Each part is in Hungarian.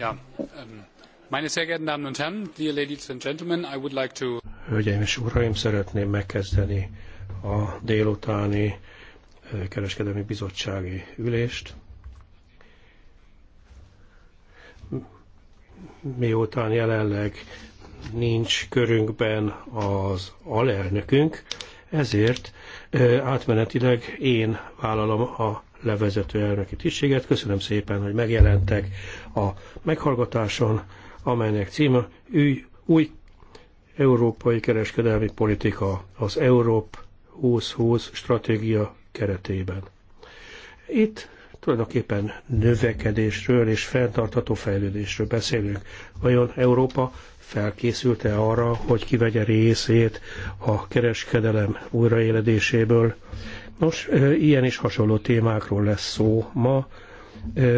Ja, um, meine sehr geehrten Damen und Herren, dear ladies and gentlemen, I would like to... Hölgyeim és uraim, szeretném megkezdeni a délutáni kereskedelmi bizottsági ülést. Miután jelenleg nincs körünkben az alelnökünk, ezért átmenetileg én vállalom a levezető elnöki tisztséget. Köszönöm szépen, hogy megjelentek a meghallgatáson, amelynek címe új, új európai kereskedelmi politika az Európ 2020 stratégia keretében. Itt tulajdonképpen növekedésről és fenntartható fejlődésről beszélünk. Vajon Európa felkészült-e arra, hogy kivegye részét a kereskedelem újraéledéséből? Nos, ilyen is hasonló témákról lesz szó ma.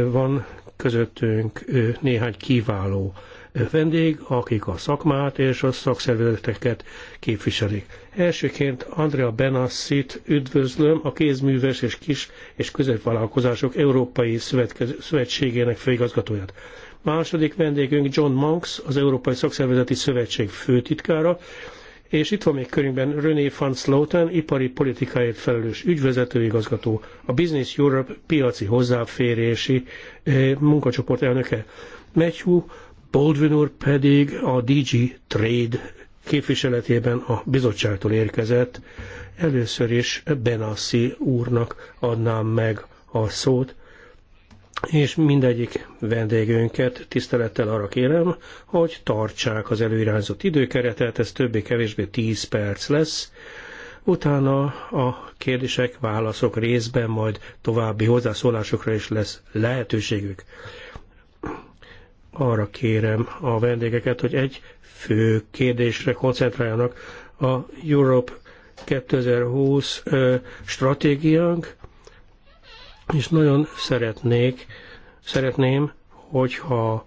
Van közöttünk néhány kiváló vendég, akik a szakmát és a szakszervezeteket képviselik. Elsőként Andrea Benassit üdvözlöm, a kézműves és kis és középvállalkozások Európai Szövetségének főigazgatóját. Második vendégünk John Monks, az Európai Szakszervezeti Szövetség főtitkára, és itt van még körünkben René van Sloten, ipari politikáért felelős ügyvezető igazgató, a Business Europe piaci hozzáférési eh, munkacsoport elnöke. Matthew Baldwin úr pedig a DG Trade képviseletében a bizottságtól érkezett. Először is Benassi úrnak adnám meg a szót, és mindegyik vendégünket tisztelettel arra kérem, hogy tartsák az előirányzott időkeretet, ez többé-kevésbé 10 perc lesz. Utána a kérdések, válaszok részben majd további hozzászólásokra is lesz lehetőségük. Arra kérem a vendégeket, hogy egy fő kérdésre koncentráljanak a Europe 2020 stratégiánk, és nagyon szeretnék, szeretném, hogyha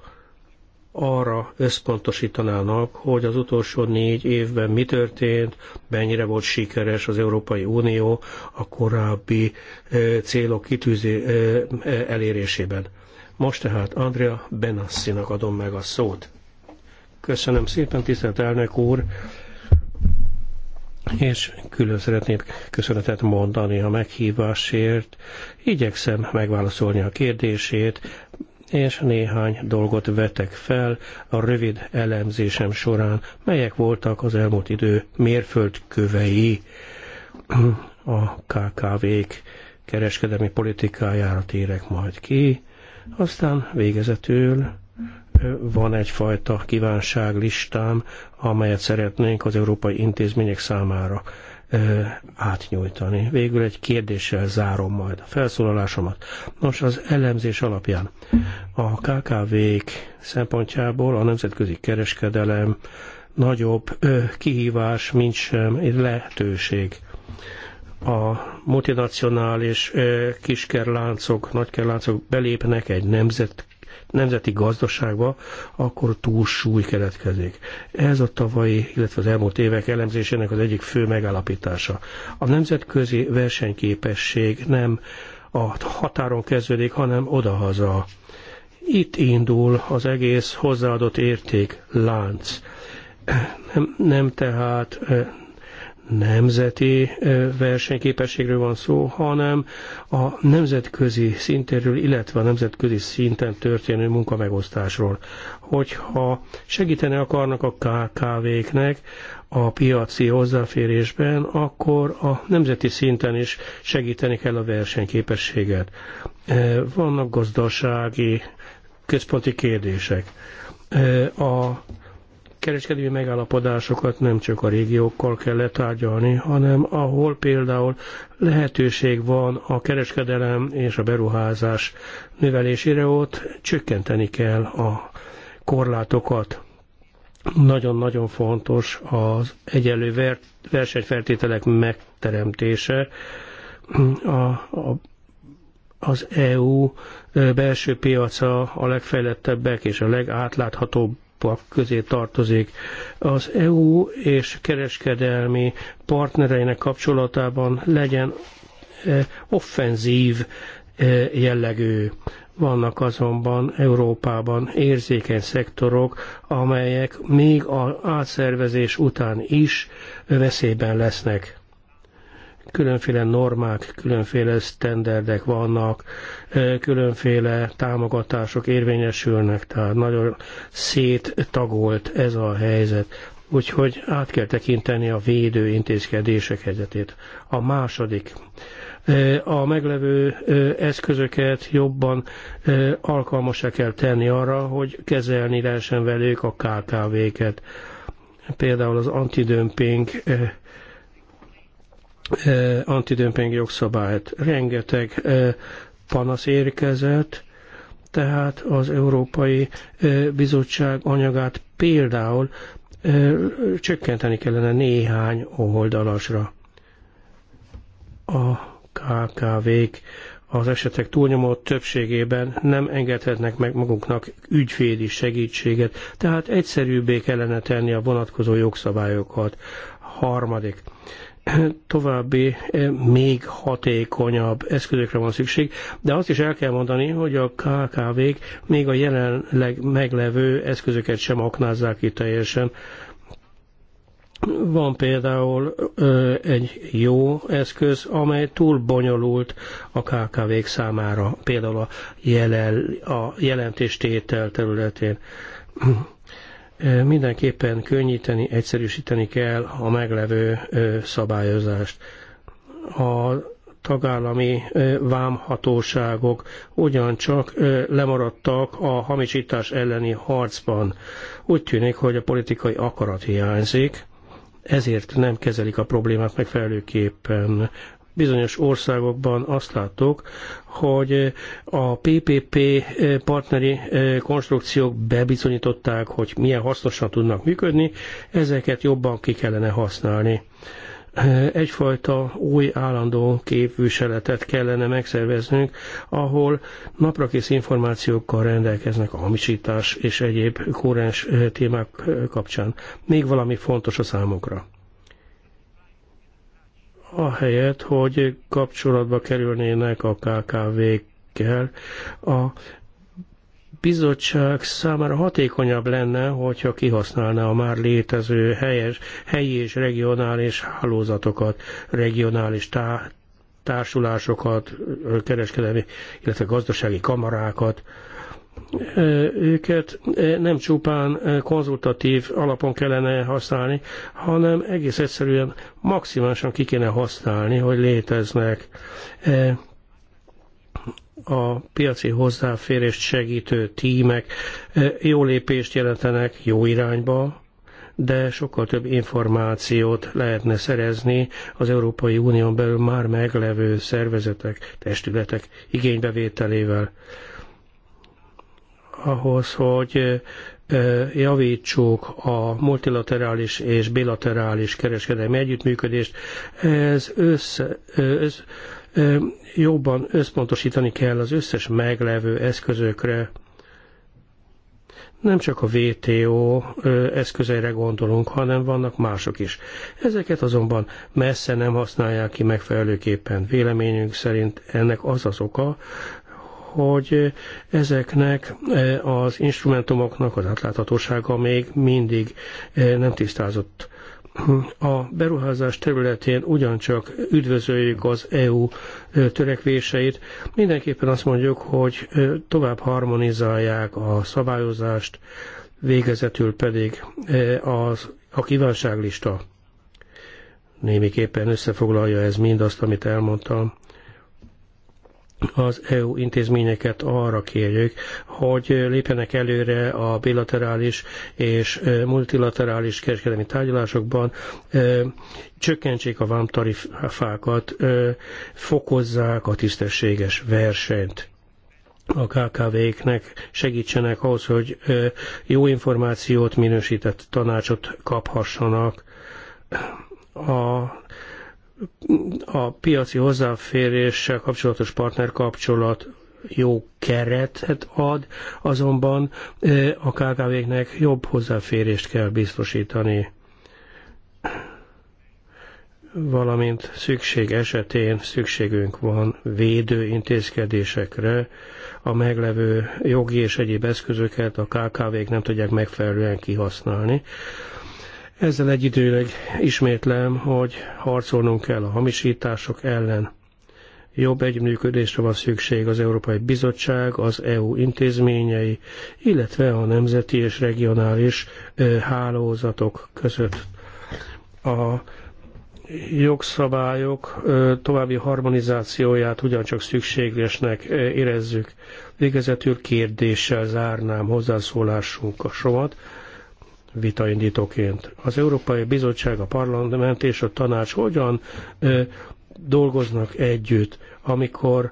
arra összpontosítanának, hogy az utolsó négy évben mi történt, mennyire volt sikeres az Európai Unió a korábbi célok kitűzi elérésében. Most tehát Andrea Benassinak adom meg a szót. Köszönöm szépen, tisztelt elnök úr! és külön szeretnék köszönetet mondani a meghívásért. Igyekszem megválaszolni a kérdését, és néhány dolgot vetek fel a rövid elemzésem során, melyek voltak az elmúlt idő mérföldkövei a KKV-k kereskedelmi politikájára térek majd ki, aztán végezetül van egyfajta kívánságlistám, amelyet szeretnénk az európai intézmények számára átnyújtani. Végül egy kérdéssel zárom majd a felszólalásomat. Nos, az elemzés alapján a KKV-k szempontjából a nemzetközi kereskedelem nagyobb kihívás, mint sem lehetőség. A multinacionális kiskerláncok, nagykerláncok belépnek egy nemzet nemzeti gazdaságba, akkor túlsúly keletkezik. Ez a tavalyi, illetve az elmúlt évek elemzésének az egyik fő megállapítása. A nemzetközi versenyképesség nem a határon kezdődik, hanem odahaza. Itt indul az egész hozzáadott érték lánc. Nem, nem tehát nemzeti versenyképességről van szó, hanem a nemzetközi szintéről, illetve a nemzetközi szinten történő munkamegosztásról. Hogyha segíteni akarnak a KKV-knek a piaci hozzáférésben, akkor a nemzeti szinten is segíteni kell a versenyképességet. Vannak gazdasági központi kérdések. A kereskedelmi megállapodásokat nem csak a régiókkal kell letárgyalni, hanem ahol például lehetőség van a kereskedelem és a beruházás növelésére, ott csökkenteni kell a korlátokat. Nagyon-nagyon fontos az egyenlő versenyfeltételek megteremtése. A, a az EU belső piaca a legfejlettebbek és a legátláthatóbb Park közé tartozik. Az EU és kereskedelmi partnereinek kapcsolatában legyen eh, offenzív eh, jellegű. Vannak azonban Európában érzékeny szektorok, amelyek még az átszervezés után is veszélyben lesznek különféle normák, különféle sztenderdek vannak, különféle támogatások érvényesülnek, tehát nagyon széttagolt ez a helyzet. Úgyhogy át kell tekinteni a védő intézkedések helyzetét. A második, a meglevő eszközöket jobban alkalmasra kell tenni arra, hogy kezelni lehessen velük a KKV-ket. Például az antidömping antidömping jogszabályt. Hát rengeteg panasz érkezett, tehát az Európai Bizottság anyagát például csökkenteni kellene néhány oldalasra. A KKV-k az esetek túlnyomó többségében nem engedhetnek meg maguknak ügyvédi segítséget, tehát egyszerűbbé kellene tenni a vonatkozó jogszabályokat. Harmadik, további, eh, még hatékonyabb eszközökre van szükség, de azt is el kell mondani, hogy a KKV-k még a jelenleg meglevő eszközöket sem aknázzák ki teljesen. Van például ö, egy jó eszköz, amely túl bonyolult a KKV-k számára, például a, jelen, a jelentéstétel területén. Mindenképpen könnyíteni, egyszerűsíteni kell a meglevő szabályozást. A tagállami vámhatóságok ugyancsak lemaradtak a hamisítás elleni harcban. Úgy tűnik, hogy a politikai akarat hiányzik, ezért nem kezelik a problémát megfelelőképpen. Bizonyos országokban azt láttuk, hogy a PPP eh, partneri eh, konstrukciók bebizonyították, hogy milyen hasznosan tudnak működni, ezeket jobban ki kellene használni eh, egyfajta új állandó képviseletet kellene megszerveznünk, ahol naprakész információkkal rendelkeznek a hamisítás és egyéb kórens témák kapcsán. Még valami fontos a számokra ahelyett, hogy kapcsolatba kerülnének a KKV-kkel. A bizottság számára hatékonyabb lenne, hogyha kihasználná a már létező helyes, helyi és regionális hálózatokat, regionális tá társulásokat, kereskedelmi, illetve gazdasági kamarákat, őket nem csupán konzultatív alapon kellene használni, hanem egész egyszerűen maximálisan ki kéne használni, hogy léteznek a piaci hozzáférést segítő tímek jó lépést jelentenek jó irányba, de sokkal több információt lehetne szerezni az Európai Unión belül már meglevő szervezetek, testületek igénybevételével ahhoz, hogy javítsuk a multilaterális és bilaterális kereskedelmi együttműködést. Ez össze, össz, jobban összpontosítani kell az összes meglevő eszközökre. Nem csak a VTO eszközeire gondolunk, hanem vannak mások is. Ezeket azonban messze nem használják ki megfelelőképpen. Véleményünk szerint ennek az az oka, hogy ezeknek e, az instrumentumoknak az átláthatósága még mindig e, nem tisztázott. A beruházás területén ugyancsak üdvözöljük az EU e, törekvéseit. Mindenképpen azt mondjuk, hogy tovább harmonizálják a szabályozást, végezetül pedig az, a kívánságlista némiképpen összefoglalja ez mindazt, amit elmondtam az EU intézményeket arra kérjük, hogy lépjenek előre a bilaterális és multilaterális kereskedelmi tárgyalásokban, csökkentsék a vámtarifákat, fokozzák a tisztességes versenyt a KKV-knek segítsenek ahhoz, hogy jó információt, minősített tanácsot kaphassanak. A a piaci hozzáféréssel kapcsolatos partnerkapcsolat jó keretet ad, azonban a KKV-knek jobb hozzáférést kell biztosítani, valamint szükség esetén szükségünk van védő intézkedésekre, a meglevő jogi és egyéb eszközöket a KKV-k nem tudják megfelelően kihasználni. Ezzel egyidőleg ismétlem, hogy harcolnunk kell a hamisítások ellen. Jobb együttműködésre van szükség az Európai Bizottság, az EU intézményei, illetve a nemzeti és regionális hálózatok között. A jogszabályok további harmonizációját ugyancsak szükségesnek érezzük. Végezetül kérdéssel zárnám hozzászólásunkat vitaindítóként. Az Európai Bizottság, a Parlament és a Tanács hogyan dolgoznak együtt, amikor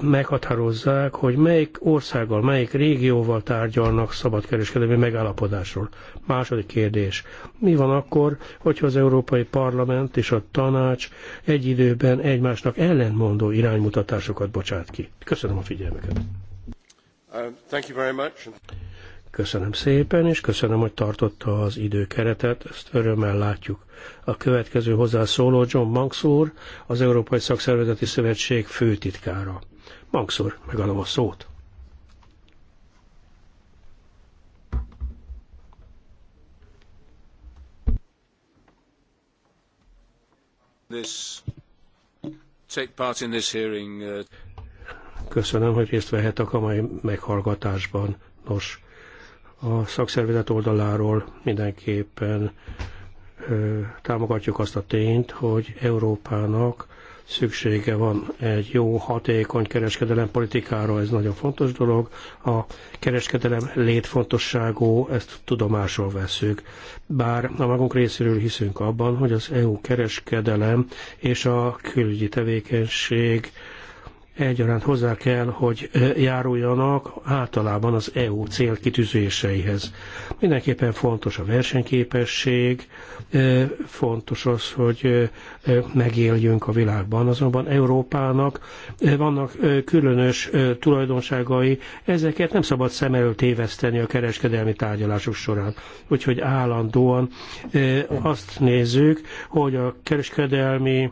meghatározzák, hogy melyik országgal, melyik régióval tárgyalnak szabadkereskedelmi megállapodásról. Második kérdés. Mi van akkor, hogyha az Európai Parlament és a tanács egy időben egymásnak ellentmondó iránymutatásokat bocsát ki? Köszönöm a figyelmüket. Uh, Köszönöm szépen, és köszönöm, hogy tartotta az időkeretet, ezt örömmel látjuk. A következő hozzászóló John Banks úr, az Európai Szakszervezeti Szövetség főtitkára. Banks úr, megadom a szót. This, take part in this hearing. Uh, köszönöm, hogy részt vehet a kamai meghallgatásban. Nos, a szakszervezet oldaláról mindenképpen támogatjuk azt a tényt, hogy Európának szüksége van egy jó, hatékony kereskedelem politikára, ez nagyon fontos dolog. A kereskedelem létfontosságú, ezt tudomásul veszük. Bár a magunk részéről hiszünk abban, hogy az EU kereskedelem és a külügyi tevékenység egyaránt hozzá kell, hogy járuljanak általában az EU célkitűzéseihez. Mindenképpen fontos a versenyképesség, fontos az, hogy megéljünk a világban, azonban Európának vannak különös tulajdonságai, ezeket nem szabad szem előtt téveszteni a kereskedelmi tárgyalások során. Úgyhogy állandóan azt nézzük, hogy a kereskedelmi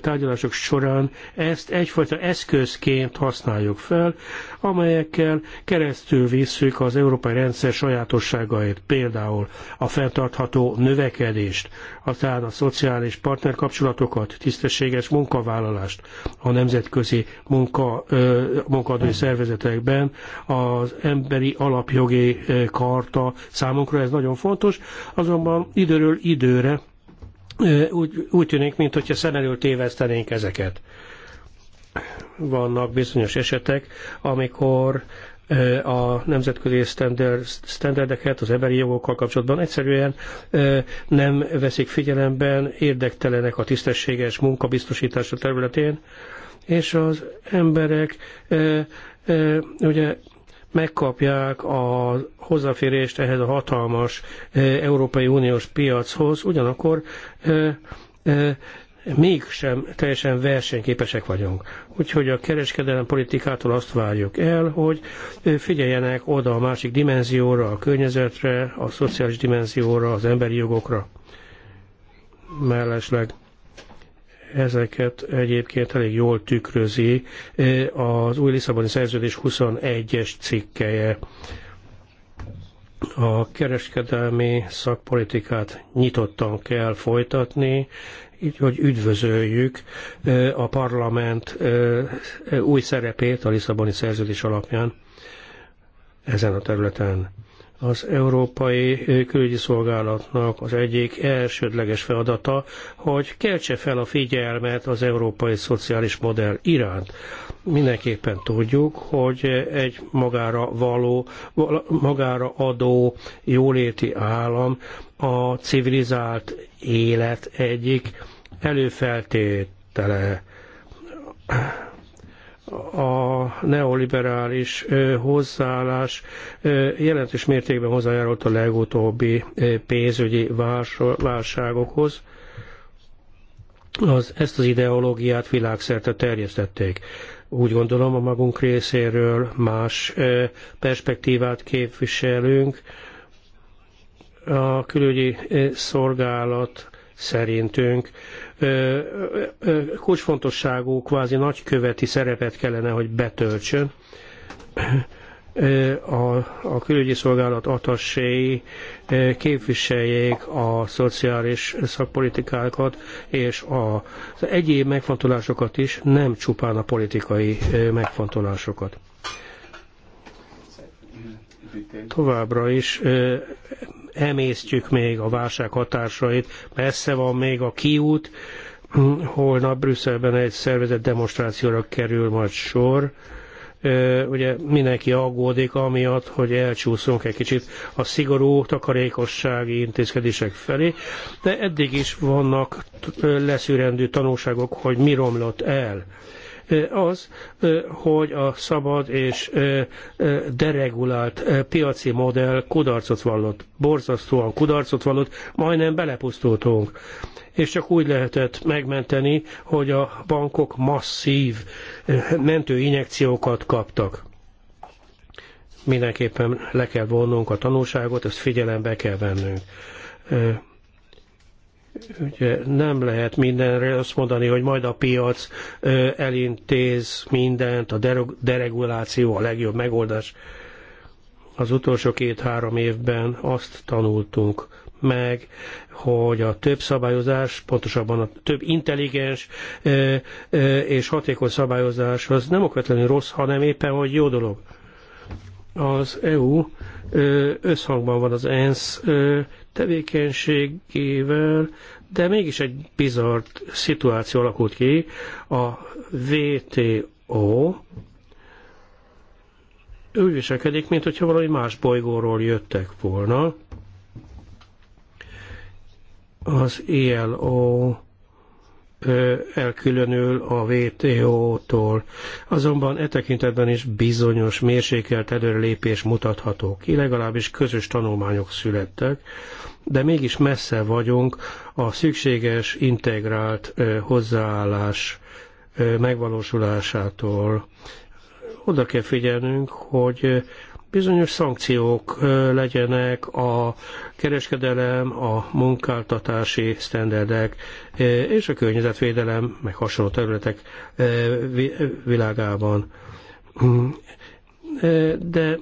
tárgyalások során ezt egyfajta eszközként használjuk fel, amelyekkel keresztül visszük az európai rendszer sajátosságait fontosságáért, például a fenntartható növekedést, aztán a szociális partnerkapcsolatokat, tisztességes munkavállalást a nemzetközi munka, munkadói szervezetekben, az emberi alapjogi karta számunkra ez nagyon fontos, azonban időről időre úgy, úgy tűnik, mintha szem elől tévesztenénk ezeket vannak bizonyos esetek, amikor a nemzetközi standardeket az emberi jogokkal kapcsolatban egyszerűen nem veszik figyelemben, érdektelenek a tisztességes munkabiztosítása területén, és az emberek ugye megkapják a hozzáférést ehhez a hatalmas Európai Uniós piachoz, ugyanakkor mégsem teljesen versenyképesek vagyunk. Úgyhogy a kereskedelem politikától azt várjuk el, hogy figyeljenek oda a másik dimenzióra, a környezetre, a szociális dimenzióra, az emberi jogokra. Mellesleg ezeket egyébként elég jól tükrözi az új Lisszaboni szerződés 21-es cikkeje. A kereskedelmi szakpolitikát nyitottan kell folytatni, így hogy üdvözöljük a parlament új szerepét a Lisszaboni szerződés alapján ezen a területen. Az Európai Külügyi Szolgálatnak az egyik elsődleges feladata, hogy keltse fel a figyelmet az európai szociális modell iránt. Mindenképpen tudjuk, hogy egy magára való, magára adó jóléti állam a civilizált élet egyik előfeltétele. A neoliberális hozzáállás jelentős mértékben hozzájárult a legutóbbi pénzügyi válságokhoz. Az, ezt az ideológiát világszerte terjesztették úgy gondolom a magunk részéről más perspektívát képviselünk, a külügyi eh, szolgálat szerintünk eh, eh, kulcsfontosságú, kvázi nagyköveti szerepet kellene, hogy betöltsön. A, a külügyi szolgálat ataséi képviseljék a szociális szakpolitikákat és az egyéb megfontolásokat is, nem csupán a politikai megfontolásokat továbbra is emésztjük még a válság hatásait, messze van még a kiút, holnap Brüsszelben egy szervezett demonstrációra kerül majd sor. Ugye mindenki aggódik amiatt, hogy elcsúszunk egy kicsit a szigorú takarékossági intézkedések felé, de eddig is vannak leszűrendő tanulságok, hogy mi romlott el. Eh, az, eh, hogy a szabad és eh, deregulált piaci modell kudarcot vallott, borzasztóan kudarcot vallott, majdnem belepusztultunk. És csak úgy lehetett megmenteni, hogy a bankok masszív mentőinjekciókat kaptak mindenképpen le kell vonnunk a tanulságot, ezt figyelembe kell vennünk. Ugye nem lehet mindenre azt mondani, hogy majd a piac elintéz mindent, a dereguláció a legjobb megoldás. Az utolsó két-három évben azt tanultunk meg, hogy a több szabályozás, pontosabban a több intelligens és hatékony szabályozás az nem okvetlenül rossz, hanem éppen, hogy jó dolog. Az EU összhangban van az ENSZ tevékenységével, de mégis egy bizarr szituáció alakult ki. A VTO úgy viselkedik, mint hogyha valami más bolygóról jöttek volna. Az ILO elkülönül a WTO-tól. Azonban e tekintetben is bizonyos mérsékelt előrelépés mutatható ki, legalábbis közös tanulmányok születtek, de mégis messze vagyunk a szükséges integrált hozzáállás megvalósulásától. Oda kell figyelnünk, hogy bizonyos szankciók legyenek a kereskedelem, a munkáltatási sztenderdek és a környezetvédelem, meg hasonló területek világában. De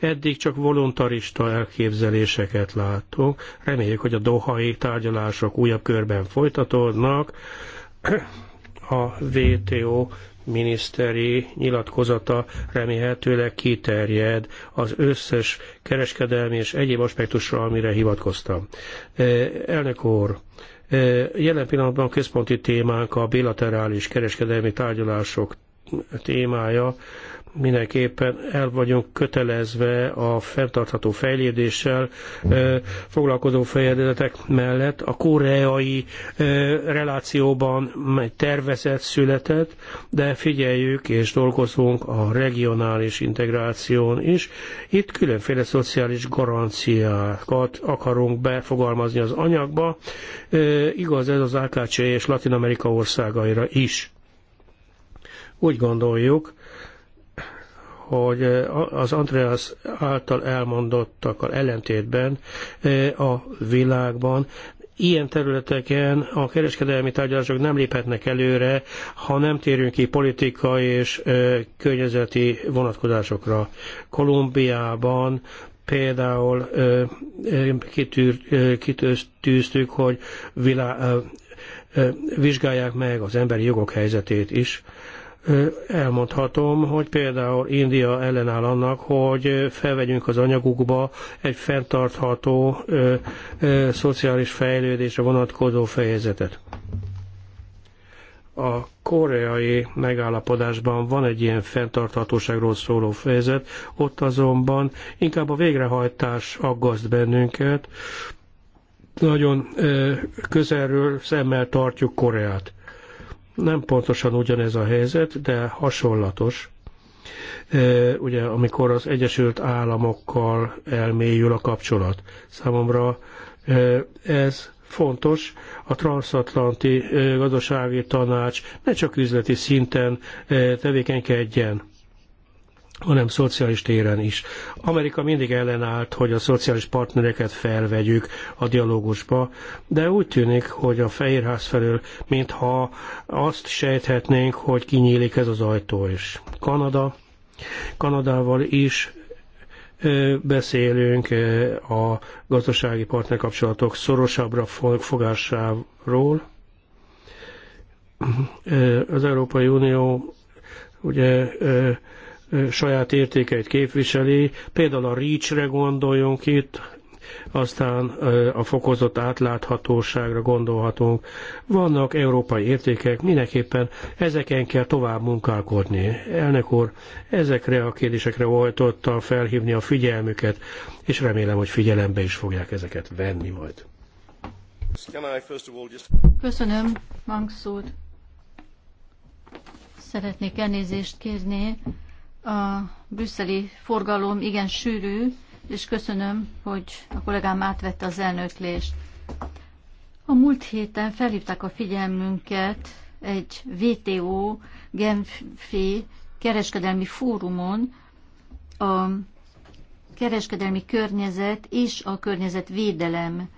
eddig csak voluntarista elképzeléseket látunk. Reméljük, hogy a dohai tárgyalások újabb körben folytatódnak. A WTO miniszteri nyilatkozata remélhetőleg kiterjed az összes kereskedelmi és egyéb aspektusra, amire hivatkoztam. E, elnök úr, e, jelen pillanatban a központi témánk a bilaterális kereskedelmi tárgyalások témája, mindenképpen el vagyunk kötelezve a fenntartható fejlődéssel foglalkozó fejedetek mellett. A koreai relációban egy tervezet született, de figyeljük és dolgozunk a regionális integráción is. Itt különféle szociális garanciákat akarunk befogalmazni az anyagba. Igaz ez az AKC és Latin Amerika országaira is. Úgy gondoljuk, hogy eh, az Andreas által elmondottakkal ellentétben eh, a világban ilyen területeken a kereskedelmi tárgyalások nem léphetnek előre, ha nem térünk ki politikai és eh, környezeti vonatkozásokra. Kolumbiában például kitűr, kitűztük, hogy vilá, vizsgálják meg az emberi jogok helyzetét is elmondhatom, hogy például India ellenáll annak, hogy felvegyünk az anyagukba egy fenntartható ö, ö, szociális fejlődésre vonatkozó fejezetet. A koreai megállapodásban van egy ilyen fenntarthatóságról szóló fejezet, ott azonban inkább a végrehajtás aggaszt bennünket, nagyon közelről szemmel tartjuk Koreát nem pontosan ugyanez a helyzet, de hasonlatos. E, ugye, amikor az Egyesült Államokkal elmélyül a kapcsolat. Számomra e, ez fontos, a transatlanti e, gazdasági tanács ne csak üzleti szinten tevékenykedjen hanem szociális téren is. Amerika mindig ellenállt, hogy a szociális partnereket felvegyük a dialógusba, de úgy tűnik, hogy a Fehérház felől, mintha azt sejthetnénk, hogy kinyílik ez az ajtó is. Kanada, Kanadával is beszélünk a gazdasági partnerkapcsolatok szorosabbra fogásáról. Az Európai Unió ugye saját értékeit képviseli, például a REACH-re gondoljunk itt, aztán a fokozott átláthatóságra gondolhatunk. Vannak európai értékek, mindenképpen ezeken kell tovább munkálkodni. Elnök úr, ezekre a kérdésekre oltotta felhívni a figyelmüket, és remélem, hogy figyelembe is fogják ezeket venni majd. Köszönöm, Manksud. Szeretnék elnézést kérni a brüsszeli forgalom igen sűrű, és köszönöm, hogy a kollégám átvette az elnöklést. A múlt héten felhívták a figyelmünket egy VTO Genfi kereskedelmi fórumon a kereskedelmi környezet és a környezetvédelem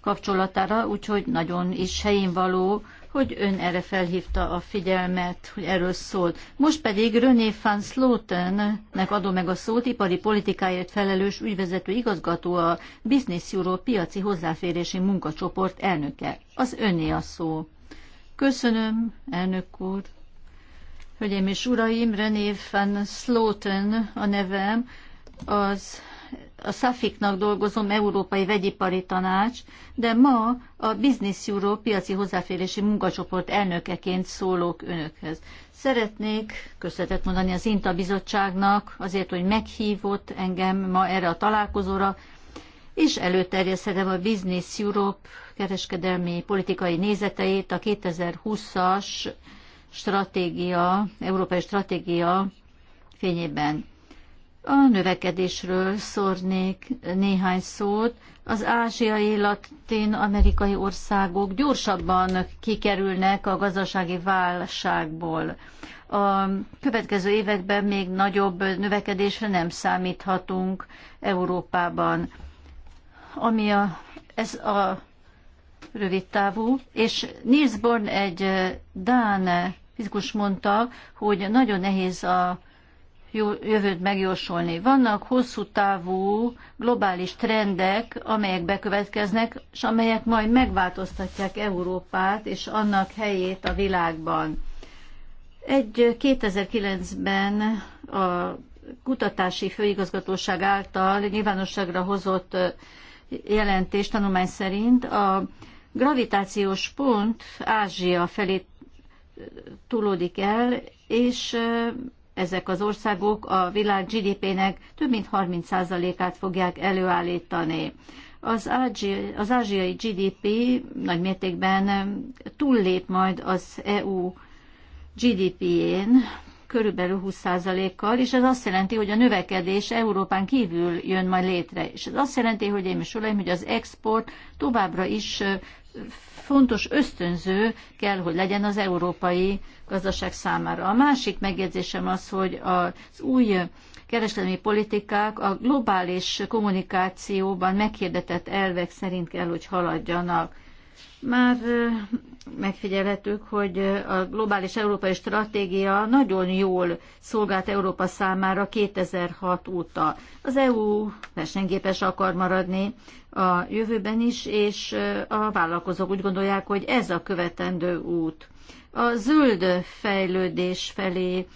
kapcsolatára, úgyhogy nagyon is helyén való, hogy ön erre felhívta a figyelmet, hogy erről szólt. Most pedig René van Slotennek adom meg a szót, ipari politikáért felelős ügyvezető igazgató a Business Europe piaci hozzáférési munkacsoport elnöke. Az öné a szó. Köszönöm, elnök úr. Hölgyeim és uraim, René van Sloten a nevem, az a SAFIC-nak dolgozom, Európai Vegyipari Tanács, de ma a Business Europe piaci hozzáférési munkacsoport elnökeként szólok önökhez. Szeretnék köszönetet mondani az INTA bizottságnak azért, hogy meghívott engem ma erre a találkozóra, és előterjeszedem a Business Europe kereskedelmi politikai nézeteit a 2020-as stratégia, európai stratégia fényében. A növekedésről szórnék néhány szót. Az ázsiai, latin-amerikai országok gyorsabban kikerülnek a gazdasági válságból. A következő években még nagyobb növekedésre nem számíthatunk Európában. Ami a, ez a rövid távú, és Niels Born egy Dán fizikus mondta, hogy nagyon nehéz a jövőt megjósolni. Vannak hosszú távú globális trendek, amelyek bekövetkeznek, és amelyek majd megváltoztatják Európát és annak helyét a világban. Egy 2009-ben a kutatási főigazgatóság által nyilvánosságra hozott jelentés tanulmány szerint a gravitációs pont Ázsia felé túlódik el, és ezek az országok a világ GDP-nek több mint 30%-át fogják előállítani. Az, ázsiai, az ázsiai GDP nagy mértékben túllép majd az EU GDP-én, körülbelül 20%-kal, és ez azt jelenti, hogy a növekedés Európán kívül jön majd létre. És ez azt jelenti, hogy én is uraim, hogy az export továbbra is fontos ösztönző kell, hogy legyen az európai gazdaság számára. A másik megjegyzésem az, hogy az új kereskedelmi politikák a globális kommunikációban meghirdetett elvek szerint kell, hogy haladjanak. Már megfigyelhetők, hogy a globális európai stratégia nagyon jól szolgált Európa számára 2006 óta. Az EU versenyképes akar maradni a jövőben is, és a vállalkozók úgy gondolják, hogy ez a követendő út. A zöld fejlődés felé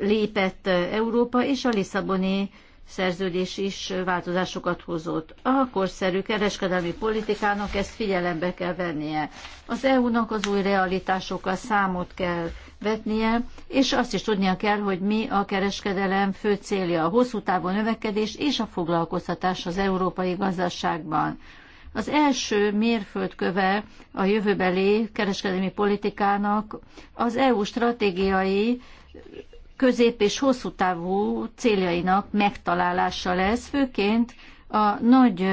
lépett Európa, és a Lisszaboni szerződés is változásokat hozott. A korszerű kereskedelmi politikának ezt figyelembe kell vennie. Az EU-nak az új realitásokkal számot kell vetnie, és azt is tudnia kell, hogy mi a kereskedelem fő célja, a hosszú távú növekedés és a foglalkoztatás az európai gazdaságban. Az első mérföldköve a jövőbeli kereskedelmi politikának az EU stratégiai közép és hosszú távú céljainak megtalálása lesz, főként a nagy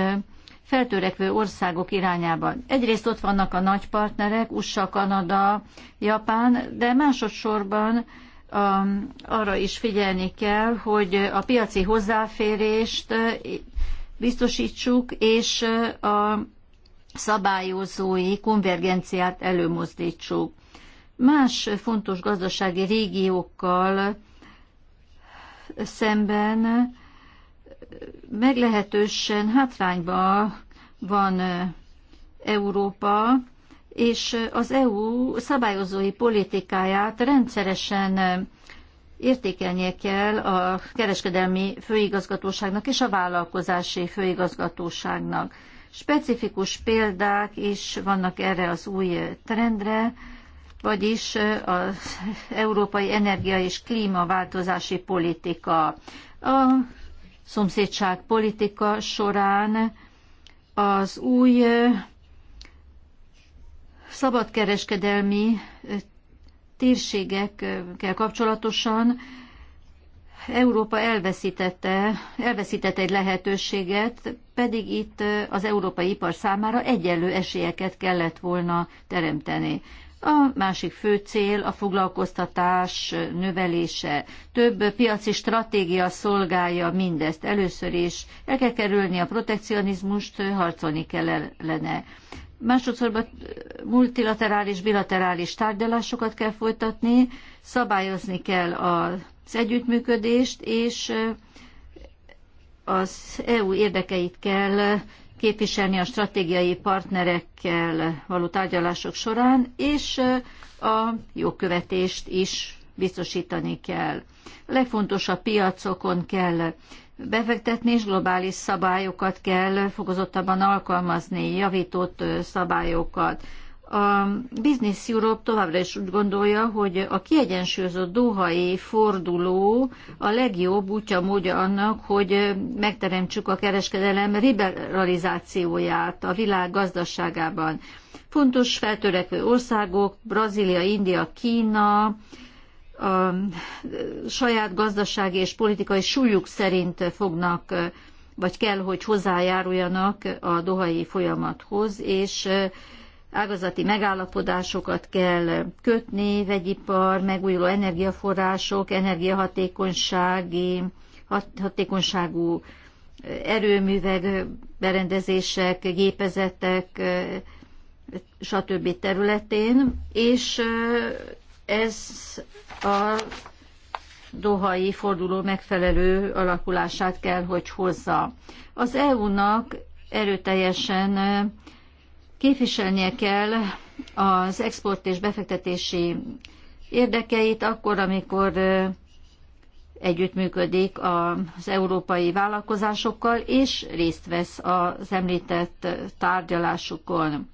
feltörekvő országok irányában. Egyrészt ott vannak a nagy partnerek, USA, Kanada, Japán, de másodszorban um, arra is figyelni kell, hogy a piaci hozzáférést biztosítsuk, és a szabályozói konvergenciát előmozdítsuk más fontos gazdasági régiókkal szemben meglehetősen hátrányba van Európa, és az EU szabályozói politikáját rendszeresen értékelnie kell a kereskedelmi főigazgatóságnak és a vállalkozási főigazgatóságnak. Specifikus példák is vannak erre az új trendre, vagyis az európai energia és klímaváltozási politika. A szomszédság politika során az új szabadkereskedelmi térségekkel kapcsolatosan Európa elveszítette, elveszítette egy lehetőséget, pedig itt az európai ipar számára egyenlő esélyeket kellett volna teremteni. A másik fő cél a foglalkoztatás növelése. Több piaci stratégia szolgálja mindezt. Először is el kell kerülni a protekcionizmust, harcolni kellene. Másodszorban multilaterális, bilaterális tárgyalásokat kell folytatni, szabályozni kell az együttműködést, és az EU érdekeit kell képviselni a stratégiai partnerekkel való tárgyalások során, és a jogkövetést is biztosítani kell. A legfontosabb piacokon kell befektetni, és globális szabályokat kell fokozottabban alkalmazni, javított szabályokat. A Business Europe továbbra is úgy gondolja, hogy a kiegyensúlyozott dohai forduló a legjobb útja módja annak, hogy megteremtsük a kereskedelem liberalizációját a világ gazdaságában. Fontos feltörekvő országok, Brazília, India, Kína, a saját gazdasági és politikai súlyuk szerint fognak, vagy kell, hogy hozzájáruljanak a dohai folyamathoz, és ágazati megállapodásokat kell kötni, vegyipar, megújuló energiaforrások, energiahatékonysági, hat, hatékonyságú eh, erőművek, berendezések, gépezetek, eh, stb. területén, és eh, ez a dohai forduló megfelelő alakulását kell, hogy hozza. Az EU-nak erőteljesen képviselnie kell az export és befektetési érdekeit akkor, amikor együttműködik az európai vállalkozásokkal, és részt vesz az említett tárgyalásukon.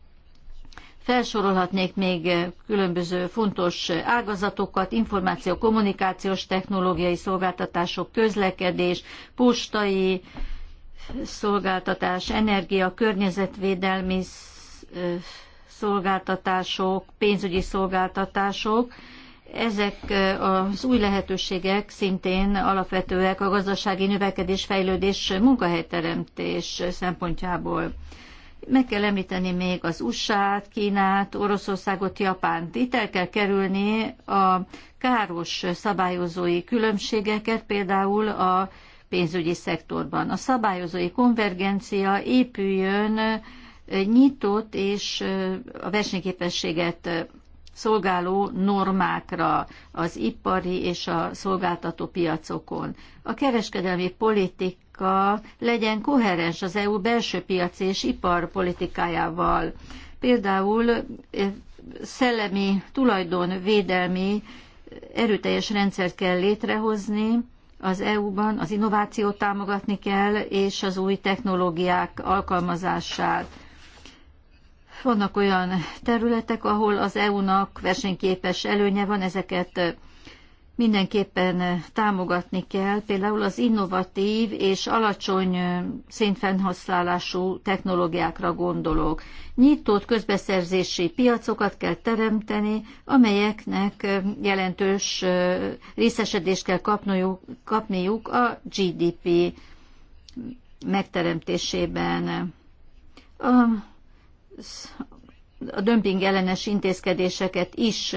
Felsorolhatnék még különböző fontos ágazatokat, információ, kommunikációs technológiai szolgáltatások, közlekedés, postai szolgáltatás, energia, környezetvédelmi szolgáltatások, pénzügyi szolgáltatások, ezek az új lehetőségek szintén alapvetőek a gazdasági növekedés, fejlődés, munkahelyteremtés szempontjából. Meg kell említeni még az USA-t, Kínát, Oroszországot, Japánt. Itt el kell kerülni a káros szabályozói különbségeket, például a pénzügyi szektorban. A szabályozói konvergencia épüljön nyitott és a versenyképességet szolgáló normákra az ipari és a szolgáltató piacokon. A kereskedelmi politika legyen koherens az EU belső piaci és iparpolitikájával. Például szellemi tulajdonvédelmi erőteljes rendszert kell létrehozni, az EU-ban az innovációt támogatni kell, és az új technológiák alkalmazását vannak olyan területek, ahol az EU-nak versenyképes előnye van, ezeket mindenképpen támogatni kell, például az innovatív és alacsony szénfennhasználású technológiákra gondolok. Nyitott közbeszerzési piacokat kell teremteni, amelyeknek jelentős részesedést kell kapniuk, kapniuk a GDP megteremtésében. A a dömping ellenes intézkedéseket is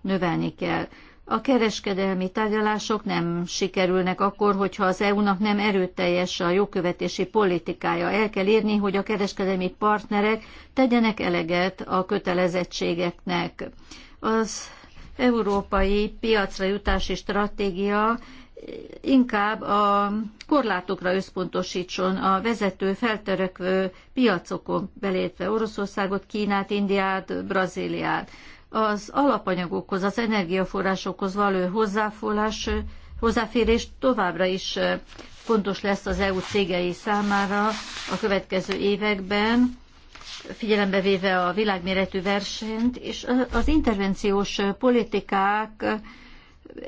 növelni kell. A kereskedelmi tárgyalások nem sikerülnek akkor, hogyha az EU-nak nem erőteljes a jogkövetési politikája. El kell érni, hogy a kereskedelmi partnerek tegyenek eleget a kötelezettségeknek. Az európai piacra jutási stratégia inkább a korlátokra összpontosítson a vezető feltörekvő piacokon belépve Oroszországot, Kínát, Indiát, Brazíliát. Az alapanyagokhoz, az energiaforrásokhoz való hozzáfólás, hozzáférés továbbra is fontos lesz az EU cégei számára a következő években, figyelembe véve a világméretű versenyt, és az intervenciós politikák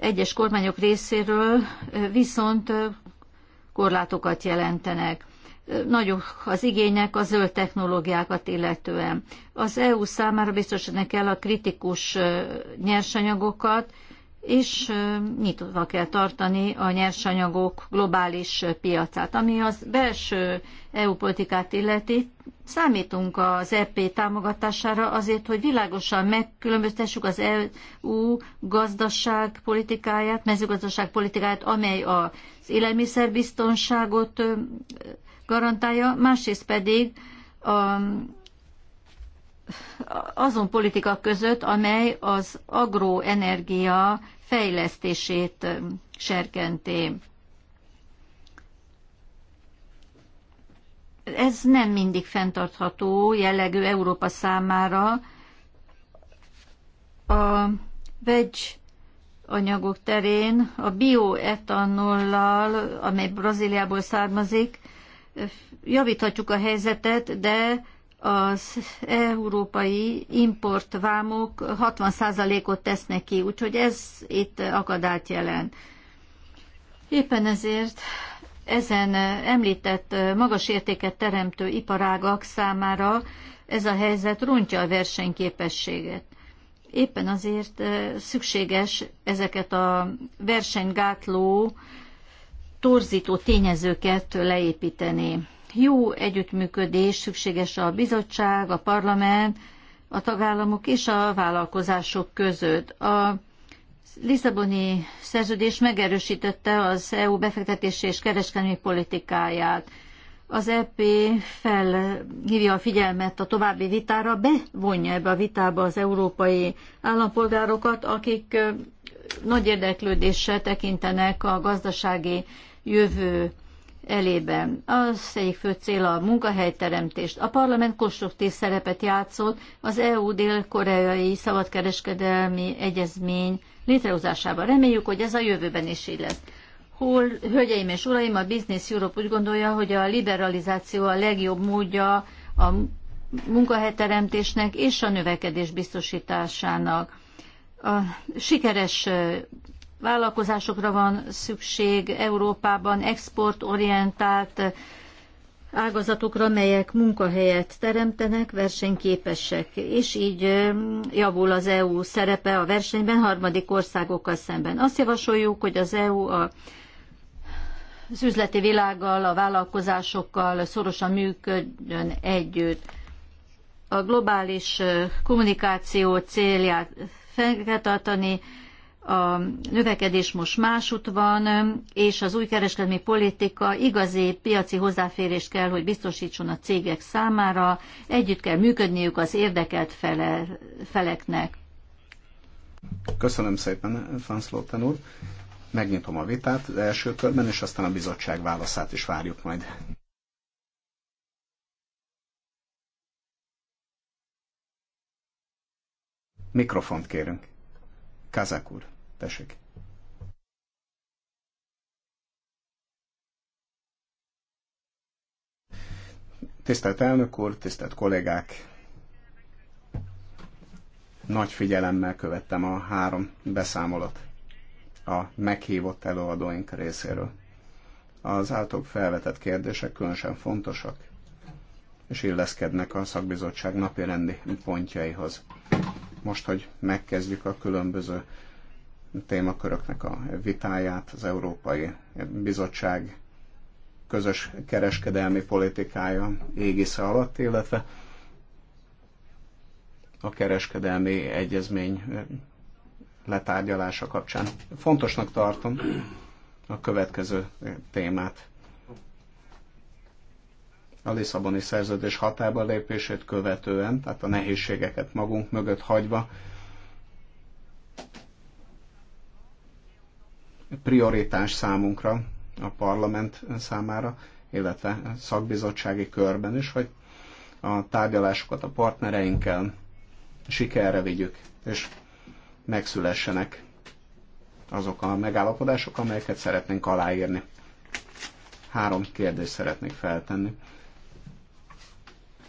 egyes kormányok részéről viszont korlátokat jelentenek. Nagyok az igények a zöld technológiákat illetően. Az EU számára biztosítani kell a kritikus nyersanyagokat, és nyitva kell tartani a nyersanyagok globális piacát. Ami az belső EU politikát illeti, számítunk az EP támogatására azért, hogy világosan megkülönböztessük az EU gazdaságpolitikáját, mezőgazdaságpolitikáját, amely az élelmiszerbiztonságot garantálja, másrészt pedig a azon politika között, amely az agroenergia fejlesztését serkenti. Ez nem mindig fenntartható jellegű Európa számára. A vegy anyagok terén a bioetanollal, amely Brazíliából származik, javíthatjuk a helyzetet, de az európai importvámok 60%-ot tesznek ki, úgyhogy ez itt akadályt jelent. Éppen ezért ezen említett magas értéket teremtő iparágak számára ez a helyzet rontja a versenyképességet. Éppen azért szükséges ezeket a versenygátló, torzító tényezőket leépíteni. Jó együttműködés szükséges a bizottság, a parlament, a tagállamok és a vállalkozások között. A Lisszaboni szerződés megerősítette az EU befektetési és kereskedelmi politikáját. Az EP felhívja a figyelmet a további vitára, bevonja ebbe a vitába az európai állampolgárokat, akik nagy érdeklődéssel tekintenek a gazdasági jövő elében. Az egyik fő cél a munkahelyteremtést. A parlament konstruktív szerepet játszott az EU dél-koreai szabadkereskedelmi egyezmény létrehozásában. Reméljük, hogy ez a jövőben is így lesz. Hol, hölgyeim és uraim, a Business Europe úgy gondolja, hogy a liberalizáció a legjobb módja a munkahelyteremtésnek és a növekedés biztosításának. A sikeres vállalkozásokra van szükség Európában, exportorientált ágazatokra, melyek munkahelyet teremtenek, versenyképesek, és így javul az EU szerepe a versenyben harmadik országokkal szemben. Azt javasoljuk, hogy az EU a az üzleti világgal, a vállalkozásokkal szorosan működjön együtt. A globális kommunikáció célját fenntartani, a növekedés most másút van, és az új kereskedelmi politika igazi piaci hozzáférést kell, hogy biztosítson a cégek számára, együtt kell működniük az érdekelt fele, feleknek. Köszönöm szépen, Lóten úr. Megnyitom a vitát az első körben, és aztán a bizottság válaszát is várjuk majd. Mikrofont kérünk. Kazak úr. Tessék. Tisztelt elnök úr, tisztelt kollégák! Nagy figyelemmel követtem a három beszámolót a meghívott előadóink részéről. Az általuk felvetett kérdések különösen fontosak, és illeszkednek a szakbizottság rendi pontjaihoz. Most, hogy megkezdjük a különböző témaköröknek a vitáját az Európai Bizottság közös kereskedelmi politikája égisze alatt, illetve a kereskedelmi egyezmény letárgyalása kapcsán. Fontosnak tartom a következő témát. A Lisszaboni szerződés hatába lépését követően, tehát a nehézségeket magunk mögött hagyva, prioritás számunkra, a parlament számára, illetve szakbizottsági körben is, hogy a tárgyalásokat a partnereinkkel sikerre vigyük, és megszülessenek azok a megállapodások, amelyeket szeretnénk aláírni. Három kérdést szeretnék feltenni.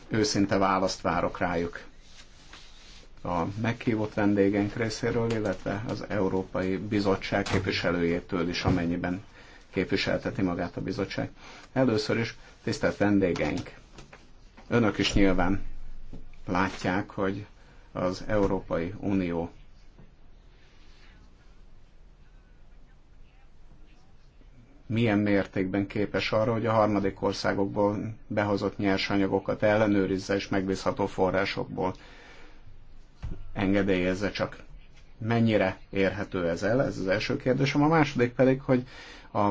Őszinte választ várok rájuk a meghívott vendégeink részéről, illetve az Európai Bizottság képviselőjétől is, amennyiben képviselteti magát a bizottság. Először is, tisztelt vendégeink, önök is nyilván látják, hogy az Európai Unió milyen mértékben képes arra, hogy a harmadik országokból behozott nyersanyagokat ellenőrizze és megbízható forrásokból engedélyezze csak. Mennyire érhető ez el? Ez az első kérdésem. A második pedig, hogy a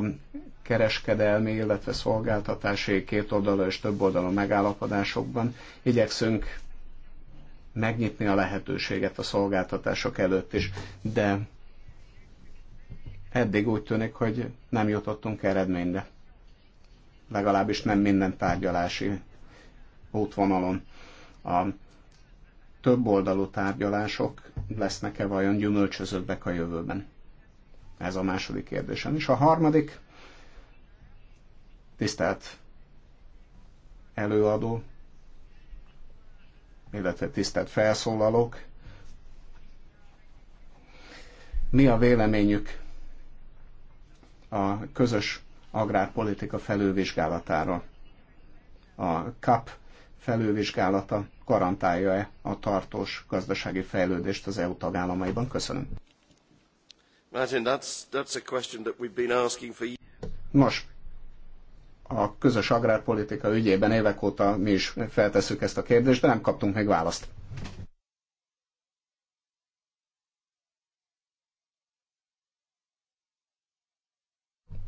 kereskedelmi, illetve szolgáltatási kétoldalú és többoldalú megállapodásokban igyekszünk megnyitni a lehetőséget a szolgáltatások előtt is, de eddig úgy tűnik, hogy nem jutottunk eredményre. Legalábbis nem minden tárgyalási útvonalon. A több oldalú tárgyalások lesznek-e vajon gyümölcsözőbbek a jövőben? Ez a második kérdésem. És a harmadik, tisztelt előadó, illetve tisztelt felszólalók, mi a véleményük a közös agrárpolitika felülvizsgálatáról? A CAP felülvizsgálata garantálja-e a tartós gazdasági fejlődést az EU tagállamaiban? Köszönöm. Martin, that's, that's a question that we've been asking for... Nos, a közös agrárpolitika ügyében évek óta mi is feltesszük ezt a kérdést, de nem kaptunk még választ.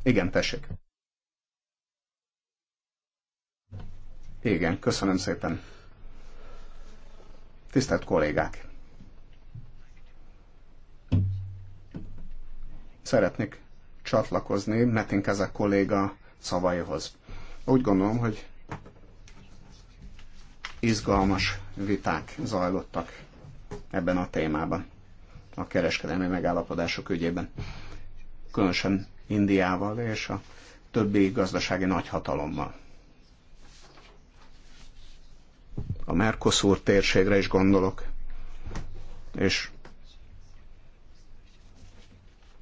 Igen, tessék. Igen, köszönöm szépen. Tisztelt kollégák! Szeretnék csatlakozni Metink ezek kolléga szavaihoz. Úgy gondolom, hogy izgalmas viták zajlottak ebben a témában, a kereskedelmi megállapodások ügyében. Különösen Indiával és a többi gazdasági nagyhatalommal. a Mercosur térségre is gondolok, és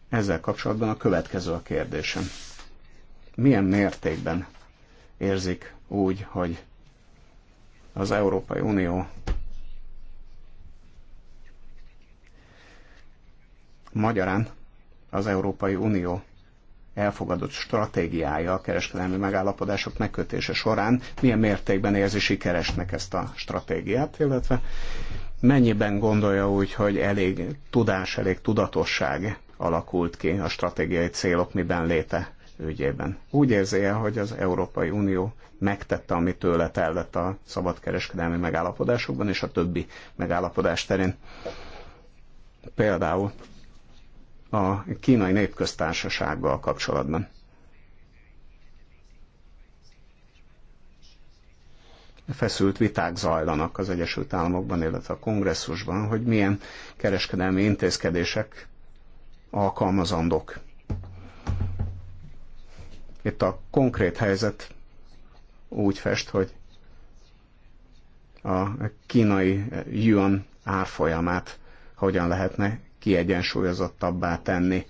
ezzel kapcsolatban a következő a kérdésem. Milyen mértékben érzik úgy, hogy az Európai Unió magyarán az Európai Unió elfogadott stratégiája a kereskedelmi megállapodások megkötése során, milyen mértékben érzi sikeresnek ezt a stratégiát, illetve mennyiben gondolja úgy, hogy elég tudás, elég tudatosság alakult ki a stratégiai célok miben léte ügyében. Úgy érzi -e, hogy az Európai Unió megtette, amit tőle tellett a szabadkereskedelmi megállapodásokban és a többi megállapodás terén. Például a kínai népköztársasággal kapcsolatban. Feszült viták zajlanak az Egyesült Államokban, illetve a kongresszusban, hogy milyen kereskedelmi intézkedések alkalmazandók. Itt a konkrét helyzet úgy fest, hogy a kínai yuan árfolyamát hogyan lehetne kiegyensúlyozottabbá tenni,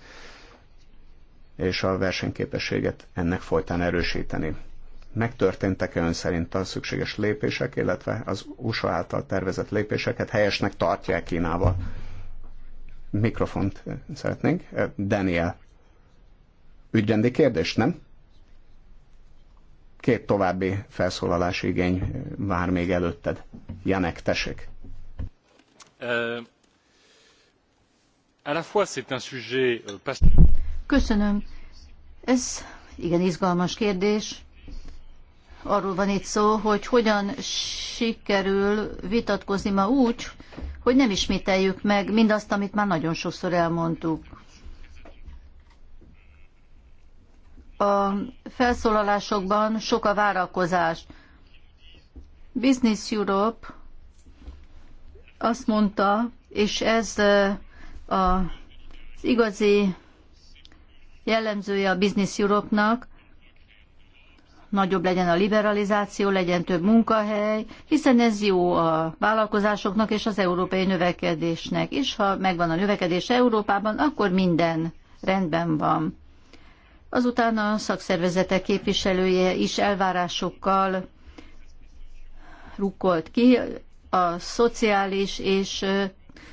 és a versenyképességet ennek folytán erősíteni. Megtörténtek-e ön szerint a szükséges lépések, illetve az USA által tervezett lépéseket helyesnek tartják Kínával? Mikrofont szeretnénk. Daniel, ügyrendi kérdés, nem? Két további felszólalási igény vár még előtted. Janek, tessék. Euh, Köszönöm. Ez igen izgalmas kérdés. Arról van itt szó, hogy hogyan sikerül vitatkozni ma úgy, hogy nem ismételjük meg mindazt, amit már nagyon sokszor elmondtuk. A felszólalásokban sok a várakozás. Business Europe azt mondta, és ez az igazi jellemzője a Business Europe-nak, nagyobb legyen a liberalizáció, legyen több munkahely, hiszen ez jó a vállalkozásoknak és az európai növekedésnek. És ha megvan a növekedés Európában, akkor minden rendben van. Azután a szakszervezetek képviselője is elvárásokkal rukkolt ki a szociális és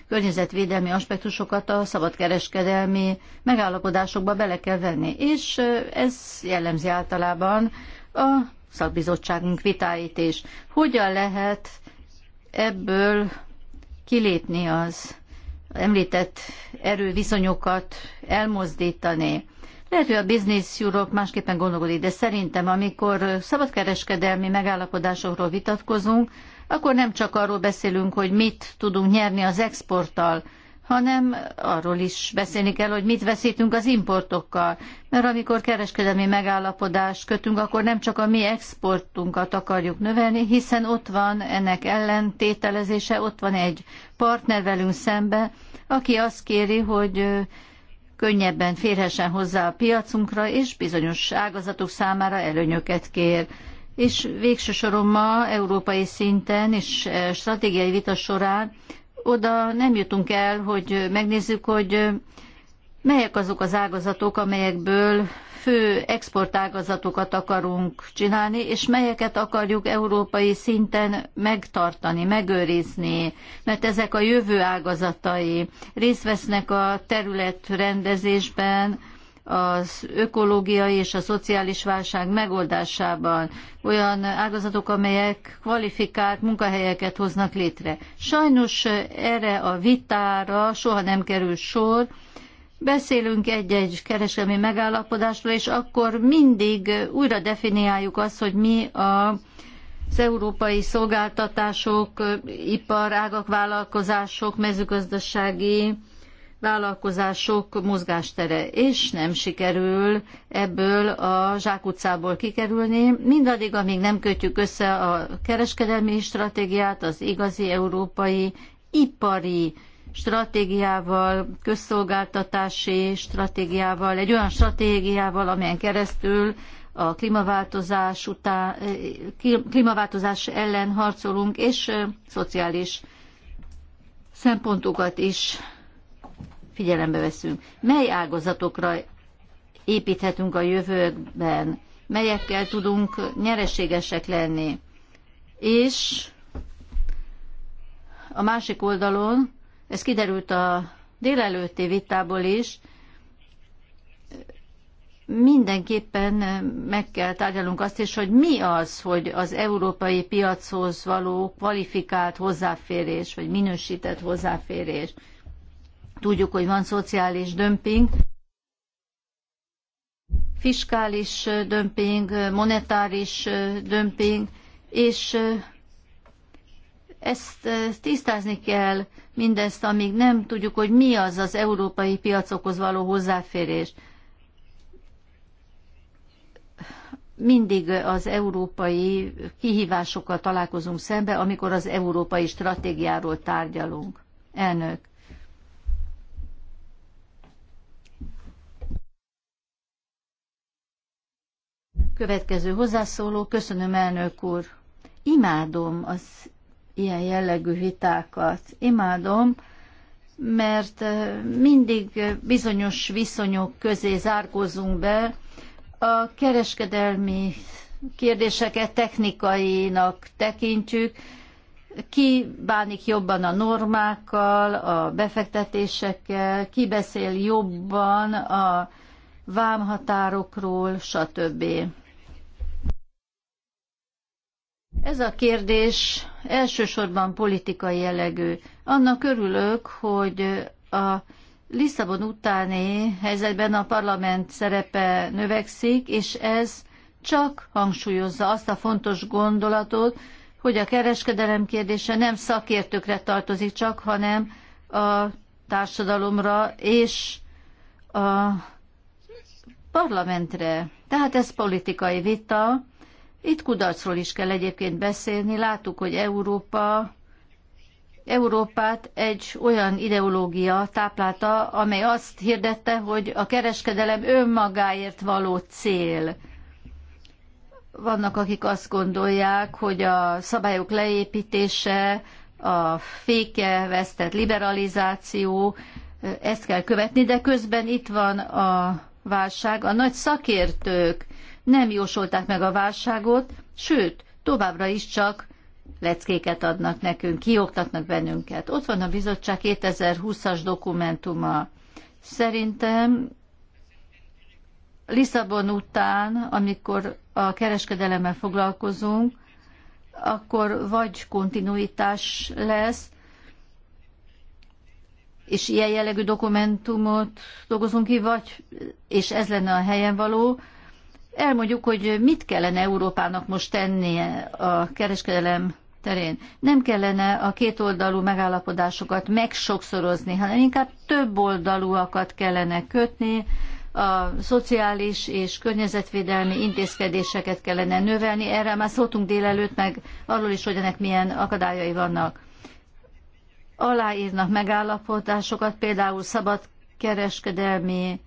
környezetvédelmi aspektusokat a szabadkereskedelmi megállapodásokba bele kell venni. És ez jellemzi általában a szakbizottságunk vitáit is. Hogyan lehet ebből kilépni az említett erőviszonyokat elmozdítani. Lehet, hogy a Business Europe másképpen gondolkodik, de szerintem, amikor szabadkereskedelmi megállapodásokról vitatkozunk, akkor nem csak arról beszélünk, hogy mit tudunk nyerni az exporttal, hanem arról is beszélni kell, hogy mit veszítünk az importokkal. Mert amikor kereskedelmi megállapodást kötünk, akkor nem csak a mi exportunkat akarjuk növelni, hiszen ott van ennek ellentételezése, ott van egy partner velünk szembe, aki azt kéri, hogy könnyebben férhessen hozzá a piacunkra, és bizonyos ágazatok számára előnyöket kér és végső soron ma európai szinten és eh, stratégiai vita során oda nem jutunk el, hogy megnézzük, hogy eh, melyek azok az ágazatok, amelyekből fő exportágazatokat akarunk csinálni, és melyeket akarjuk európai szinten megtartani, megőrizni, mert ezek a jövő ágazatai részt vesznek a területrendezésben, az ökológiai és a szociális válság megoldásában, olyan ágazatok, amelyek kvalifikált munkahelyeket hoznak létre. Sajnos eh, erre a vitára soha nem kerül sor, beszélünk egy-egy kereskedelmi megállapodásról, és akkor mindig eh, újra definiáljuk azt, hogy mi a az európai szolgáltatások, eh, iparágak, vállalkozások, mezőgazdasági vállalkozások mozgástere, és nem sikerül ebből a zsákutcából kikerülni, mindaddig, amíg nem kötjük össze a kereskedelmi stratégiát az igazi európai ipari stratégiával, közszolgáltatási stratégiával, egy olyan stratégiával, amelyen keresztül a klímaváltozás, után, eh, klímaváltozás ellen harcolunk, és eh, szociális szempontokat is figyelembe veszünk. Mely ágazatokra építhetünk a jövőben, melyekkel tudunk nyereségesek lenni. És a másik oldalon, ez kiderült a délelőtti vitából is, mindenképpen meg kell tárgyalnunk azt is, hogy mi az, hogy az európai piachoz való kvalifikált hozzáférés, vagy minősített hozzáférés. Tudjuk, hogy van szociális dömping, fiskális dömping, monetáris dömping, és ezt tisztázni kell mindezt, amíg nem tudjuk, hogy mi az az európai piacokhoz való hozzáférés. Mindig az európai kihívásokkal találkozunk szembe, amikor az európai stratégiáról tárgyalunk. Elnök. Következő hozzászóló, köszönöm elnök úr. Imádom az ilyen jellegű vitákat. Imádom, mert eh, mindig bizonyos viszonyok közé zárkozunk be. A kereskedelmi kérdéseket technikainak tekintjük, ki bánik jobban a normákkal, a befektetésekkel, ki beszél jobban a vámhatárokról, stb. Ez a kérdés elsősorban politikai jellegű. Annak örülök, hogy a Lisszabon utáni helyzetben a parlament szerepe növekszik, és ez csak hangsúlyozza azt a fontos gondolatot, hogy a kereskedelem kérdése nem szakértőkre tartozik csak, hanem a társadalomra és a parlamentre. Tehát ez politikai vita, itt kudarcról is kell egyébként beszélni. Láttuk, hogy Európa Európát egy olyan ideológia táplálta, amely azt hirdette, hogy a kereskedelem önmagáért való cél. Vannak, akik azt gondolják, hogy a szabályok leépítése, a féke vesztett liberalizáció, ezt kell követni, de közben itt van a válság. A nagy szakértők nem jósolták meg a válságot, sőt, továbbra is csak leckéket adnak nekünk, kioktatnak bennünket. Ott van a bizottság 2020-as dokumentuma. Szerintem Lisszabon után, amikor a kereskedelemmel foglalkozunk, akkor vagy kontinuitás lesz, és ilyen jellegű dokumentumot dolgozunk ki, vagy, és ez lenne a helyen való, elmondjuk, hogy mit kellene Európának most tennie a kereskedelem terén. Nem kellene a kétoldalú megállapodásokat megsokszorozni, hanem inkább több oldalúakat kellene kötni, a szociális és környezetvédelmi intézkedéseket kellene növelni. Erre már szóltunk délelőtt, meg arról is, hogy ennek milyen akadályai vannak. Aláírnak megállapodásokat, például szabad kereskedelmi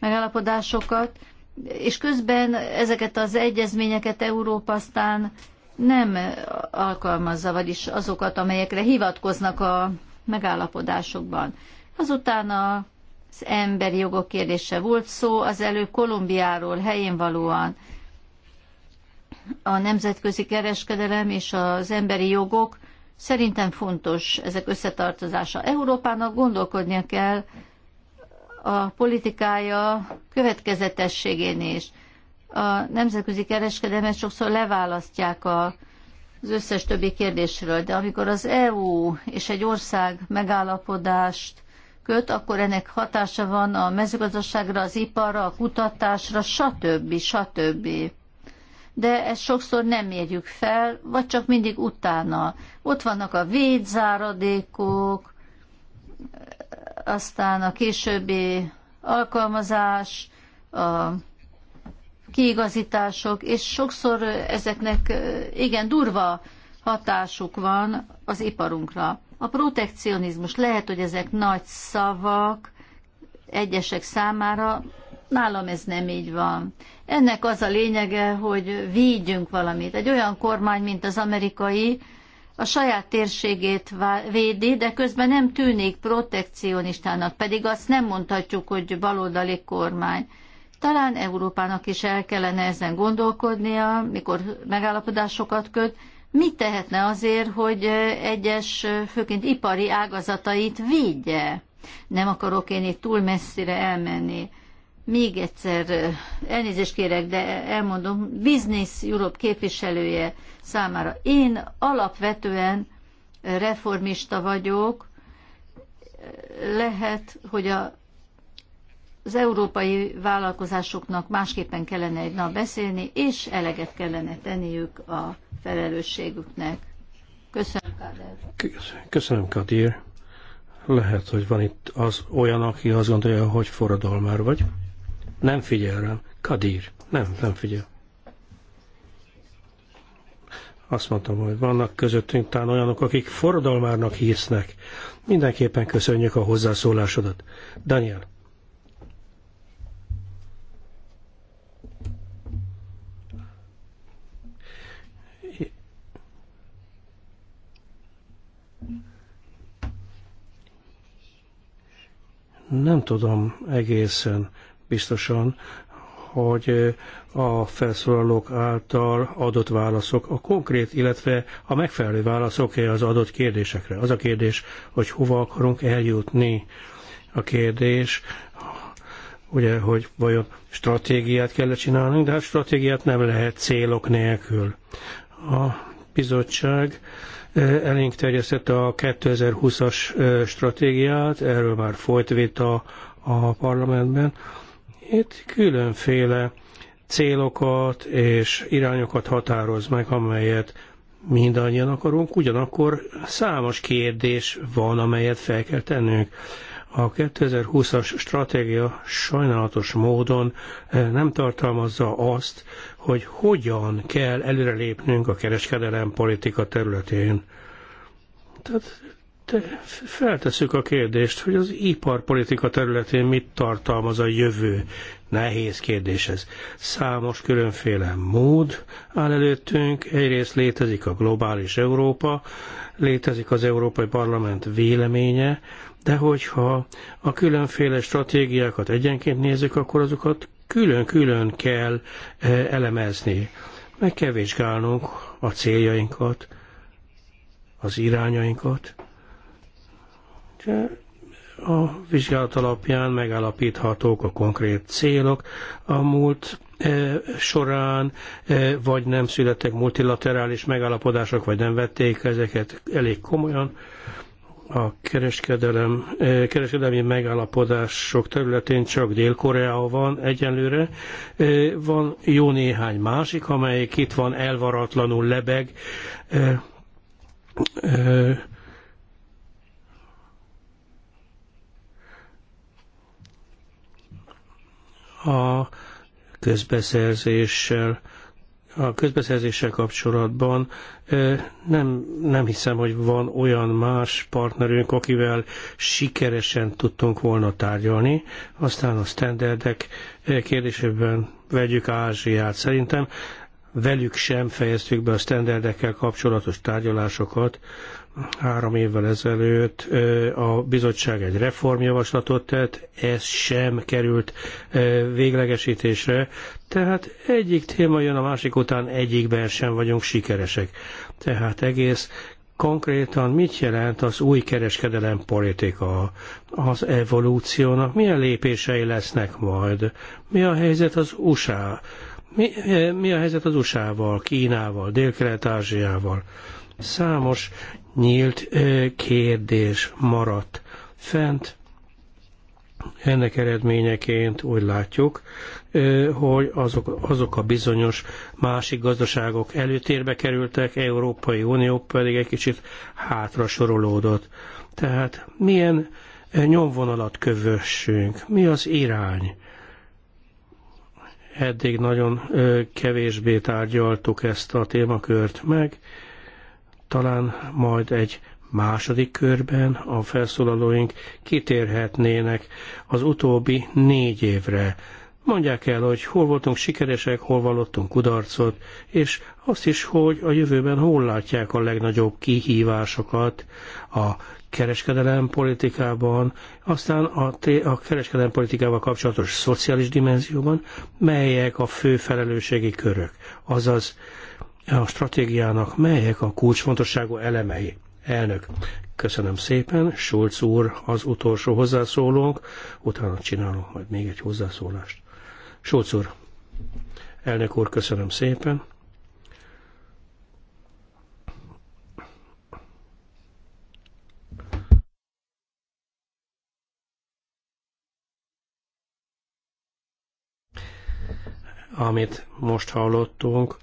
megállapodásokat, és közben ezeket az egyezményeket Európa aztán nem alkalmazza, vagyis azokat, amelyekre hivatkoznak a megállapodásokban. Azután az emberi jogok kérdése volt szó, az előbb Kolumbiáról helyén valóan a nemzetközi kereskedelem és az emberi jogok szerintem fontos ezek összetartozása. Európának gondolkodnia kell a politikája következetességén is. A nemzetközi kereskedelmet sokszor leválasztják a az összes többi kérdésről, de amikor az EU és egy ország megállapodást köt, akkor ennek hatása van a mezőgazdaságra, az iparra, a kutatásra, stb. stb. De ezt sokszor nem mérjük fel, vagy csak mindig utána. Ott vannak a védzáradékok, aztán a későbbi alkalmazás, a kiigazítások, és sokszor ezeknek igen durva hatásuk van az iparunkra. A protekcionizmus, lehet, hogy ezek nagy szavak egyesek számára, nálam ez nem így van. Ennek az a lényege, hogy védjünk valamit. Egy olyan kormány, mint az amerikai, a saját térségét védi, de közben nem tűnik protekcionistának, pedig azt nem mondhatjuk, hogy baloldali kormány. Talán Európának is el kellene ezen gondolkodnia, mikor megállapodásokat köt, mit tehetne azért, hogy egyes, főként ipari ágazatait védje? Nem akarok én itt túl messzire elmenni még egyszer elnézést kérek, de elmondom, Business Europe képviselője számára. Én alapvetően reformista vagyok, lehet, hogy a, az európai vállalkozásoknak másképpen kellene egy nap beszélni, és eleget kellene tenniük a felelősségüknek. Köszönöm, Káder. Köszönöm, Kadir. Lehet, hogy van itt az olyan, aki azt gondolja, hogy forradalmár vagy. Nem figyel rám. Kadír. Nem, nem figyel. Azt mondtam, hogy vannak közöttünk talán olyanok, akik forradalmárnak hisznek. Mindenképpen köszönjük a hozzászólásodat. Daniel. nem tudom egészen biztosan, hogy a felszólalók által adott válaszok a konkrét, illetve a megfelelő válaszok -e az adott kérdésekre. Az a kérdés, hogy hova akarunk eljutni. A kérdés, ugye, hogy vajon stratégiát kell csinálni, de hát stratégiát nem lehet célok nélkül. A bizottság e, elénk terjesztette a 2020-as e, stratégiát, erről már folyt vita a parlamentben, itt különféle célokat és irányokat határoz meg, amelyet mindannyian akarunk, ugyanakkor számos kérdés van, amelyet fel kell tennünk. A 2020-as stratégia sajnálatos módon eh, nem tartalmazza azt, hogy hogyan kell előrelépnünk a kereskedelem politika területén. Tehát de feltesszük a kérdést, hogy az iparpolitika területén mit tartalmaz a jövő. Nehéz kérdés ez. Számos különféle mód áll előttünk. Egyrészt létezik a globális Európa, létezik az Európai Parlament véleménye, de hogyha a különféle stratégiákat egyenként nézzük, akkor azokat külön-külön kell eh, elemezni. Meg kell vizsgálnunk a céljainkat, az irányainkat, a vizsgálat alapján megállapíthatók a konkrét célok. A múlt e, során e, vagy nem születtek multilaterális megállapodások, vagy nem vették ezeket elég komolyan a kereskedelem, e, kereskedelmi megállapodások területén csak Dél-Korea van egyenlőre. Van jó néhány másik, amelyik itt van elvaratlanul lebeg. a közbeszerzéssel, a közbeszerzéssel kapcsolatban nem, nem hiszem, hogy van olyan más partnerünk, akivel sikeresen tudtunk volna tárgyalni. Aztán a standardek kérdésében vegyük Ázsiát. Szerintem velük sem fejeztük be a standardekkel kapcsolatos tárgyalásokat. Három évvel ezelőtt a bizottság egy reformjavaslatot tett, ez sem került véglegesítésre, tehát egyik téma jön a másik után, egyikben sem vagyunk sikeresek. Tehát egész konkrétan mit jelent az új kereskedelem politika, az evolúciónak, milyen lépései lesznek majd, mi a helyzet az USA, mi, mi a helyzet az USA-val, Kínával, Dél-Kelet-Ázsiával. Számos nyílt kérdés maradt fent. Ennek eredményeként úgy látjuk, hogy azok, azok a bizonyos másik gazdaságok előtérbe kerültek, Európai Unió pedig egy kicsit hátra sorolódott. Tehát milyen nyomvonalat kövössünk, mi az irány? Eddig nagyon kevésbé tárgyaltuk ezt a témakört meg, talán majd egy második körben a felszólalóink kitérhetnének az utóbbi négy évre. Mondják el, hogy hol voltunk sikeresek, hol vallottunk kudarcot, és azt is, hogy a jövőben hol látják a legnagyobb kihívásokat a kereskedelem politikában, aztán a, a kereskedelem politikával kapcsolatos szociális dimenzióban, melyek a fő felelősségi körök, azaz a stratégiának melyek a kulcsfontosságú elemei? Elnök, köszönöm szépen, Schulz úr az utolsó hozzászólónk, utána csinálok, majd még egy hozzászólást. Schulz úr, elnök úr, köszönöm szépen. amit most hallottunk,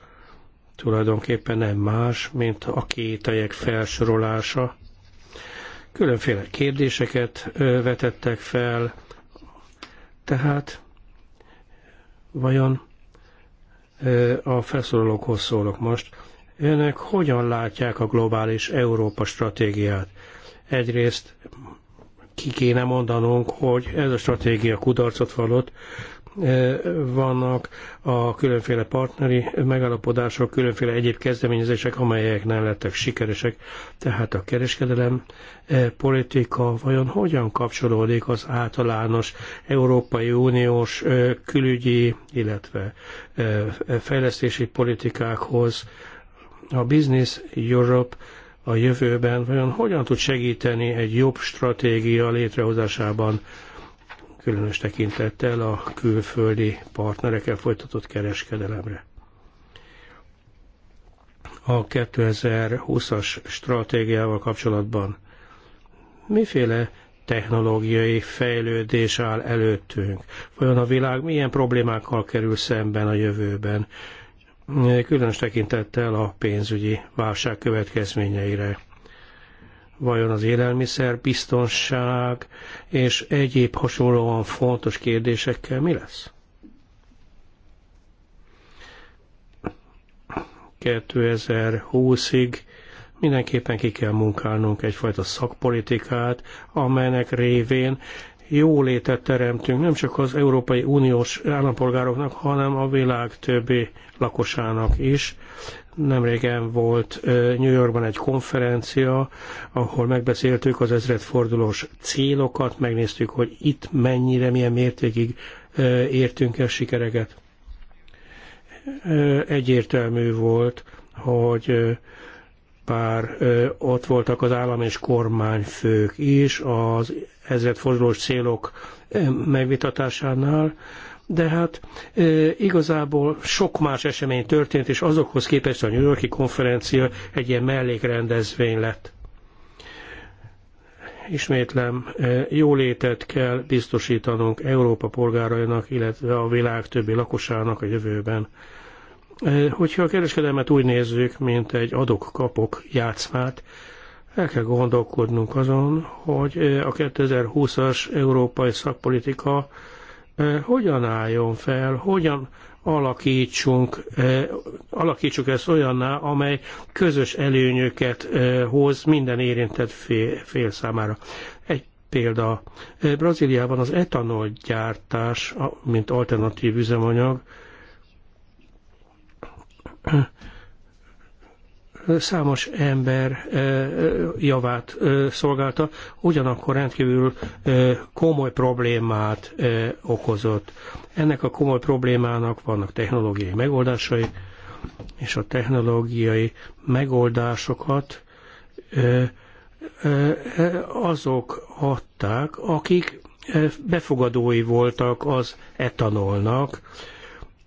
tulajdonképpen nem más, mint a kételyek felsorolása. Különféle kérdéseket vetettek fel, tehát vajon a felszólalókhoz szólok most, önök hogyan látják a globális Európa stratégiát? Egyrészt ki kéne mondanunk, hogy ez a stratégia kudarcot vallott, E, vannak a különféle partneri megalapodások különféle egyéb kezdeményezések, amelyek nem lettek sikeresek. Tehát a kereskedelem e, politika vajon hogyan kapcsolódik az általános Európai Uniós e, külügyi, illetve fejlesztési politikákhoz? A Business Europe a jövőben vajon hogyan tud segíteni egy jobb stratégia létrehozásában különös tekintettel a külföldi partnerekkel folytatott kereskedelemre. A 2020-as stratégiával kapcsolatban miféle technológiai fejlődés áll előttünk? Vajon a világ milyen problémákkal kerül szemben a jövőben? Különös tekintettel a pénzügyi válság következményeire vajon az élelmiszer biztonság és egyéb hasonlóan fontos kérdésekkel mi lesz? 2020-ig mindenképpen ki kell munkálnunk egyfajta szakpolitikát, amelynek révén jólétet teremtünk nem csak az Európai Uniós állampolgároknak, hanem a világ többi lakosának is. Nemrégen volt New Yorkban egy konferencia, ahol megbeszéltük az ezredfordulós célokat, megnéztük, hogy itt mennyire, milyen mértékig értünk el sikereket. Egyértelmű volt, hogy bár ott voltak az állam és kormányfők is az ezredfordulós célok megvitatásánál, de hát e, igazából sok más esemény történt, és azokhoz képest a New Yorki konferencia egy ilyen mellékrendezvény lett. Ismétlem, e, jólétet kell biztosítanunk Európa polgárainak, illetve a világ többi lakosának a jövőben. E, hogyha a kereskedelmet úgy nézzük, mint egy adok-kapok játszmát, el kell gondolkodnunk azon, hogy a 2020-as európai szakpolitika hogyan álljon fel, hogyan alakítsunk, alakítsuk ezt olyanná, amely közös előnyöket hoz minden érintett fél, fél számára. Egy példa, Brazíliában az etanol gyártás, mint alternatív üzemanyag, számos ember javát szolgálta, ugyanakkor rendkívül komoly problémát okozott. Ennek a komoly problémának vannak technológiai megoldásai, és a technológiai megoldásokat azok adták, akik befogadói voltak az etanolnak.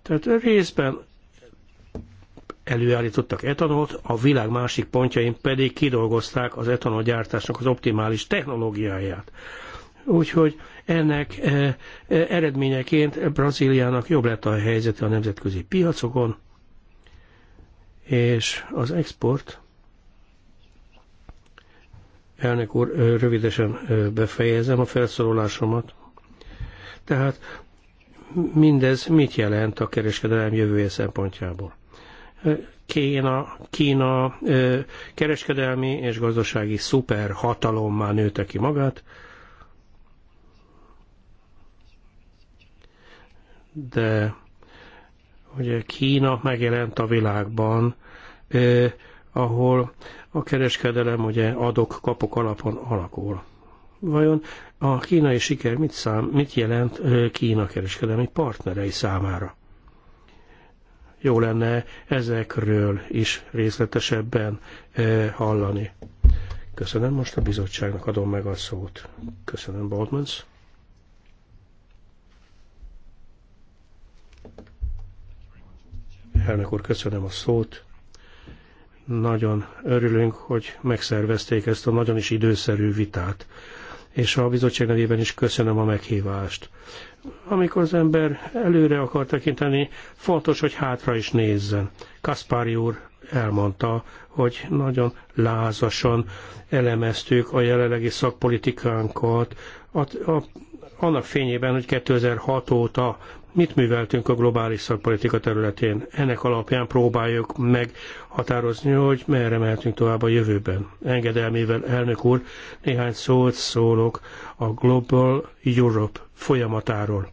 Tehát részben előállítottak etanolt, a világ másik pontjain pedig kidolgozták az etanolgyártásnak az optimális technológiáját. Úgyhogy ennek e, e, eredményeként Brazíliának jobb lett a helyzete a nemzetközi piacokon, és az export elnök úr, rövidesen befejezem a felszorolásomat. Tehát mindez mit jelent a kereskedelem jövője szempontjából? Kína, Kína kereskedelmi és gazdasági szuperhatalommá nőtte ki magát, de ugye Kína megjelent a világban, eh, ahol a kereskedelem ugye adok-kapok alapon alakul. Vajon a kínai siker mit, szám, mit jelent Kína kereskedelmi partnerei számára? jó lenne ezekről is részletesebben eh, hallani. Köszönöm, most a bizottságnak adom meg a szót. Köszönöm, Baldmans. Elnök úr, köszönöm a szót. Nagyon örülünk, hogy megszervezték ezt a nagyon is időszerű vitát, és a bizottság nevében is köszönöm a meghívást amikor az ember előre akar tekinteni, fontos, hogy hátra is nézzen. Kaspári úr elmondta, hogy nagyon lázasan elemeztük a jelenlegi szakpolitikánkat, a, a, annak fényében, hogy 2006 óta mit műveltünk a globális szakpolitika területén. Ennek alapján próbáljuk meghatározni, hogy merre mehetünk tovább a jövőben. Engedelmével, elnök úr, néhány szót szólok a Global Europe folyamatáról.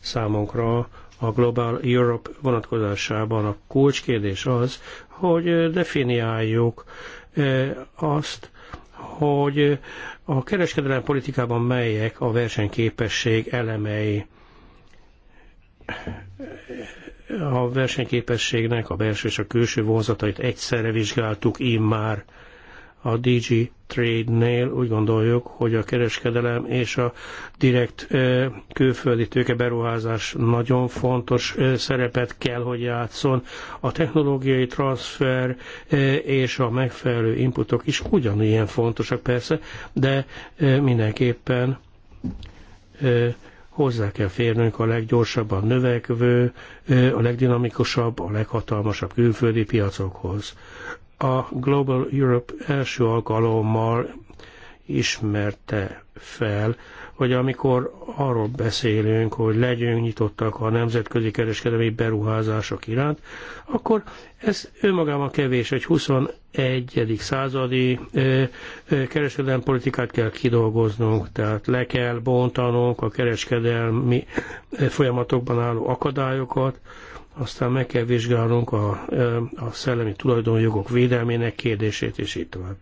Számunkra a Global Europe vonatkozásában a kulcskérdés az, hogy definiáljuk eh, azt, hogy a kereskedelem politikában melyek a versenyképesség elemei a versenyképességnek a belső és a külső vonzatait egyszerre vizsgáltuk immár. már a DG Trade-nél úgy gondoljuk, hogy a kereskedelem és a direkt külföldi tőkeberuházás nagyon fontos szerepet kell, hogy játszon. A technológiai transfer és a megfelelő inputok is ugyanilyen fontosak persze, de mindenképpen hozzá kell férnünk a leggyorsabban növekvő, a legdinamikusabb, a leghatalmasabb külföldi piacokhoz a Global Europe első alkalommal ismerte fel, hogy amikor arról beszélünk, hogy legyünk nyitottak a nemzetközi kereskedelmi beruházások iránt, akkor ez önmagában kevés, egy 21. századi kereskedelmi politikát kell kidolgoznunk, tehát le kell bontanunk a kereskedelmi folyamatokban álló akadályokat, aztán meg kell vizsgálnunk a, a szellemi tulajdonjogok védelmének kérdését, és így tovább.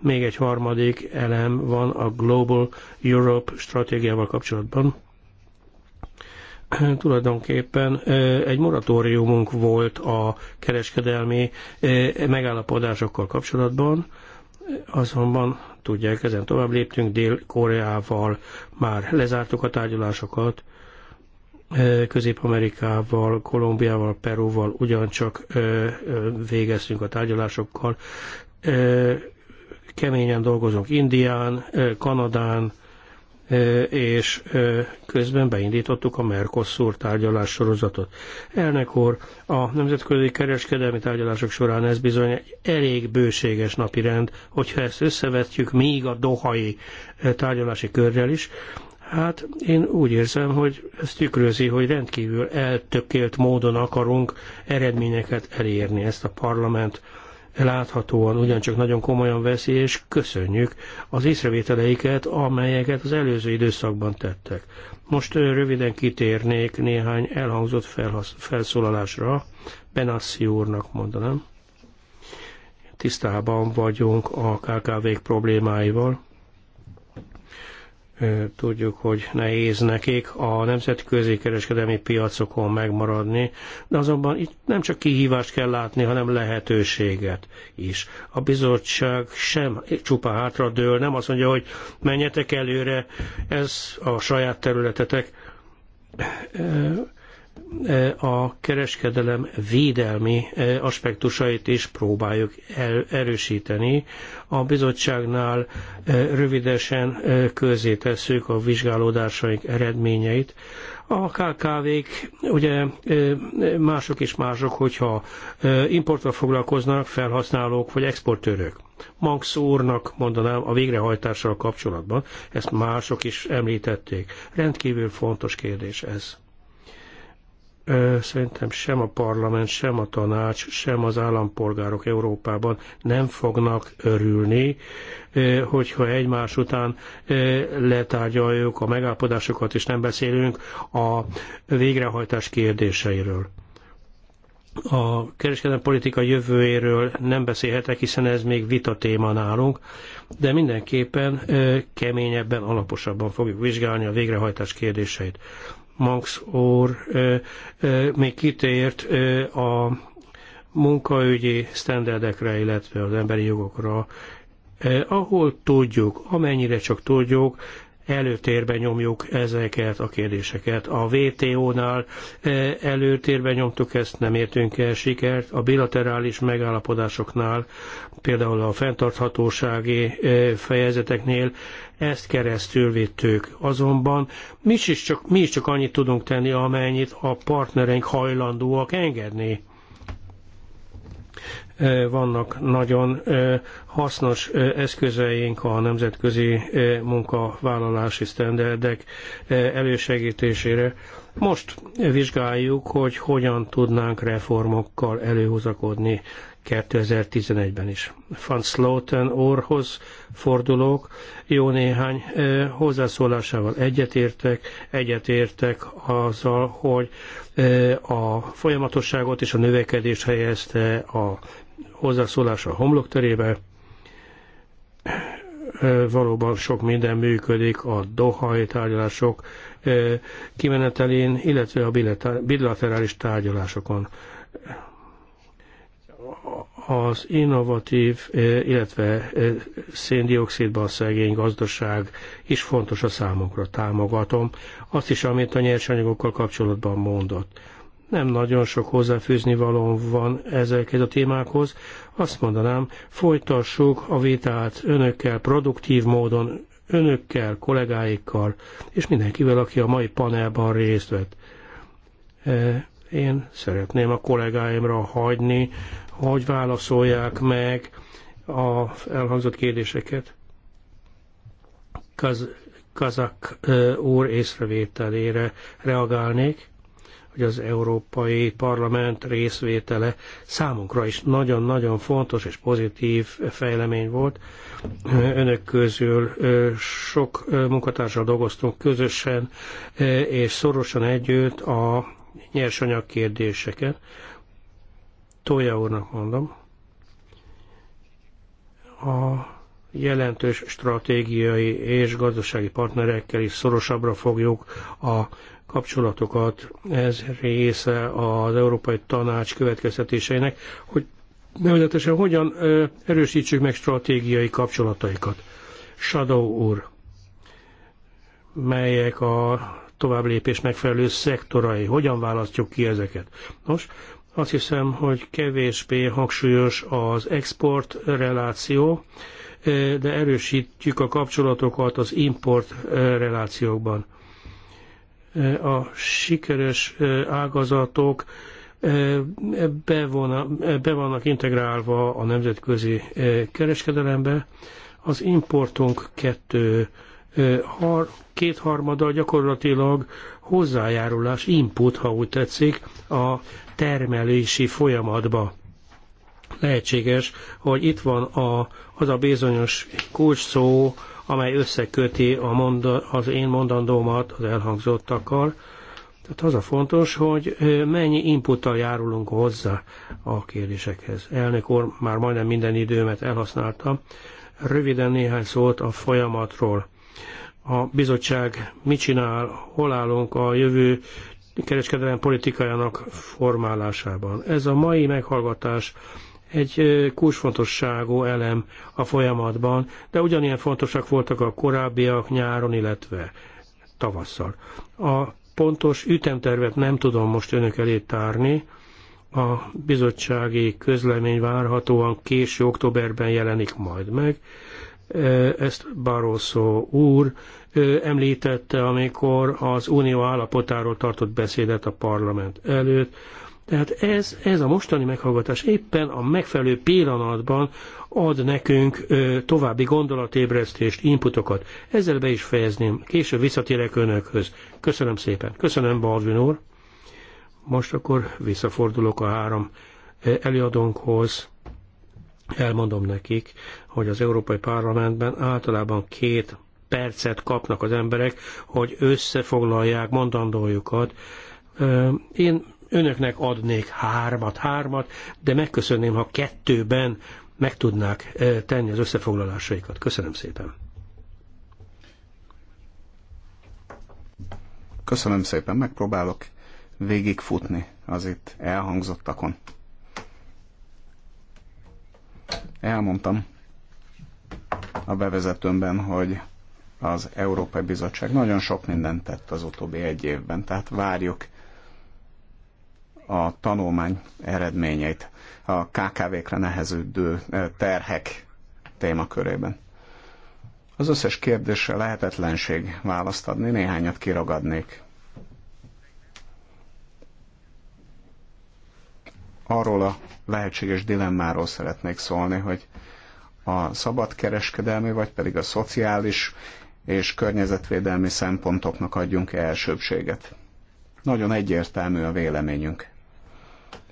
Még egy harmadik elem van a Global Europe stratégiával kapcsolatban. Tulajdonképpen egy moratóriumunk volt a kereskedelmi megállapodásokkal kapcsolatban, azonban tudják, ezen tovább léptünk Dél-Koreával, már lezártuk a tárgyalásokat, Közép-Amerikával, Kolumbiával, Peruval ugyancsak végeztünk a tárgyalásokkal. Keményen dolgozunk Indián, Kanadán, és közben beindítottuk a Mercosur tárgyalás sorozatot. Elnök úr, a nemzetközi kereskedelmi tárgyalások során ez bizony egy elég bőséges napi rend, hogyha ezt összevetjük még a dohai tárgyalási körrel is, Hát én úgy érzem, hogy ez tükrözi, hogy rendkívül eltökélt módon akarunk eredményeket elérni. Ezt a parlament láthatóan ugyancsak nagyon komolyan veszi, és köszönjük az észrevételeiket, amelyeket az előző időszakban tettek. Most röviden kitérnék néhány elhangzott felhasz, felszólalásra. Benassi úrnak mondanám. Tisztában vagyunk a KKV-k problémáival Tudjuk, hogy nehéz nekik a nemzetközi kereskedelmi piacokon megmaradni, de azonban itt nem csak kihívást kell látni, hanem lehetőséget is. A bizottság sem csupa hátra dől, nem azt mondja, hogy menjetek előre, ez a saját területetek E, a kereskedelem védelmi e, aspektusait is próbáljuk erősíteni. A bizottságnál e, rövidesen közzétesszük a vizsgálódásaink eredményeit. A KKV-k, ugye mások is mások, hogyha importra foglalkoznak, felhasználók vagy exportőrök. Max úrnak mondanám a végrehajtással kapcsolatban, ezt mások is említették. Rendkívül fontos kérdés ez. Szerintem sem a parlament, sem a tanács, sem az állampolgárok Európában nem fognak örülni, hogyha egymás után letárgyaljuk a megállapodásokat, és nem beszélünk a végrehajtás kérdéseiről a kereskedelmi politika jövőjéről nem beszélhetek, hiszen ez még vita téma nálunk, de mindenképpen keményebben, alaposabban fogjuk vizsgálni a végrehajtás kérdéseit. Manx úr még kitért a munkaügyi sztenderdekre, illetve az emberi jogokra, ahol tudjuk, amennyire csak tudjuk, előtérbe nyomjuk ezeket a kérdéseket. A WTO-nál e, előtérbe nyomtuk ezt, nem értünk el sikert. A bilaterális megállapodásoknál, például a fenntarthatósági e, fejezeteknél ezt keresztül vittük. Azonban mi is, csak, mi is csak annyit tudunk tenni, amennyit a partnereink hajlandóak engedni vannak nagyon hasznos eszközeink a nemzetközi munkavállalási sztenderdek elősegítésére. Most vizsgáljuk, hogy hogyan tudnánk reformokkal előhozakodni 2011-ben is. Van Sloten orhoz fordulók, jó néhány hozzászólásával egyetértek, egyetértek azzal, hogy a folyamatosságot és a növekedést helyezte a hozzászólása a terébe Valóban sok minden működik, a dohai tárgyalások kimenetelén, illetve a bilaterális tárgyalásokon az innovatív, illetve széndiokszidban szegény gazdaság is fontos a számunkra, támogatom. Azt is, amit a nyersanyagokkal kapcsolatban mondott. Nem nagyon sok hozzáfűzni valóm van ezekhez a témákhoz. Azt mondanám, folytassuk a vitát önökkel produktív módon, önökkel, kollégáikkal, és mindenkivel, aki a mai panelban részt vett. E, én szeretném a kollégáimra hagyni, hogy válaszolják meg a elhangzott kérdéseket. Kaz, kazak e, úr észrevételére reagálnék hogy az Európai Parlament részvétele számunkra is nagyon-nagyon fontos és pozitív fejlemény volt. Önök közül sok munkatársal dolgoztunk közösen és szorosan együtt a nyersanyag kérdéseken. Tója úrnak mondom. A jelentős stratégiai és gazdasági partnerekkel is szorosabbra fogjuk a kapcsolatokat. Ez része az Európai Tanács következtetéseinek, hogy nevezetesen hogyan erősítsük meg stratégiai kapcsolataikat. Shadow úr, melyek a tovább lépés megfelelő szektorai, hogyan választjuk ki ezeket? Nos, azt hiszem, hogy kevésbé hangsúlyos az export reláció, de erősítjük a kapcsolatokat az import relációkban a sikeres ágazatok be vannak integrálva a nemzetközi kereskedelembe. Az importunk kettő kétharmada gyakorlatilag hozzájárulás, input, ha úgy tetszik, a termelési folyamatba. Lehetséges, hogy itt van a, az a bizonyos kulcs szó, amely összeköti a monda, az én mondandómat az elhangzottakkal. Tehát az a fontos, hogy mennyi inputtal járulunk hozzá a kérdésekhez. Elnök úr, már majdnem minden időmet elhasználtam. Röviden néhány szót a folyamatról. A bizottság mit csinál, hol állunk a jövő kereskedelem politikájának formálásában. Ez a mai meghallgatás egy kulcsfontosságú elem a folyamatban, de ugyanilyen fontosak voltak a korábbiak nyáron, illetve tavasszal. A pontos ütemtervet nem tudom most önök elé tárni, a bizottsági közlemény várhatóan késő októberben jelenik majd meg. Ezt Barroso úr említette, amikor az unió állapotáról tartott beszédet a parlament előtt. Tehát ez, ez a mostani meghallgatás éppen a megfelelő pillanatban ad nekünk ö, további gondolatébresztést, inputokat. Ezzel be is fejezném, később visszatérek önökhöz. Köszönöm szépen. Köszönöm, Baldwin úr. Most akkor visszafordulok a három előadónkhoz. Elmondom nekik, hogy az Európai Parlamentben általában két percet kapnak az emberek, hogy összefoglalják mondandójukat. Én önöknek adnék hármat, hármat, de megköszönném, ha kettőben meg tudnák eh, tenni az összefoglalásaikat. Köszönöm szépen. Köszönöm szépen, megpróbálok végigfutni az itt elhangzottakon. Elmondtam a bevezetőmben, hogy az Európai Bizottság nagyon sok mindent tett az utóbbi egy évben, tehát várjuk a tanulmány eredményeit a kkv kre nehezüldő terhek témakörében. Az összes kérdésre lehetetlenség választ adni, néhányat kiragadnék. Arról a lehetséges dilemmáról szeretnék szólni, hogy a szabadkereskedelmi, vagy pedig a szociális és környezetvédelmi szempontoknak adjunk -e elsőbséget. Nagyon egyértelmű a véleményünk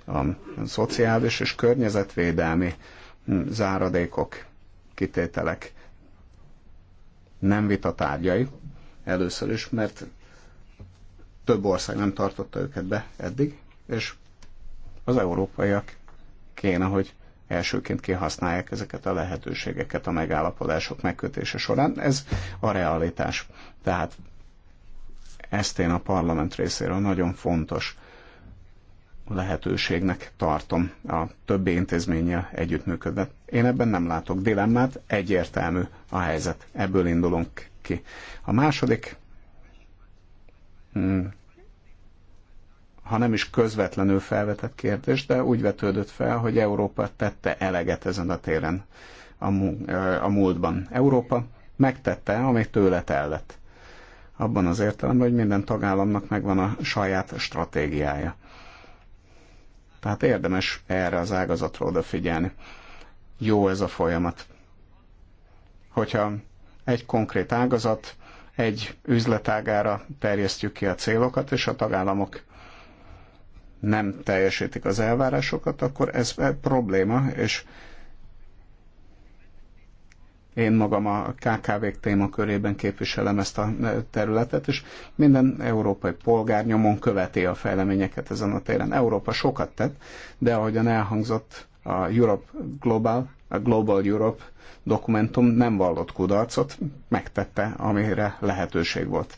a szociális és környezetvédelmi hm, záradékok, kitételek nem vita tárgyai először is, mert több ország nem tartotta őket be eddig, és az európaiak kéne, hogy elsőként kihasználják ezeket a lehetőségeket a megállapodások megkötése során. Ez a realitás. Tehát ezt én a parlament részéről nagyon fontos lehetőségnek tartom a többi intézménnyel együttműködve. Én ebben nem látok dilemmát, egyértelmű a helyzet. Ebből indulunk ki. A második, hmm, ha nem is közvetlenül felvetett kérdés, de úgy vetődött fel, hogy Európa tette eleget ezen a téren a, eh, múltban. Európa megtette, amit tőle tellett. Abban az értelemben, hogy minden tagállamnak megvan a saját stratégiája tehát érdemes erre az ágazatra odafigyelni. Jó ez a folyamat. Hogyha egy konkrét ágazat, egy üzletágára terjesztjük ki a célokat, és a tagállamok nem teljesítik az elvárásokat, akkor ez probléma, és én magam a KKV-k témakörében képviselem ezt a e, területet, és minden európai polgár nyomon követi a fejleményeket ezen a téren. Európa sokat tett, de ahogyan elhangzott, a Europe Global, a Global Europe dokumentum nem vallott kudarcot, megtette, amire lehetőség volt.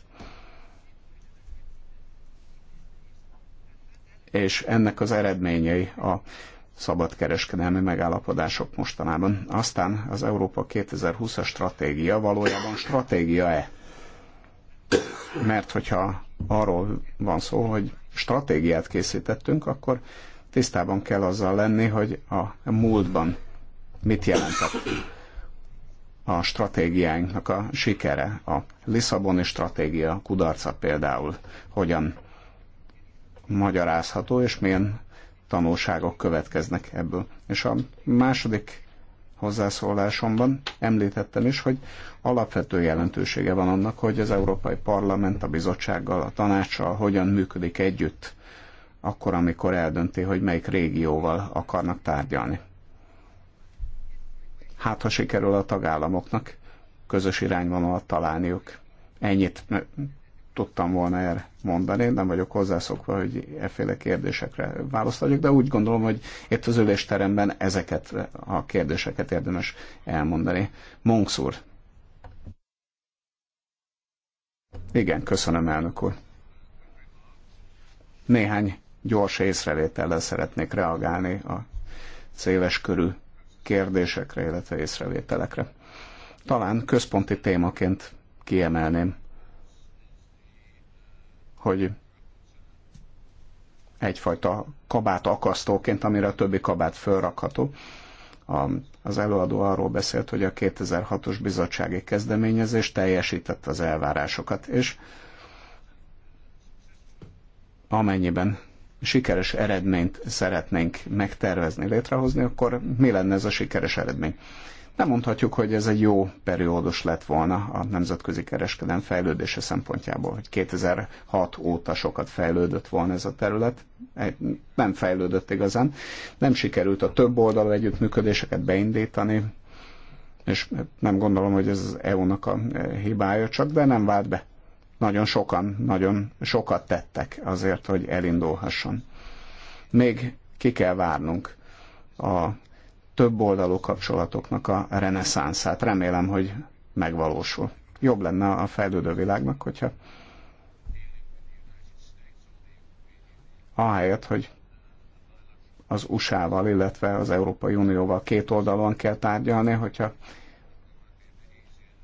És ennek az eredményei a szabadkereskedelmi megállapodások mostanában. Aztán az Európa 2020-as stratégia valójában stratégia-e? Mert hogyha arról van szó, hogy stratégiát készítettünk, akkor tisztában kell azzal lenni, hogy a múltban mit jelentett a stratégiáinknak a sikere, a Lisszaboni stratégia kudarca például, hogyan magyarázható, és milyen tanulságok következnek ebből. És a második hozzászólásomban említettem is, hogy alapvető jelentősége van annak, hogy az Európai Parlament a bizottsággal, a tanácssal hogyan működik együtt, akkor, amikor eldönti, hogy melyik régióval akarnak tárgyalni. Hát, ha sikerül a tagállamoknak közös irányvonalat találniuk. Ennyit tudtam volna erre mondani, nem vagyok hozzászokva, hogy efféle kérdésekre választ adjak, de úgy gondolom, hogy itt az ülésteremben ezeket a kérdéseket érdemes elmondani. Monks úr. Igen, köszönöm, elnök úr. Néhány gyors észrevétellel szeretnék reagálni a széles körű kérdésekre, illetve észrevételekre. Talán központi témaként kiemelném hogy egyfajta kabát akasztóként, amire a többi kabát fölrakható. A, az előadó arról beszélt, hogy a 2006-os bizottsági kezdeményezés teljesített az elvárásokat, és amennyiben sikeres eredményt szeretnénk megtervezni, létrehozni, akkor mi lenne ez a sikeres eredmény? nem mondhatjuk, hogy ez egy jó periódus lett volna a nemzetközi kereskedelem fejlődése szempontjából, hogy 2006 óta sokat fejlődött volna ez a terület. E, nem fejlődött igazán, nem sikerült a több oldalú együttműködéseket beindítani, és nem gondolom, hogy ez az EU-nak a e, hibája csak, de nem vált be. Nagyon sokan, nagyon sokat tettek azért, hogy elindulhasson. Még ki kell várnunk a több oldalú kapcsolatoknak a reneszánszát. Remélem, hogy megvalósul. Jobb lenne a fejlődő világnak, hogyha ahelyett, hogy az USA-val, illetve az Európai Unióval két oldalon kell tárgyalni, hogyha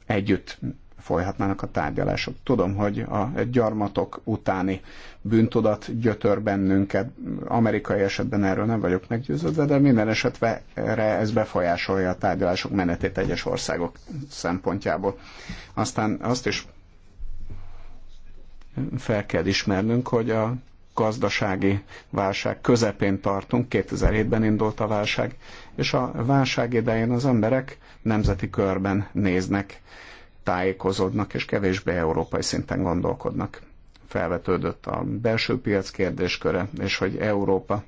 együtt folyhatnának a tárgyalások. Tudom, hogy a gyarmatok utáni bűntudat gyötör bennünket, amerikai esetben erről nem vagyok meggyőződve, de minden esetre ez befolyásolja a tárgyalások menetét egyes országok szempontjából. Aztán azt is fel kell ismernünk, hogy a gazdasági válság közepén tartunk, 2007-ben indult a válság, és a válság idején az emberek nemzeti körben néznek tájékozódnak és kevésbé európai szinten gondolkodnak. Felvetődött a belső piac kérdésköre, és hogy Európa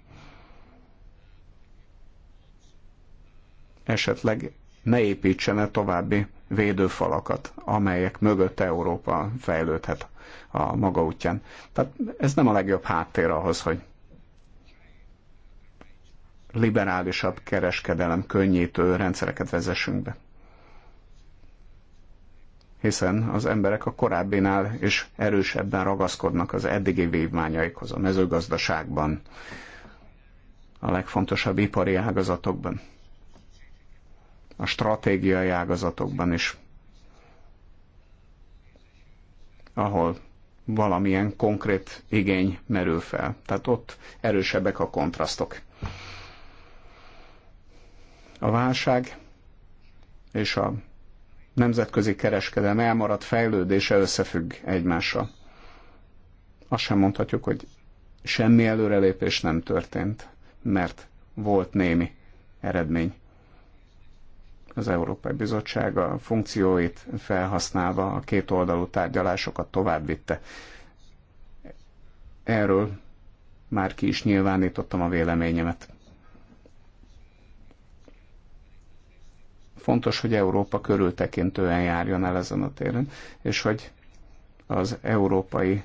esetleg ne építsene további védőfalakat, amelyek mögött Európa fejlődhet a maga útján. Tehát ez nem a legjobb háttér ahhoz, hogy liberálisabb kereskedelem könnyítő rendszereket vezessünk be hiszen az emberek a korábbinál is erősebben ragaszkodnak az eddigi vívmányaikhoz a mezőgazdaságban, a legfontosabb ipari ágazatokban, a stratégiai ágazatokban is, ahol valamilyen konkrét igény merül fel. Tehát ott erősebbek a kontrasztok. A válság és a nemzetközi kereskedelem elmaradt fejlődése összefügg egymással. Azt sem mondhatjuk, hogy semmi előrelépés nem történt, mert volt némi eredmény. Az Európai Bizottság a funkcióit felhasználva a két oldalú tárgyalásokat vitte. Erről már ki is nyilvánítottam a véleményemet. Fontos, hogy Európa körültekintően járjon el ezen a téren, és hogy az európai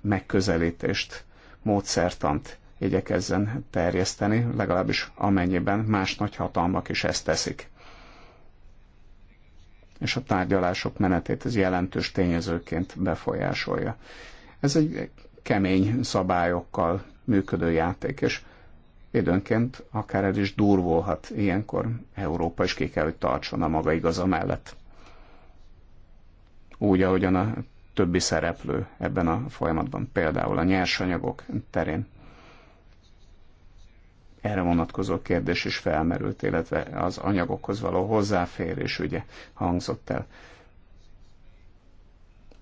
megközelítést, módszertant igyekezzen terjeszteni, legalábbis amennyiben más nagy hatalmak is ezt teszik. És a tárgyalások menetét ez jelentős tényezőként befolyásolja. Ez egy kemény szabályokkal működő játék, és Időnként akár el is durvulhat ilyenkor. Európa is ki kell, hogy tartson a maga igaza mellett. Úgy, ahogyan a többi szereplő ebben a folyamatban, például a nyersanyagok terén. Erre vonatkozó kérdés is felmerült, illetve az anyagokhoz való hozzáférés ugye hangzott el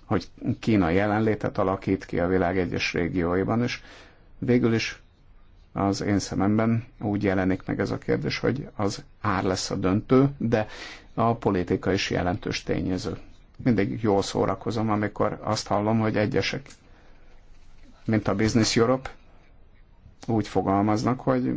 hogy Kína jelenlétet alakít ki a világ egyes régióiban, és végül is az én szememben úgy jelenik meg ez a kérdés, hogy az ár lesz a döntő, de a politika is jelentős tényező. Mindig jól szórakozom, amikor azt hallom, hogy egyesek, mint a Business Europe, úgy fogalmaznak, hogy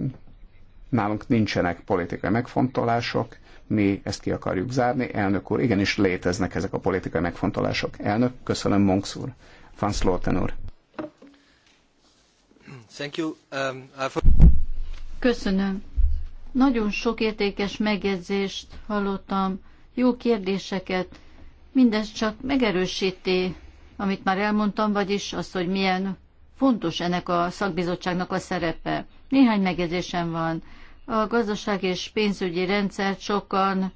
nálunk nincsenek politikai megfontolások, mi ezt ki akarjuk zárni. Elnök úr, igenis léteznek ezek a politikai megfontolások. Elnök, köszönöm, Monks úr, Van Sloten úr. Um, Köszönöm. Nagyon sok értékes megjegyzést hallottam, jó kérdéseket. Mindez csak megerősíti, amit már elmondtam, vagyis azt, hogy milyen fontos ennek a szakbizottságnak a szerepe. Néhány megjegyzésem van. A gazdaság és pénzügyi rendszert sokan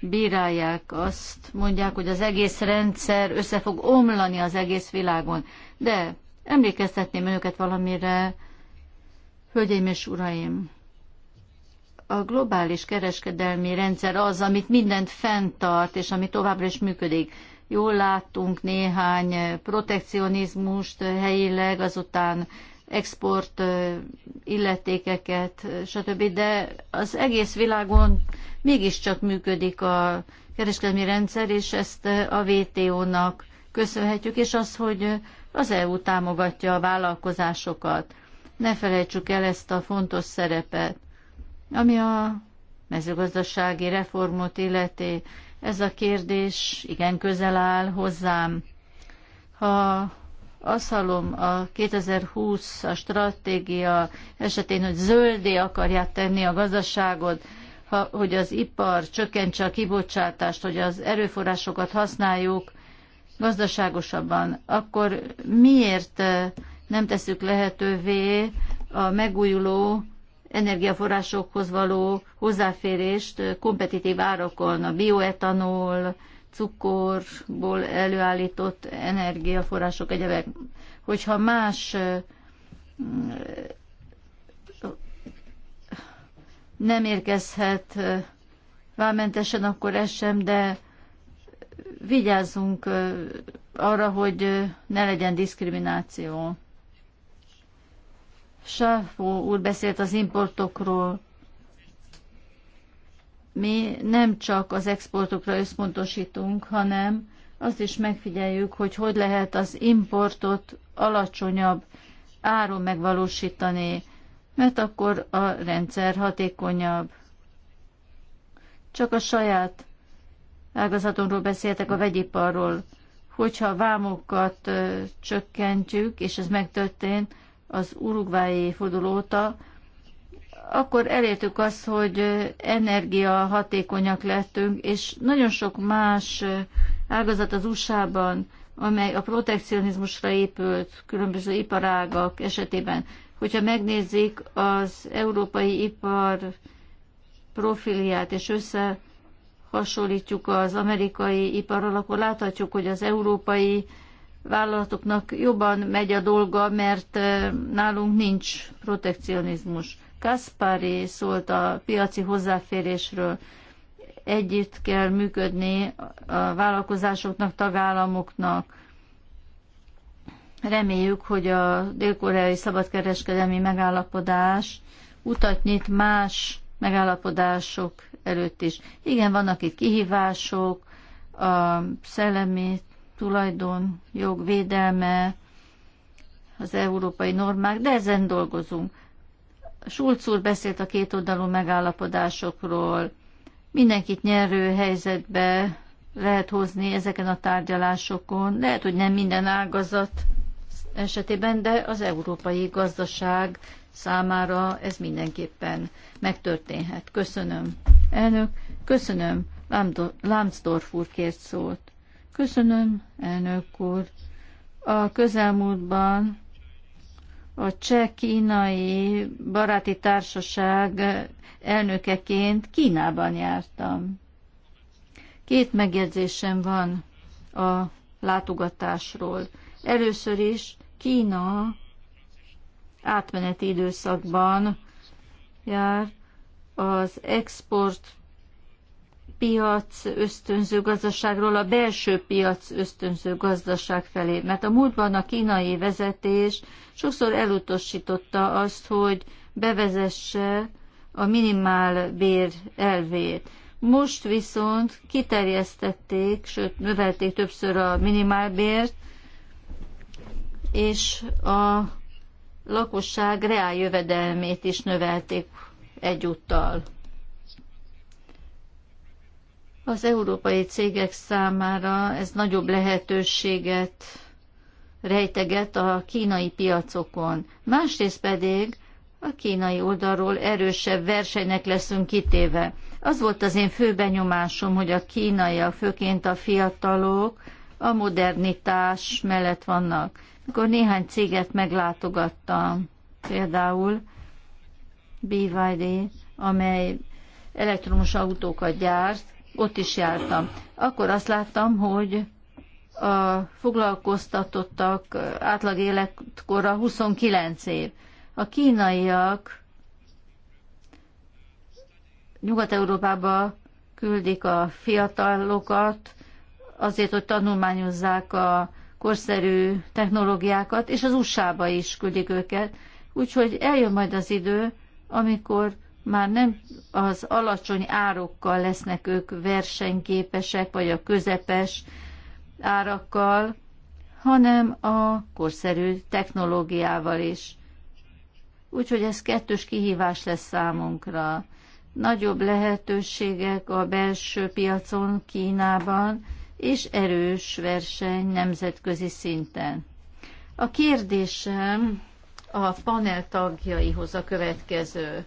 bírálják azt, mondják, hogy az egész rendszer össze fog omlani az egész világon. De Emlékeztetném önöket valamire, hölgyeim és uraim. A globális kereskedelmi rendszer az, amit mindent fenntart, és ami továbbra is működik. Jól láttunk néhány protekcionizmust helyileg, azután export illetékeket, stb. De az egész világon mégiscsak működik a kereskedelmi rendszer, és ezt a WTO-nak köszönhetjük, és az, hogy az EU támogatja a vállalkozásokat. Ne felejtsük el ezt a fontos szerepet. Ami a mezőgazdasági reformot illeti, ez a kérdés igen közel áll hozzám. Ha azt hallom a 2020 a stratégia esetén, hogy zöldé akarják tenni a gazdaságot, ha, hogy az ipar csökkentse a kibocsátást, hogy az erőforrásokat használjuk gazdaságosabban, akkor miért nem teszük lehetővé a megújuló energiaforrásokhoz való hozzáférést kompetitív árakon, a bioetanol, cukorból előállított energiaforrások egyebek. Hogyha más nem érkezhet vámentesen, akkor ez sem, de vigyázzunk arra, hogy ne legyen diszkrimináció. Sáfó úr beszélt az importokról. Mi nem csak az exportokra összpontosítunk, hanem azt is megfigyeljük, hogy hogy lehet az importot alacsonyabb áron megvalósítani, mert akkor a rendszer hatékonyabb. Csak a saját ágazatonról beszéltek, a vegyiparról. Hogyha a vámokat csökkentjük, és ez megtörtént az urugvái forduló óta, akkor elértük azt, hogy energia hatékonyak lettünk, és nagyon sok más ágazat az USA-ban, amely a protekcionizmusra épült különböző iparágak esetében. Hogyha megnézzük az európai ipar profilját és össze hasonlítjuk az amerikai iparral, akkor láthatjuk, hogy az európai vállalatoknak jobban megy a dolga, mert nálunk nincs protekcionizmus. Kaspari szólt a piaci hozzáférésről. Együtt kell működni a vállalkozásoknak, tagállamoknak. Reméljük, hogy a dél-koreai szabadkereskedelmi megállapodás utat nyit más megállapodások előtt is. Igen, vannak itt kihívások, a szellemi tulajdon, jogvédelme, az európai normák, de ezen dolgozunk. Schulz úr beszélt a kétoldalú megállapodásokról, mindenkit nyerő helyzetbe lehet hozni ezeken a tárgyalásokon. Lehet, hogy nem minden ágazat esetében, de az európai gazdaság számára ez mindenképpen megtörténhet. Köszönöm. Elnök, köszönöm. Lambsdorff úr kért szót. Köszönöm, elnök úr. A közelmúltban a cseh-kínai baráti társaság elnökeként Kínában jártam. Két megjegyzésem van a látogatásról. Először is Kína átmeneti időszakban járt, az export piac ösztönző gazdaságról a belső piac ösztönző gazdaság felé. Mert a múltban a kínai vezetés sokszor elutasította azt, hogy bevezesse a minimál bér elvét. Most viszont kiterjesztették, sőt növelték többször a minimálbért, és a lakosság reál jövedelmét is növelték egyúttal. Az európai cégek számára ez nagyobb lehetőséget rejteget a kínai piacokon. Másrészt pedig a kínai oldalról erősebb versenynek leszünk kitéve. Az volt az én fő benyomásom, hogy a kínaiak, főként a fiatalok a modernitás mellett vannak. Mikor néhány céget meglátogattam, például BYD, amely elektromos autókat gyárt, ott is jártam. Akkor azt láttam, hogy a foglalkoztatottak átlag életkora 29 év. A kínaiak Nyugat-Európába küldik a fiatalokat, azért, hogy tanulmányozzák a korszerű technológiákat, és az USA-ba is küldik őket. Úgyhogy eljön majd az idő, amikor már nem az alacsony árokkal lesznek ők versenyképesek, vagy a közepes árakkal, hanem a korszerű technológiával is. Úgyhogy ez kettős kihívás lesz számunkra. Nagyobb lehetőségek a belső piacon Kínában, és erős verseny nemzetközi szinten. A kérdésem a panel tagjaihoz a következő.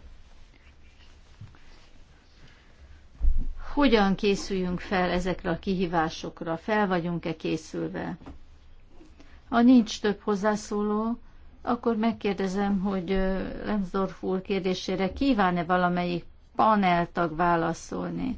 Hogyan készüljünk fel ezekre a kihívásokra? Fel vagyunk-e készülve? Ha nincs több hozzászóló, akkor megkérdezem, hogy Lemsdorf úr kérdésére kíván-e valamelyik paneltag válaszolni?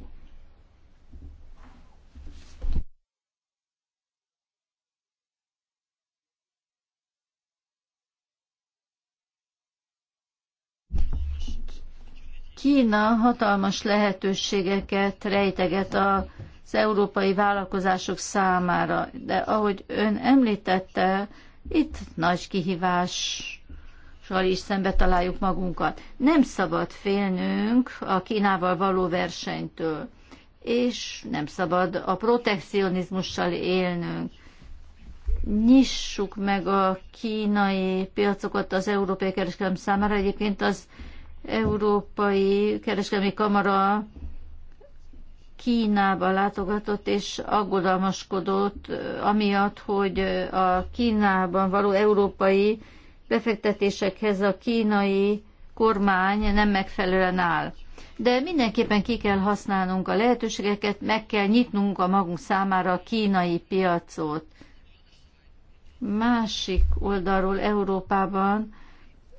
Kína hatalmas lehetőségeket rejteget az európai vállalkozások számára, de ahogy ön említette, itt nagy kihívás, kihívással is szembe találjuk magunkat. Nem szabad félnünk a Kínával való versenytől, és nem szabad a protekcionizmussal élnünk nyissuk meg a kínai piacokat az európai kereskedelem számára. Egyébként az Európai Kereskedelmi Kamara Kínába látogatott és aggodalmaskodott, amiatt, hogy a Kínában való európai befektetésekhez a kínai kormány nem megfelelően áll. De mindenképpen ki kell használnunk a lehetőségeket, meg kell nyitnunk a magunk számára a kínai piacot. Másik oldalról Európában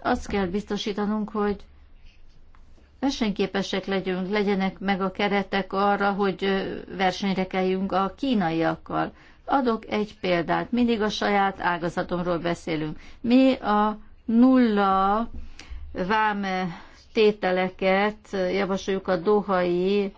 azt kell biztosítanunk, hogy versenyképesek legyünk, legyenek meg a keretek arra, hogy versenyre kelljünk a kínaiakkal. Adok egy példát, mindig a saját ágazatomról beszélünk. Mi a nulla vám tételeket javasoljuk a dohai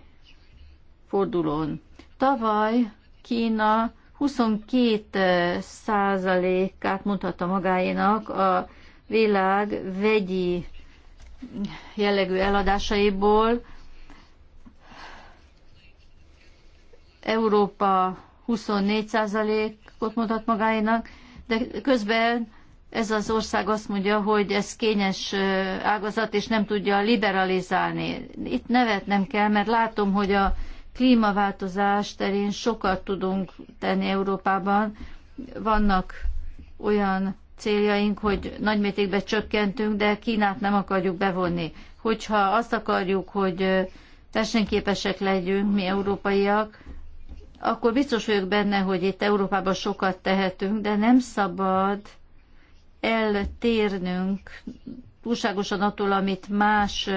fordulón. Tavaly Kína 22 százalékát mutatta magáénak a világ vegyi jellegű eladásaiból Európa 24%-ot mutat magáénak, de közben ez az ország azt mondja, hogy ez kényes ágazat, és nem tudja liberalizálni. Itt nevet nem kell, mert látom, hogy a klímaváltozás terén sokat tudunk tenni Európában. Vannak olyan céljaink, hogy nagymértékben csökkentünk, de Kínát nem akarjuk bevonni. Hogyha azt akarjuk, hogy versenyképesek legyünk, mi európaiak, akkor biztos vagyok benne, hogy itt Európában sokat tehetünk, de nem szabad eltérnünk túlságosan attól, amit más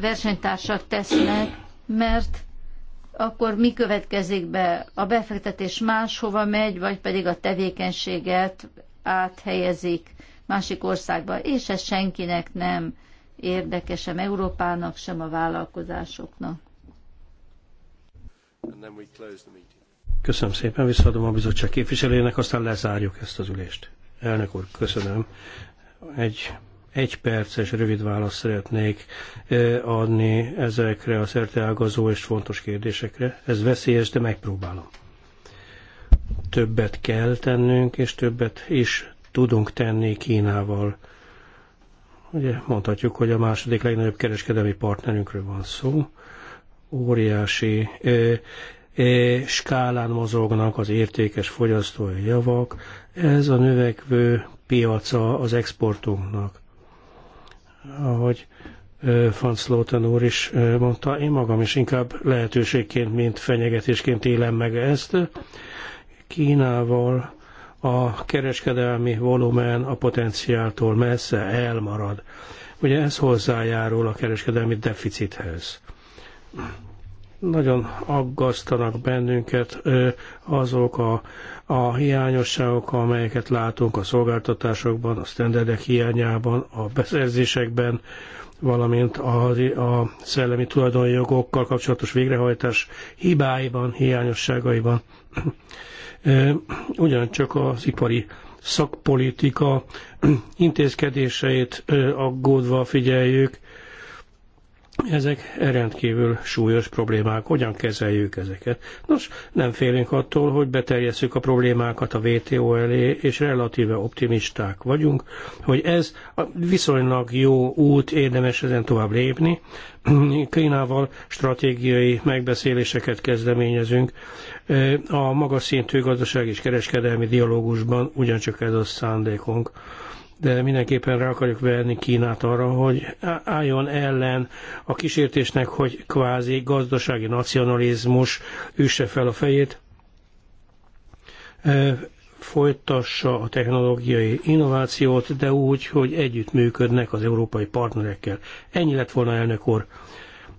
versenytársak tesznek, mert akkor mi következik be? A befektetés máshova megy, vagy pedig a tevékenységet áthelyezik másik országba, és ez senkinek nem érdekes, sem Európának, sem a vállalkozásoknak. Köszönöm szépen, visszaadom a bizottság képviselőjének, aztán lezárjuk ezt az ülést. Elnök úr, köszönöm. Egy egy perces rövid választ szeretnék adni ezekre a szerteágazó és fontos kérdésekre. Ez veszélyes, de megpróbálom többet kell tennünk, és többet is tudunk tenni Kínával. Ugye mondhatjuk, hogy a második legnagyobb kereskedelmi partnerünkről van szó. Óriási ö, ö, skálán mozognak az értékes fogyasztói javak. Ez a növekvő piaca az exportunknak. Ahogy Franz Sloten úr is mondta, én magam is inkább lehetőségként, mint fenyegetésként élem meg ezt. Kínával a kereskedelmi volumen a potenciáltól messze elmarad. Ugye ez hozzájárul a kereskedelmi deficithez. Nagyon aggasztanak bennünket azok a, a hiányosságok, amelyeket látunk a szolgáltatásokban, a standardek hiányában, a beszerzésekben, valamint a, a szellemi tulajdonjogokkal kapcsolatos végrehajtás hibáiban, hiányosságaiban ugyancsak az ipari szakpolitika intézkedéseit aggódva figyeljük. Ezek rendkívül súlyos problémák. Hogyan kezeljük ezeket? Nos, nem félünk attól, hogy beterjesszük a problémákat a WTO elé, és relatíve optimisták vagyunk, hogy ez a viszonylag jó út, érdemes ezen tovább lépni. Kínával stratégiai megbeszéléseket kezdeményezünk, a magas szintű gazdaság és kereskedelmi dialógusban ugyancsak ez a szándékunk. De mindenképpen rá akarjuk venni Kínát arra, hogy álljon ellen a kísértésnek, hogy kvázi gazdasági nacionalizmus üsse fel a fejét, folytassa a technológiai innovációt, de úgy, hogy együttműködnek az európai partnerekkel. Ennyi lett volna elnök úr.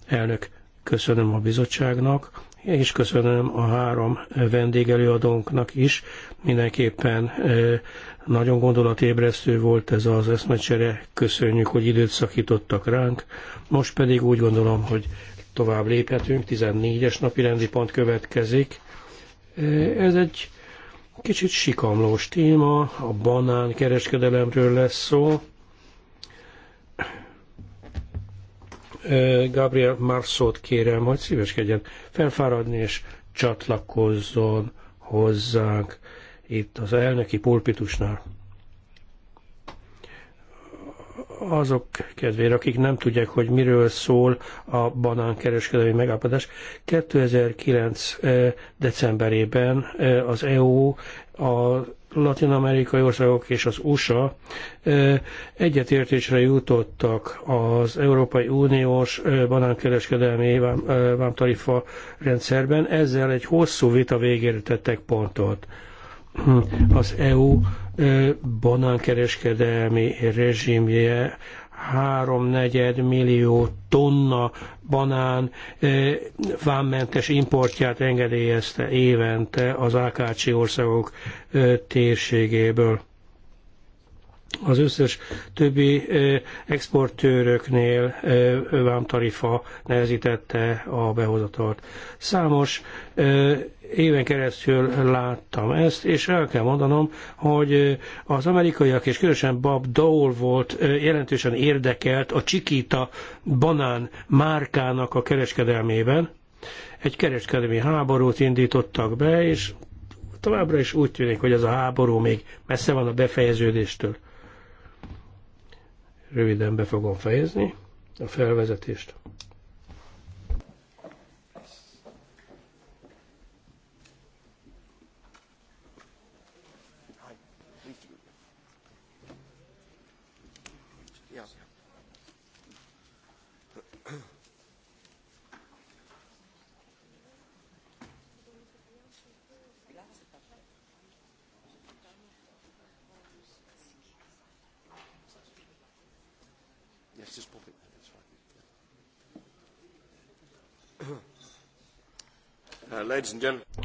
Elnök, köszönöm a bizottságnak és köszönöm a három vendégelőadónknak is. Mindenképpen nagyon gondolatébresztő volt ez az eszmecsere, köszönjük, hogy időt szakítottak ránk. Most pedig úgy gondolom, hogy tovább léphetünk, 14-es napi rendi pont következik. Ez egy kicsit sikamlós téma, a banán kereskedelemről lesz szó. Gabriel Marszót kérem, hogy szíveskedjen felfáradni és csatlakozzon hozzánk itt az elnöki pulpitusnál. Azok kedvére, akik nem tudják, hogy miről szól a banánkereskedelmi megállapodás, 2009. decemberében az EU a latin-amerikai országok és az USA egyetértésre jutottak az Európai Uniós banánkereskedelmi vámtarifa rendszerben, ezzel egy hosszú vita végére tettek pontot. Hm. Az EU banánkereskedelmi rezsimje háromnegyed millió tonna banán eh, vámmentes importját engedélyezte évente az Ákácsi országok eh, térségéből. Az összes többi eh, exportőröknél vámtarifa nehezítette a behozatot. Számos éven keresztül láttam ezt, és el kell mondanom, hogy az amerikaiak, és különösen Bob Dole volt jelentősen érdekelt a Csikita banán márkának a kereskedelmében. Egy kereskedelmi háborút indítottak be, és továbbra is úgy tűnik, hogy ez a háború még messze van a befejeződéstől. Röviden be fogom fejezni a felvezetést.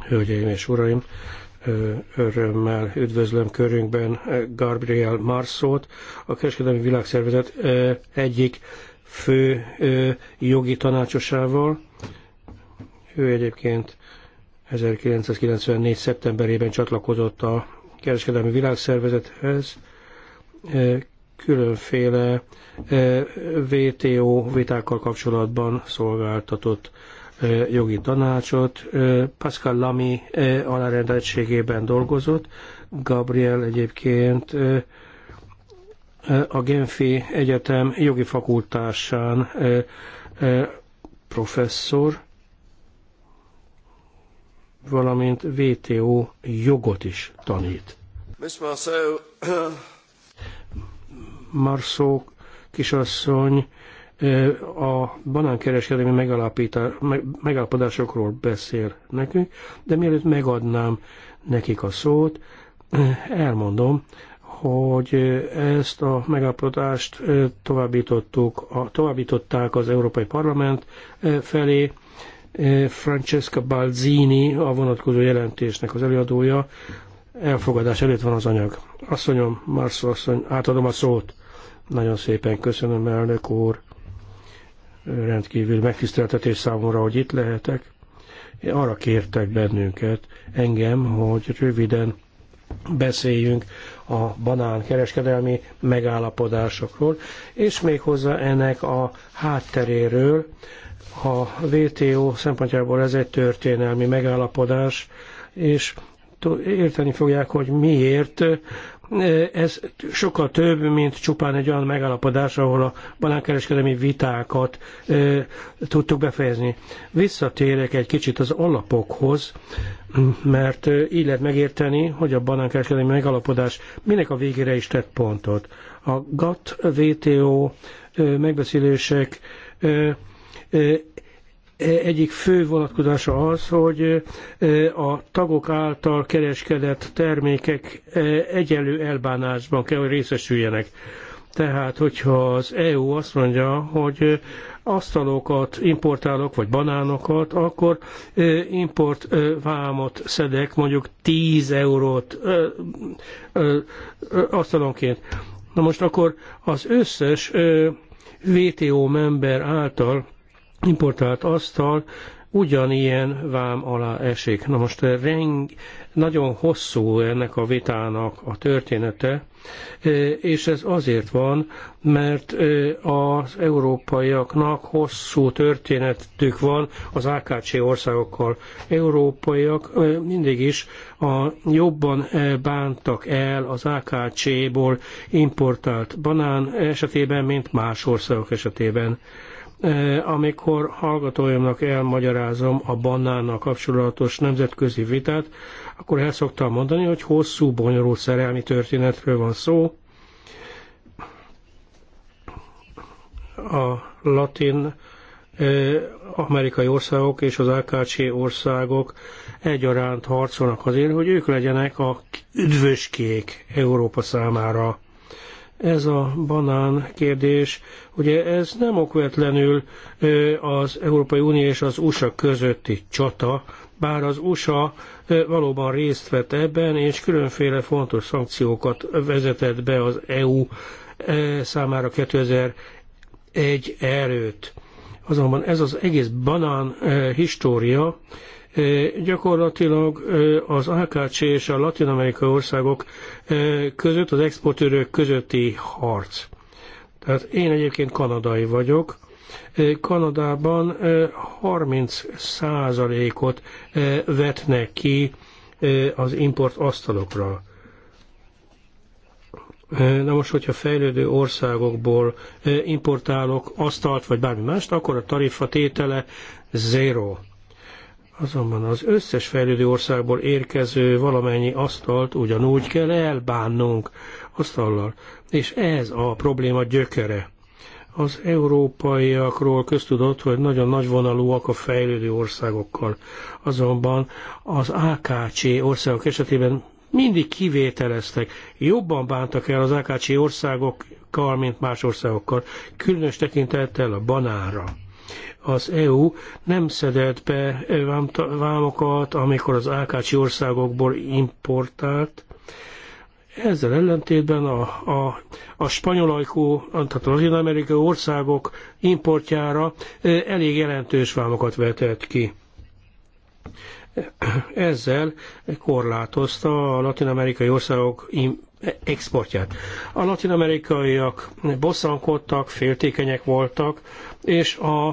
Hölgyeim és uraim, örömmel üdvözlöm körünkben Gabriel Marszót, a Kereskedelmi Világszervezet egyik fő jogi tanácsosával. Ő egyébként 1994. szeptemberében csatlakozott a Kereskedelmi Világszervezethez. Különféle VTO vitákkal kapcsolatban szolgáltatott jogi tanácsot. Pascal Lamy alárendeltségében dolgozott, Gabriel egyébként a Genfi Egyetem jogi fakultásán professzor, valamint VTO jogot is tanít. Miss Marceau, Marceau kisasszony a banánkereskedelmi megállapodásokról beszél nekünk, de mielőtt megadnám nekik a szót, elmondom, hogy ezt a megállapodást továbbítottuk, a, továbbították az Európai Parlament felé. Francesca Balzini, a vonatkozó jelentésnek az előadója, elfogadás előtt van az anyag. Asszonyom, Marszó asszony, átadom a szót. Nagyon szépen köszönöm, elnök úr rendkívül megtiszteltetés számomra, hogy itt lehetek. Arra kértek bennünket, engem, hogy röviden beszéljünk a banán kereskedelmi megállapodásokról, és még hozzá ennek a hátteréről. A WTO szempontjából ez egy történelmi megállapodás, és érteni fogják, hogy miért ez sokkal több, mint csupán egy olyan megállapodás, ahol a banánkereskedelmi vitákat tudtuk befejezni. Visszatérek egy kicsit az alapokhoz, mert így lehet megérteni, hogy a banánkereskedelmi megállapodás minek a végére is tett pontot. A GATT, VTO megbeszélések E, egyik fő vonatkozása az, hogy e, a tagok által kereskedett termékek e, egyenlő elbánásban kell, hogy részesüljenek. Tehát, hogyha az EU azt mondja, hogy asztalokat importálok, vagy banánokat, akkor import vámot szedek, mondjuk 10 eurót asztalonként. Na most akkor az összes WTO member által importált asztal ugyanilyen vám alá esik. Na most eh, reng, nagyon hosszú ennek a vitának a története, eh, és ez azért van, mert eh, az európaiaknak hosszú történetük van az AKC országokkal. Európaiak mindig is a jobban bántak el az AKC-ból importált banán esetében, mint más országok esetében amikor hallgatóimnak elmagyarázom a banánnal kapcsolatos nemzetközi vitát, akkor el szoktam mondani, hogy hosszú, bonyolult szerelmi történetről van szó. A latin amerikai országok és az AKC országok egyaránt harcolnak azért, hogy ők legyenek a üdvöskék Európa számára ez a banán kérdés, ugye ez nem okvetlenül az Európai Unió és az USA közötti csata, bár az USA valóban részt vett ebben, és különféle fontos szankciókat vezetett be az EU számára 2001 előtt. Azonban ez az egész banán história Gyakorlatilag az AKC és a latin-amerikai országok között, az exportőrök közötti harc. Tehát én egyébként kanadai vagyok, Kanadában 30 százalékot vetnek ki az import asztalokra. Na most, hogyha fejlődő országokból importálok asztalt vagy bármi mást, akkor a tarifa tétele zero. Azonban az összes fejlődő országból érkező valamennyi asztalt ugyanúgy kell elbánnunk asztallal. És ez a probléma gyökere. Az európaiakról köztudott, hogy nagyon nagyvonalúak a fejlődő országokkal. Azonban az AKC országok esetében mindig kivételeztek, jobban bántak el az AKC országokkal, mint más országokkal, különös tekintettel a Banára. Az EU nem szedett be eh, vámokat, amikor az Ákácsi országokból importált, ezzel ellentétben a, a, a spanyolajkó, tehát a latin-amerikai országok importjára eh, elég jelentős vámokat vetett ki. Ezzel korlátozta a latin-amerikai országok exportját. A latin-amerikaiak bosszankodtak, féltékenyek voltak, és a,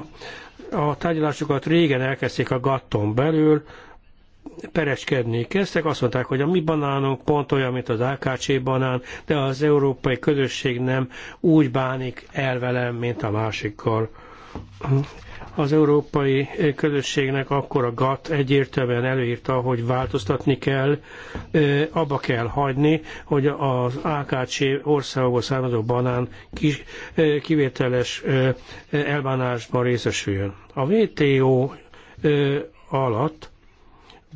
a tárgyalásokat régen elkezdték a gatton belül, pereskedni kezdtek, azt mondták, hogy a mi banánunk pont olyan, mint az AKC banán, de az európai közösség nem úgy bánik el velem, mint a másikkal az európai eh, közösségnek akkor a GATT egyértelműen előírta, hogy változtatni kell, eh, abba kell hagyni, hogy az AKC országokból származó banán kis, eh, kivételes elbánásban részesüljön. A WTO alatt,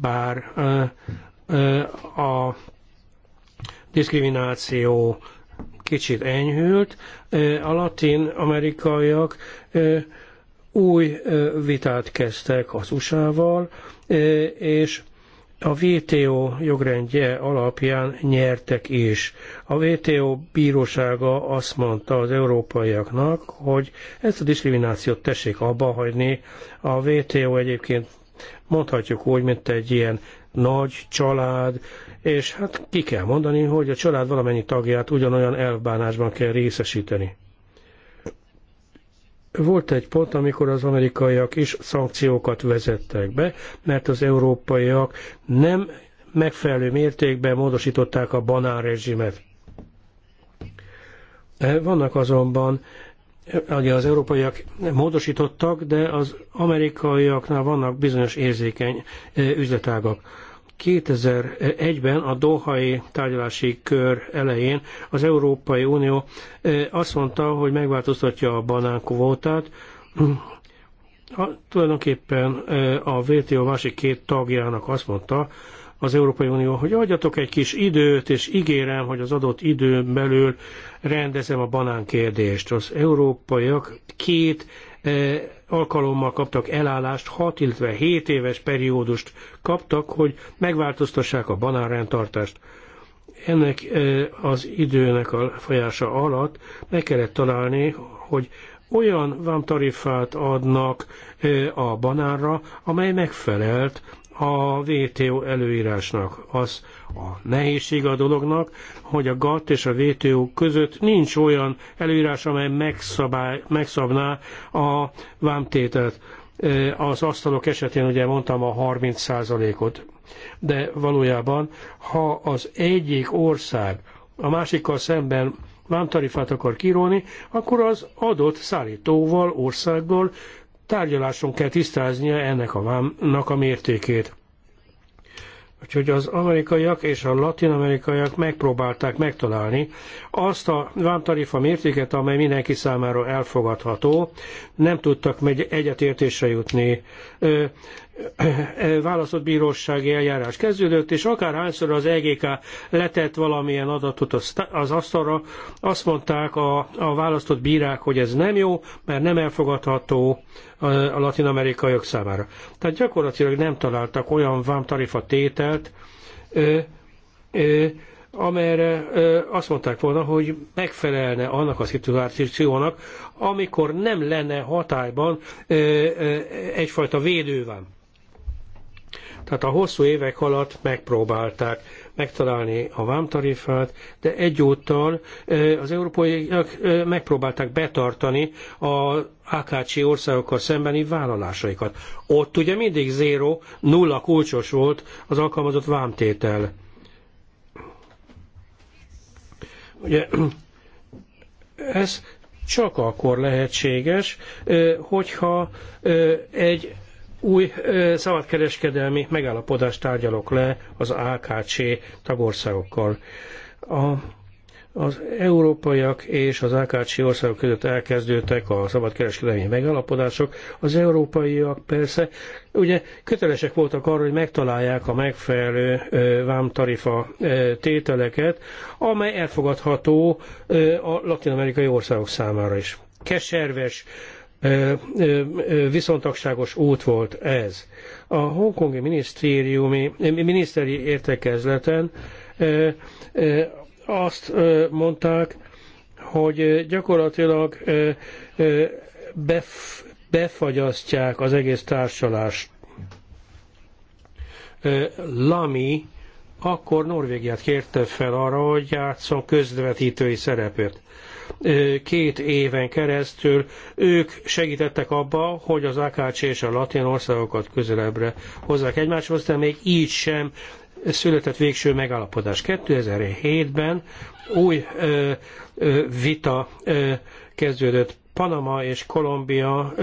bár a diszkrimináció kicsit enyhült, a latin amerikaiak új vitát kezdtek az USA-val, és a WTO jogrendje alapján nyertek is. A WTO bírósága azt mondta az európaiaknak, hogy ezt a diszkriminációt tessék abba hagyni. A WTO egyébként mondhatjuk úgy, mint egy ilyen nagy család, és hát ki kell mondani, hogy a család valamennyi tagját ugyanolyan elbánásban kell részesíteni. Volt egy pont, amikor az amerikaiak is szankciókat vezettek be, mert az európaiak nem megfelelő mértékben módosították a banánrezsimet. E, vannak azonban, ugye az európaiak módosítottak, de az amerikaiaknál vannak bizonyos érzékeny e, üzletágak. 2001-ben a Dohai tárgyalási kör elején az Európai Unió eh, azt mondta, hogy megváltoztatja a banánkvótát. A, tulajdonképpen eh, a WTO másik két tagjának azt mondta az Európai Unió, hogy adjatok egy kis időt, és ígérem, hogy az adott időn belül rendezem a banánkérdést. Az európaiak két eh, alkalommal kaptak elállást, 6, illetve 7 éves periódust kaptak, hogy megváltoztassák a banánrendtartást. Ennek az időnek a folyása alatt meg kellett találni, hogy olyan vámtarifát adnak a banánra, amely megfelelt a WTO előírásnak. Az a nehézség a dolognak, hogy a GATT és a WTO között nincs olyan előírás, amely megszabály, megszabná a vámtételt. Az asztalok esetén ugye mondtam a 30%-ot, de valójában, ha az egyik ország a másikkal szemben vámtarifát akar kiróni, akkor az adott szállítóval, országgal tárgyaláson kell tisztáznia ennek a vámnak a mértékét. Úgyhogy az amerikaiak és a latin-amerikaiak megpróbálták megtalálni azt a vámtarifa mértéket, amely mindenki számára elfogadható. Nem tudtak egyetértésre jutni válaszolt bírósági eljárás kezdődött, és akárhányszor az EGK letett valamilyen adatot az asztalra, azt mondták a, a választott bírák, hogy ez nem jó, mert nem elfogadható a, a latin amerikaiak számára. Tehát gyakorlatilag nem találtak olyan vámtarifa tételt, ö, ö, amelyre azt mondták volna, hogy megfelelne annak a szituációnak, amikor nem lenne hatályban egyfajta védővám. Tehát a hosszú évek alatt megpróbálták megtalálni a vámtarifát, de egyúttal az európaiak megpróbálták betartani a akácsi országokkal szembeni vállalásaikat. Ott ugye mindig zéro, nulla kulcsos volt az alkalmazott vámtétel. Ugye, ez csak akkor lehetséges, hogyha egy új szabadkereskedelmi megállapodást tárgyalok le az AKC tagországokkal. A az európaiak és az AKC országok között elkezdődtek a szabadkereskedelmi megállapodások. Az európaiak persze ugye kötelesek voltak arra, hogy megtalálják a megfelelő vámtarifa tételeket, amely elfogadható a latin-amerikai országok számára is. Keserves viszontagságos út volt ez. A hongkongi minisztériumi, miniszteri értekezleten azt mondták, hogy gyakorlatilag befagyasztják az egész társalást. Lami akkor Norvégiát kérte fel arra, hogy játszon közvetítői szerepet két éven keresztül ők segítettek abba, hogy az AKC és a latin országokat közelebbre hozzák egymáshoz, de még így sem született végső megállapodás. 2007-ben új ö, ö, vita ö, kezdődött Panama és Kolumbia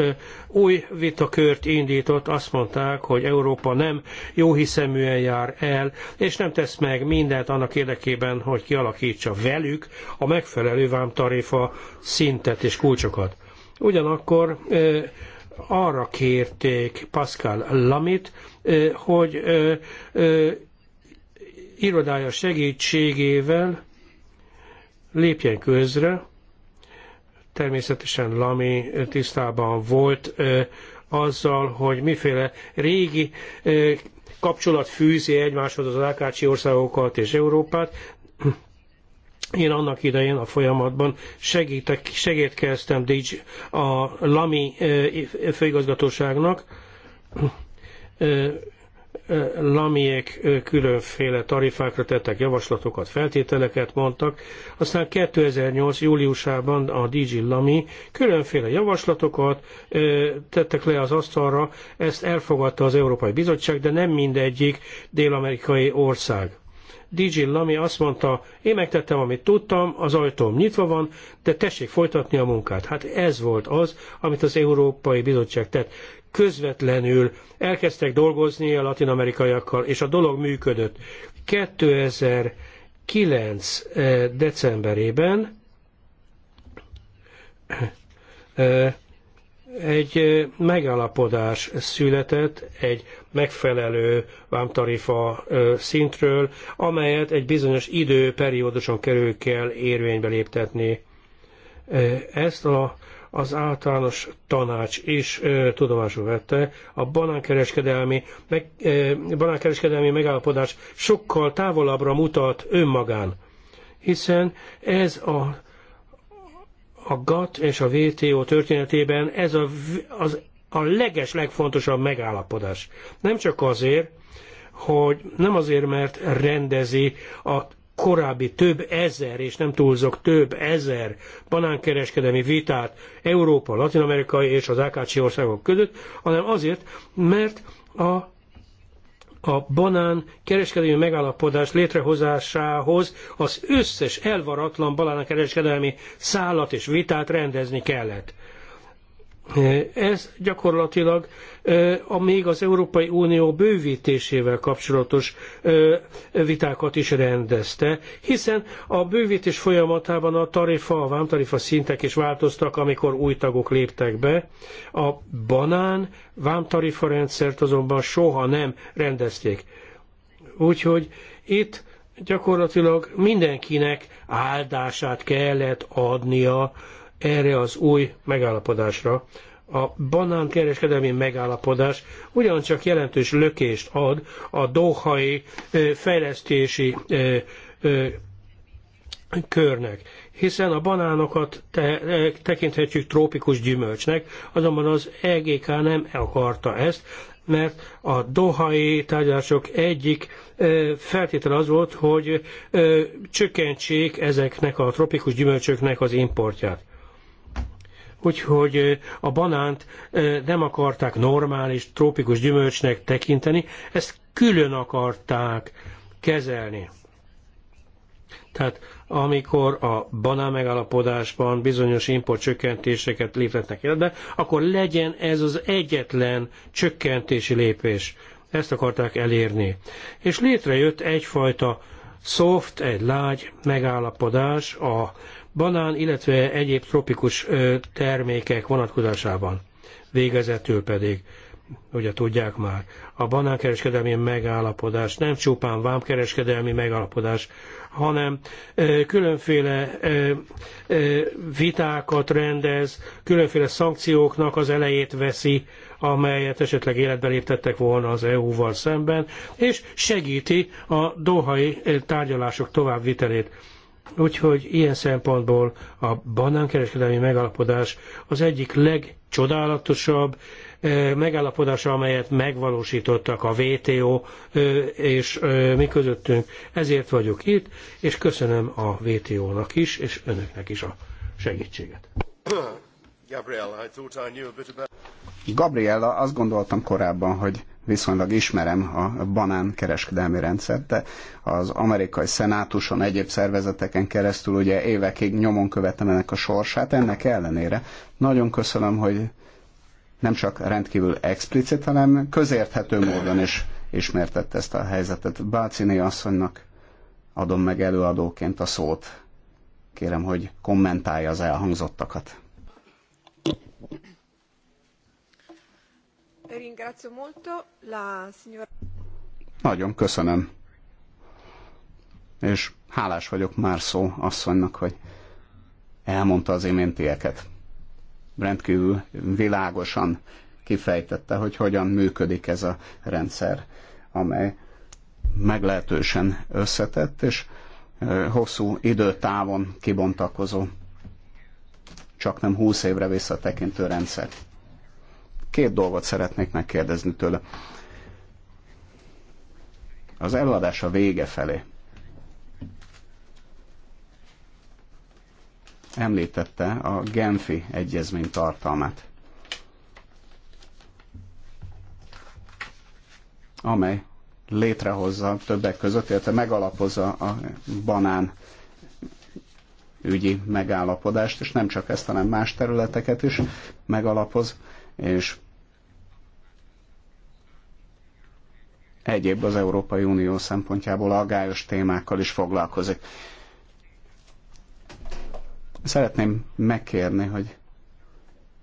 új vitakört indított, azt mondták, hogy Európa nem jóhiszeműen jár el, és nem tesz meg mindent annak érdekében, hogy kialakítsa velük a megfelelő vámtarifa szintet és kulcsokat. Ugyanakkor arra kérték Pascal Lamit, hogy irodája segítségével lépjen közre, Természetesen Lami tisztában volt azzal, hogy miféle régi kapcsolat fűzi egymáshoz az Ákácsi országokat és Európát. Én annak idején a folyamatban segítek, segítkeztem Digi, a Lami főigazgatóságnak Lamiek különféle tarifákra tettek javaslatokat, feltételeket mondtak, aztán 2008. júliusában a DG Lami különféle javaslatokat tettek le az asztalra, ezt elfogadta az Európai Bizottság, de nem mindegyik dél-amerikai ország. DG Lami azt mondta, én megtettem, amit tudtam, az ajtóm nyitva van, de tessék folytatni a munkát. Hát ez volt az, amit az Európai Bizottság tett közvetlenül elkezdtek dolgozni a latin-amerikaiakkal, és a dolog működött. 2009. Eh, decemberében eh, egy eh, megállapodás született egy megfelelő vámtarifa szintről, amelyet egy bizonyos időperióduson kerül kell érvénybe léptetni. Ezt a az általános tanács is e, tudomásul vette, a banánkereskedelmi, meg, e, banánkereskedelmi megállapodás sokkal távolabbra mutat önmagán, hiszen ez a, a GATT és a WTO történetében ez a, az, a leges legfontosabb megállapodás. Nem csak azért, hogy nem azért, mert rendezi a korábbi több ezer, és nem túlzok, több ezer banánkereskedelmi vitát Európa, Latin-Amerikai és az AKC országok között, hanem azért, mert a a banán kereskedelmi megállapodás létrehozásához az összes elvaratlan banán kereskedelmi szállat és vitát rendezni kellett. Ez gyakorlatilag a még az Európai Unió bővítésével kapcsolatos vitákat is rendezte, hiszen a bővítés folyamatában a tarifa, a vámtarifa szintek is változtak, amikor új tagok léptek be. A banán vámtarifa rendszert azonban soha nem rendezték. Úgyhogy itt gyakorlatilag mindenkinek áldását kellett adnia erre az új megállapodásra. A banánkereskedelmi megállapodás ugyancsak jelentős lökést ad a dohai fejlesztési körnek, hiszen a banánokat te, tekinthetjük trópikus gyümölcsnek, azonban az EGK nem akarta ezt, mert a dohai tárgyalások egyik feltétele az volt, hogy csökkentsék ezeknek a tropikus gyümölcsöknek az importját úgyhogy a banánt nem akarták normális, trópikus gyümölcsnek tekinteni, ezt külön akarták kezelni. Tehát amikor a banán megállapodásban bizonyos import csökkentéseket léptetnek életbe, akkor legyen ez az egyetlen csökkentési lépés. Ezt akarták elérni. És létrejött egyfajta soft, egy lágy megállapodás a banán, illetve egyéb tropikus termékek vonatkozásában. Végezetül pedig, ugye tudják már, a banánkereskedelmi megállapodás nem csupán vámkereskedelmi megállapodás, hanem különféle vitákat rendez, különféle szankcióknak az elejét veszi, amelyet esetleg életbe léptettek volna az EU-val szemben, és segíti a dohai tárgyalások továbbvitelét. Úgyhogy ilyen szempontból a banánkereskedelmi megalapodás az egyik legcsodálatosabb eh, megállapodása, amelyet megvalósítottak a WTO eh, és eh, mi közöttünk. Ezért vagyok itt, és köszönöm a WTO-nak is, és önöknek is a segítséget. Gabriella, azt gondoltam korábban, hogy viszonylag ismerem a banán kereskedelmi rendszert, de az amerikai szenátuson, egyéb szervezeteken keresztül ugye évekig nyomon követem ennek a sorsát, ennek ellenére nagyon köszönöm, hogy nem csak rendkívül explicit, hanem közérthető módon is ismertette ezt a helyzetet. Bácini asszonynak adom meg előadóként a szót. Kérem, hogy kommentálja az elhangzottakat. Nagyon köszönöm. És hálás vagyok Márszó asszonynak, hogy elmondta az iméntieket. Rendkívül világosan kifejtette, hogy hogyan működik ez a rendszer, amely meglehetősen összetett és hosszú időtávon kibontakozó csak nem 20 évre visszatekintő rendszer. Két dolgot szeretnék megkérdezni tőle. Az a vége felé említette a Genfi egyezmény tartalmát, amely létrehozza többek között, illetve megalapozza a banán ügyi megállapodást, és nem csak ezt, hanem más területeket is megalapoz, és egyéb az Európai Unió szempontjából aggályos témákkal is foglalkozik. Szeretném megkérni, hogy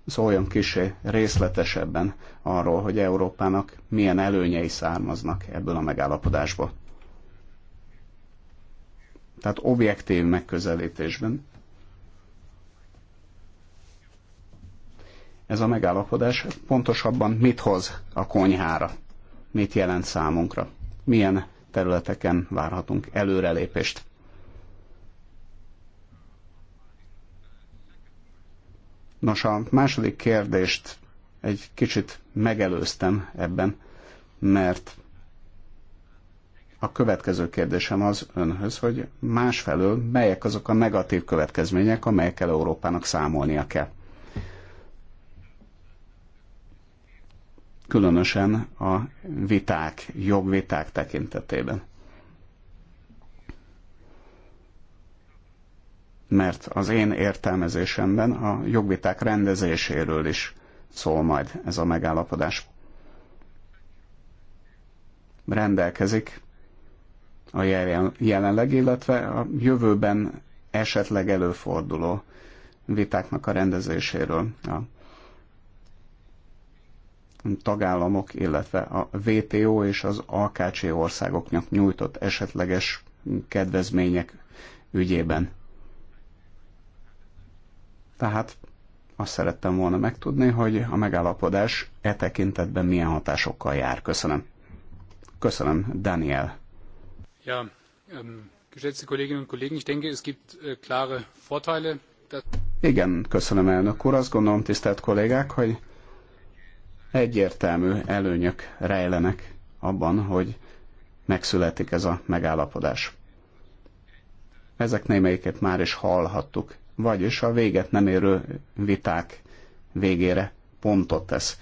szóljon kisé részletesebben arról, hogy Európának milyen előnyei származnak ebből a megállapodásból. Tehát objektív megközelítésben ez a megállapodás pontosabban mit hoz a konyhára, mit jelent számunkra, milyen területeken várhatunk előrelépést. Nos, a második kérdést egy kicsit megelőztem ebben, mert a következő kérdésem az önhöz, hogy másfelől melyek azok a negatív következmények, amelyekkel Európának számolnia kell. Különösen a viták, jogviták tekintetében. Mert az én értelmezésemben a jogviták rendezéséről is szól majd ez a megállapodás. Rendelkezik a jelenleg, illetve a jövőben esetleg előforduló vitáknak a rendezéséről a tagállamok, illetve a WTO és az AKC országoknak nyújtott esetleges kedvezmények ügyében. Tehát azt szerettem volna megtudni, hogy a megállapodás e tekintetben milyen hatásokkal jár. Köszönöm. Köszönöm, Daniel. Ähm, geschätzte Kolleginnen und Kollegen, ich denke, es gibt äh, klare Vorteile. Dass... Igen, köszönöm elnök úr. Azt gondolom, tisztelt kollégák, hogy egyértelmű előnyök rejlenek abban, hogy megszületik ez a megállapodás. Ezek némelyiket már is hallhattuk, vagyis a véget nem érő viták végére pontot tesz.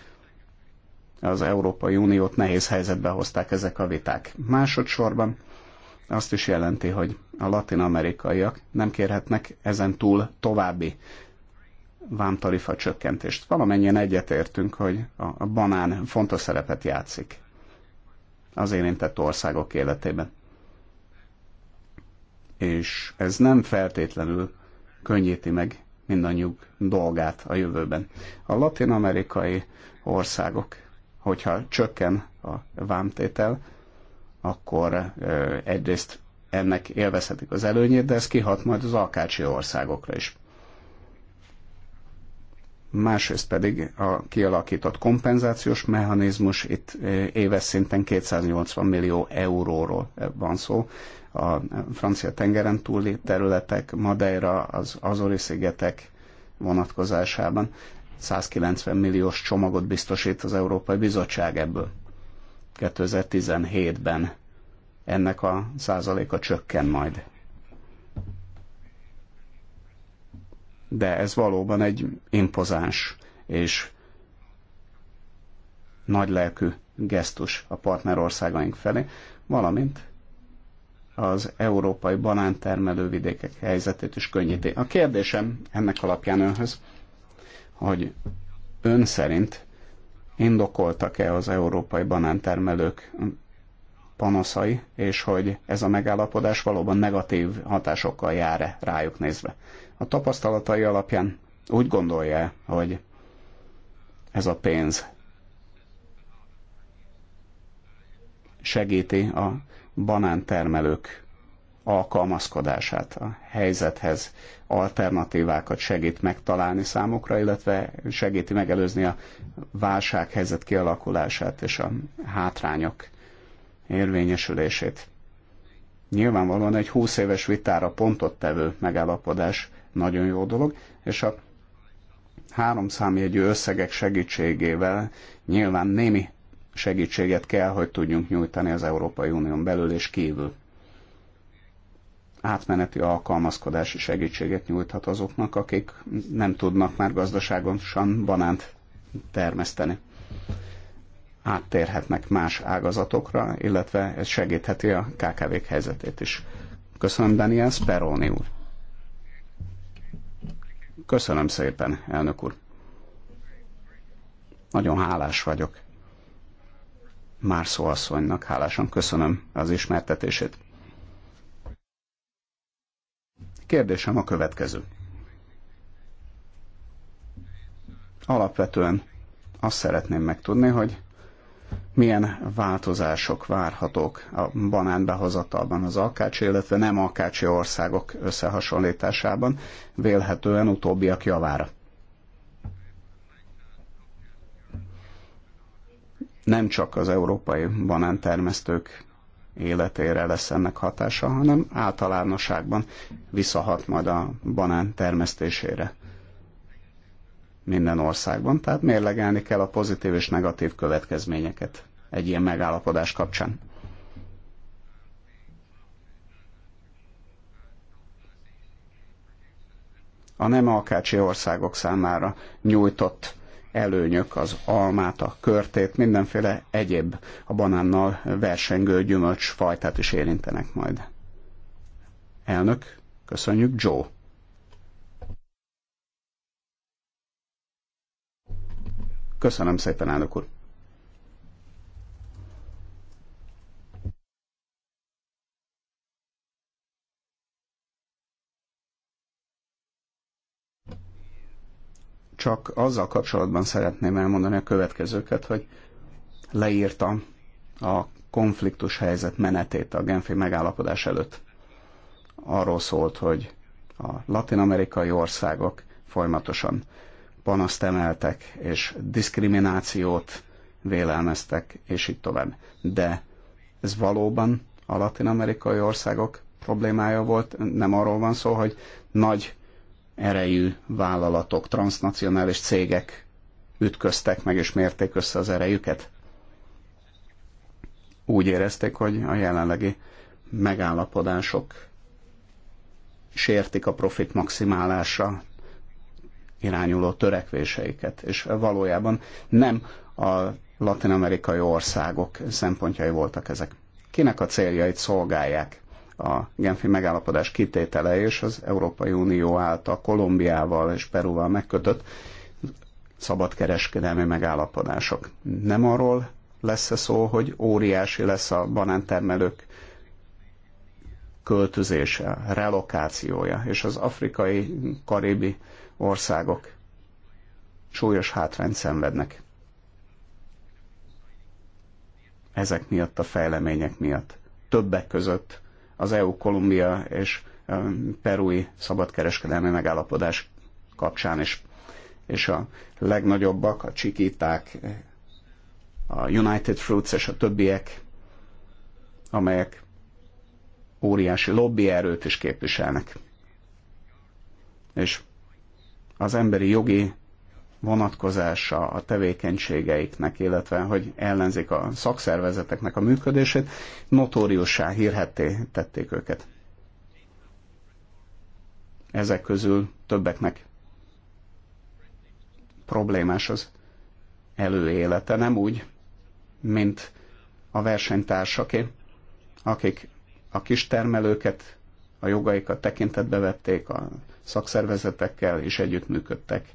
Az Európai Uniót nehéz helyzetbe hozták ezek a viták. Másodszorban azt is jelenti, hogy a latin-amerikaiak nem kérhetnek ezen túl további vámtarifa csökkentést. Valamennyien egyetértünk, hogy a banán fontos szerepet játszik az érintett országok életében. És ez nem feltétlenül könnyíti meg mindannyiuk dolgát a jövőben. A latin-amerikai országok, hogyha csökken a vámtétel, akkor egyrészt ennek élvezhetik az előnyét, de ez kihat majd az alkácsi országokra is. Másrészt pedig a kialakított kompenzációs mechanizmus, itt éves szinten 280 millió euróról van szó, a francia tengeren túli területek, Madeira, az Azori-szigetek vonatkozásában 190 milliós csomagot biztosít az Európai Bizottság ebből. 2017-ben ennek a százaléka csökken majd. De ez valóban egy impozáns és lelkű gesztus a partnerországaink felé, valamint az európai banántermelő vidékek helyzetét is könnyíti. A kérdésem ennek alapján önhöz, hogy ön szerint indokoltak-e az európai banántermelők panaszai, és hogy ez a megállapodás valóban negatív hatásokkal jár-e rájuk nézve. A tapasztalatai alapján úgy gondolja, hogy ez a pénz segíti a banántermelők alkalmazkodását a helyzethez, alternatívákat segít megtalálni számukra, illetve segíti megelőzni a válsághelyzet kialakulását és a hátrányok érvényesülését. Nyilvánvalóan egy 20 éves vitára pontot tevő megállapodás nagyon jó dolog, és a három számjegyű összegek segítségével nyilván némi segítséget kell, hogy tudjunk nyújtani az Európai Unión belül és kívül átmeneti alkalmazkodási segítséget nyújthat azoknak, akik nem tudnak már gazdaságosan banánt termeszteni. Áttérhetnek más ágazatokra, illetve ez segítheti a KKV-k helyzetét is. Köszönöm, Daniel Speroni úr. Köszönöm szépen, elnök úr. Nagyon hálás vagyok. Márszó asszonynak hálásan köszönöm az ismertetését. Kérdésem a következő. Alapvetően azt szeretném megtudni, hogy milyen változások várhatók a banánbehozatalban az alkácsi, illetve nem alkácsi országok összehasonlításában, vélhetően utóbbiak javára. Nem csak az európai banántermesztők életére lesz ennek hatása, hanem általánosságban visszahat majd a banán termesztésére minden országban. Tehát mérlegelni kell a pozitív és negatív következményeket egy ilyen megállapodás kapcsán. A nem alkácsi országok számára nyújtott előnyök, az almát, a körtét, mindenféle egyéb a banánnal versengő gyümölcs fajtát is érintenek majd. Elnök, köszönjük, Joe. Köszönöm szépen, elnök úr. csak azzal kapcsolatban szeretném elmondani a következőket, hogy leírtam a konfliktus helyzet menetét a Genfi megállapodás előtt. Arról szólt, hogy a latinamerikai országok folyamatosan panaszt emeltek, és diszkriminációt vélelmeztek, és így tovább. De ez valóban a latinamerikai országok problémája volt, nem arról van szó, hogy nagy erejű vállalatok, transnacionális cégek ütköztek meg és mérték össze az erejüket. Úgy érezték, hogy a jelenlegi megállapodások sértik a profit maximálásra irányuló törekvéseiket, és valójában nem a latin-amerikai országok szempontjai voltak ezek. Kinek a céljait szolgálják? a Genfi megállapodás kitétele és az Európai Unió által Kolumbiával és Perúval megkötött szabadkereskedelmi megállapodások. Nem arról lesz -e szó, hogy óriási lesz a banántermelők költözése, relokációja, és az afrikai, karibi országok súlyos hátrányt szenvednek. Ezek miatt a fejlemények miatt. Többek között az EU, Kolumbia és um, perui szabadkereskedelmi megállapodás kapcsán is. És a legnagyobbak, a csikíták, a United Fruits és a többiek, amelyek óriási lobbyerőt is képviselnek. És az emberi jogi vonatkozása a tevékenységeiknek, illetve hogy ellenzik a szakszervezeteknek a működését, notóriussá hírhetté tették őket. Ezek közül többeknek problémás az előélete, nem úgy, mint a versenytársaké, akik a kis termelőket, a jogaikat tekintetbe vették, a szakszervezetekkel is együttműködtek,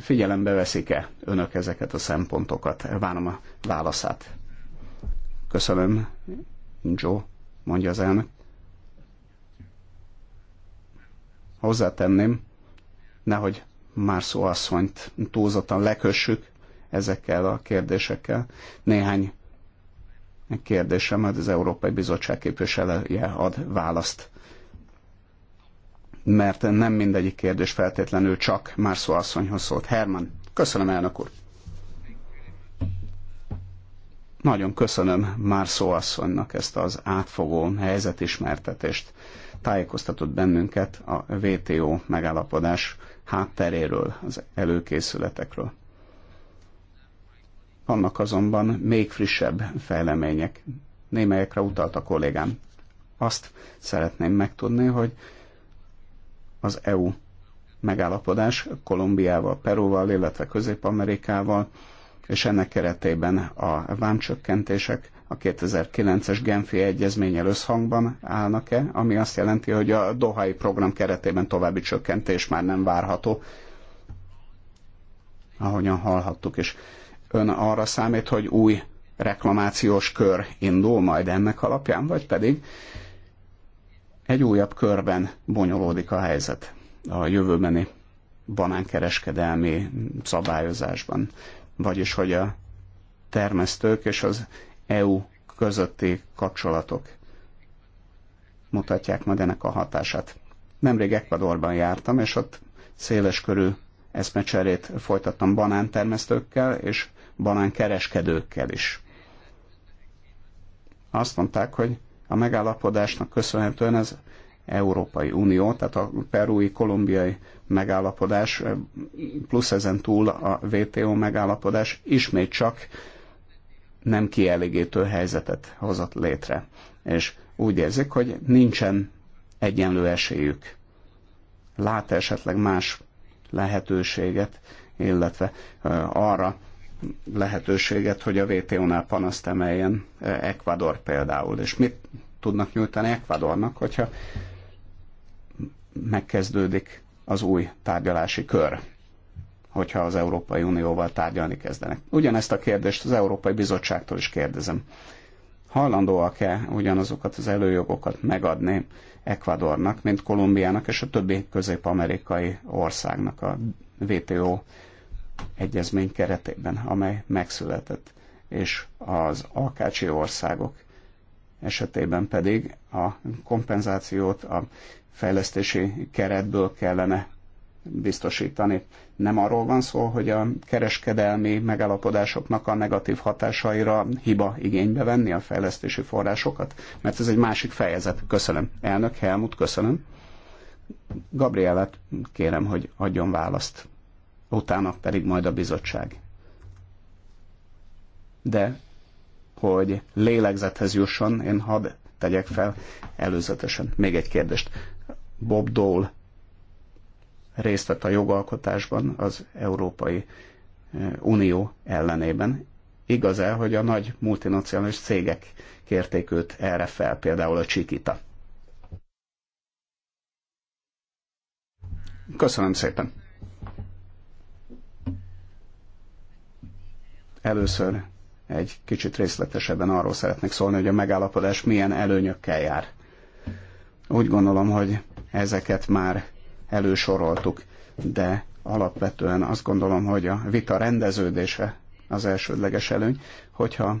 Figyelembe veszik-e önök ezeket a szempontokat? Várom a válaszát. Köszönöm, Joe, mondja az elnök. Hozzátenném, nehogy Márszó asszonyt túlzottan lekössük ezekkel a kérdésekkel. Néhány kérdésre, mert az Európai Bizottság képviselője ad választ mert nem mindegyik kérdés feltétlenül csak Márszó asszonyhoz szólt. Herman, köszönöm elnök úr. Nagyon köszönöm Márszó asszonynak ezt az átfogó helyzetismertetést. Tájékoztatott bennünket a VTO megállapodás hátteréről, az előkészületekről. Vannak azonban még frissebb fejlemények. Némelyekre utalt a kollégám. Azt szeretném megtudni, hogy az EU megállapodás Kolumbiával, Perúval, illetve Közép-Amerikával, és ennek keretében a vámcsökkentések a 2009-es Genfi egyezménnyel összhangban állnak-e, ami azt jelenti, hogy a Dohai program keretében további csökkentés már nem várható, ahogyan hallhattuk, és ön arra számít, hogy új reklamációs kör indul majd ennek alapján, vagy pedig egy újabb körben bonyolódik a helyzet a jövőbeni banánkereskedelmi szabályozásban. Vagyis, hogy a termesztők és az EU közötti kapcsolatok mutatják majd ennek a hatását. Nemrég Ecuadorban jártam, és ott széles körű eszmecserét folytattam banántermesztőkkel és banánkereskedőkkel is. Azt mondták, hogy a megállapodásnak köszönhetően ez Európai Unió, tehát a perui, kolumbiai megállapodás, eh, plusz ezen túl a WTO megállapodás ismét csak nem kielégítő helyzetet hozott létre. És úgy érzik, hogy nincsen egyenlő esélyük. Lát esetleg más lehetőséget, illetve eh, arra, lehetőséget, hogy a WTO-nál panaszt emeljen eh, Ecuador például. És mit tudnak nyújtani Ecuadornak, hogyha megkezdődik az új tárgyalási kör, hogyha az Európai Unióval tárgyalni kezdenek. Ugyanezt a kérdést az Európai Bizottságtól is kérdezem. Hajlandóak-e ugyanazokat az előjogokat megadni Ecuadornak, mint Kolumbiának és a többi közép-amerikai országnak a WTO egyezmény keretében, amely megszületett, és az alkácsi országok esetében pedig a kompenzációt a fejlesztési keretből kellene biztosítani. Nem arról van szó, hogy a kereskedelmi megalapodásoknak a negatív hatásaira hiba igénybe venni a fejlesztési forrásokat, mert ez egy másik fejezet. Köszönöm. Elnök Helmut, köszönöm. Gabrielet kérem, hogy adjon választ utána pedig majd a bizottság. De, hogy lélegzethez jusson, én hadd tegyek fel előzetesen még egy kérdést. Bob Dole részt vett a jogalkotásban az Európai Unió ellenében. Igaz-e, hogy a nagy multinacionális cégek kérték őt erre fel, például a Csikita? Köszönöm szépen! Először egy kicsit részletesebben arról szeretnék szólni, hogy a megállapodás milyen előnyökkel jár. Úgy gondolom, hogy ezeket már elősoroltuk, de alapvetően azt gondolom, hogy a vita rendeződése az elsődleges előny, hogyha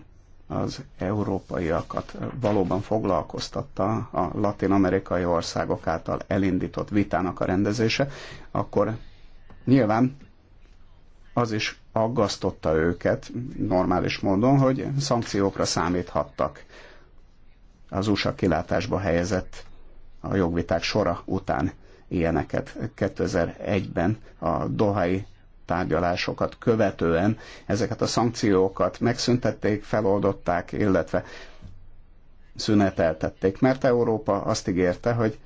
az európaiakat valóban foglalkoztatta a latin-amerikai országok által elindított vitának a rendezése, akkor nyilván az is aggasztotta őket normális módon, hogy szankciókra számíthattak az USA kilátásba helyezett a jogviták sora után ilyeneket 2001-ben a dohai tárgyalásokat követően ezeket a szankciókat megszüntették, feloldották, illetve szüneteltették, mert Európa azt ígérte, hogy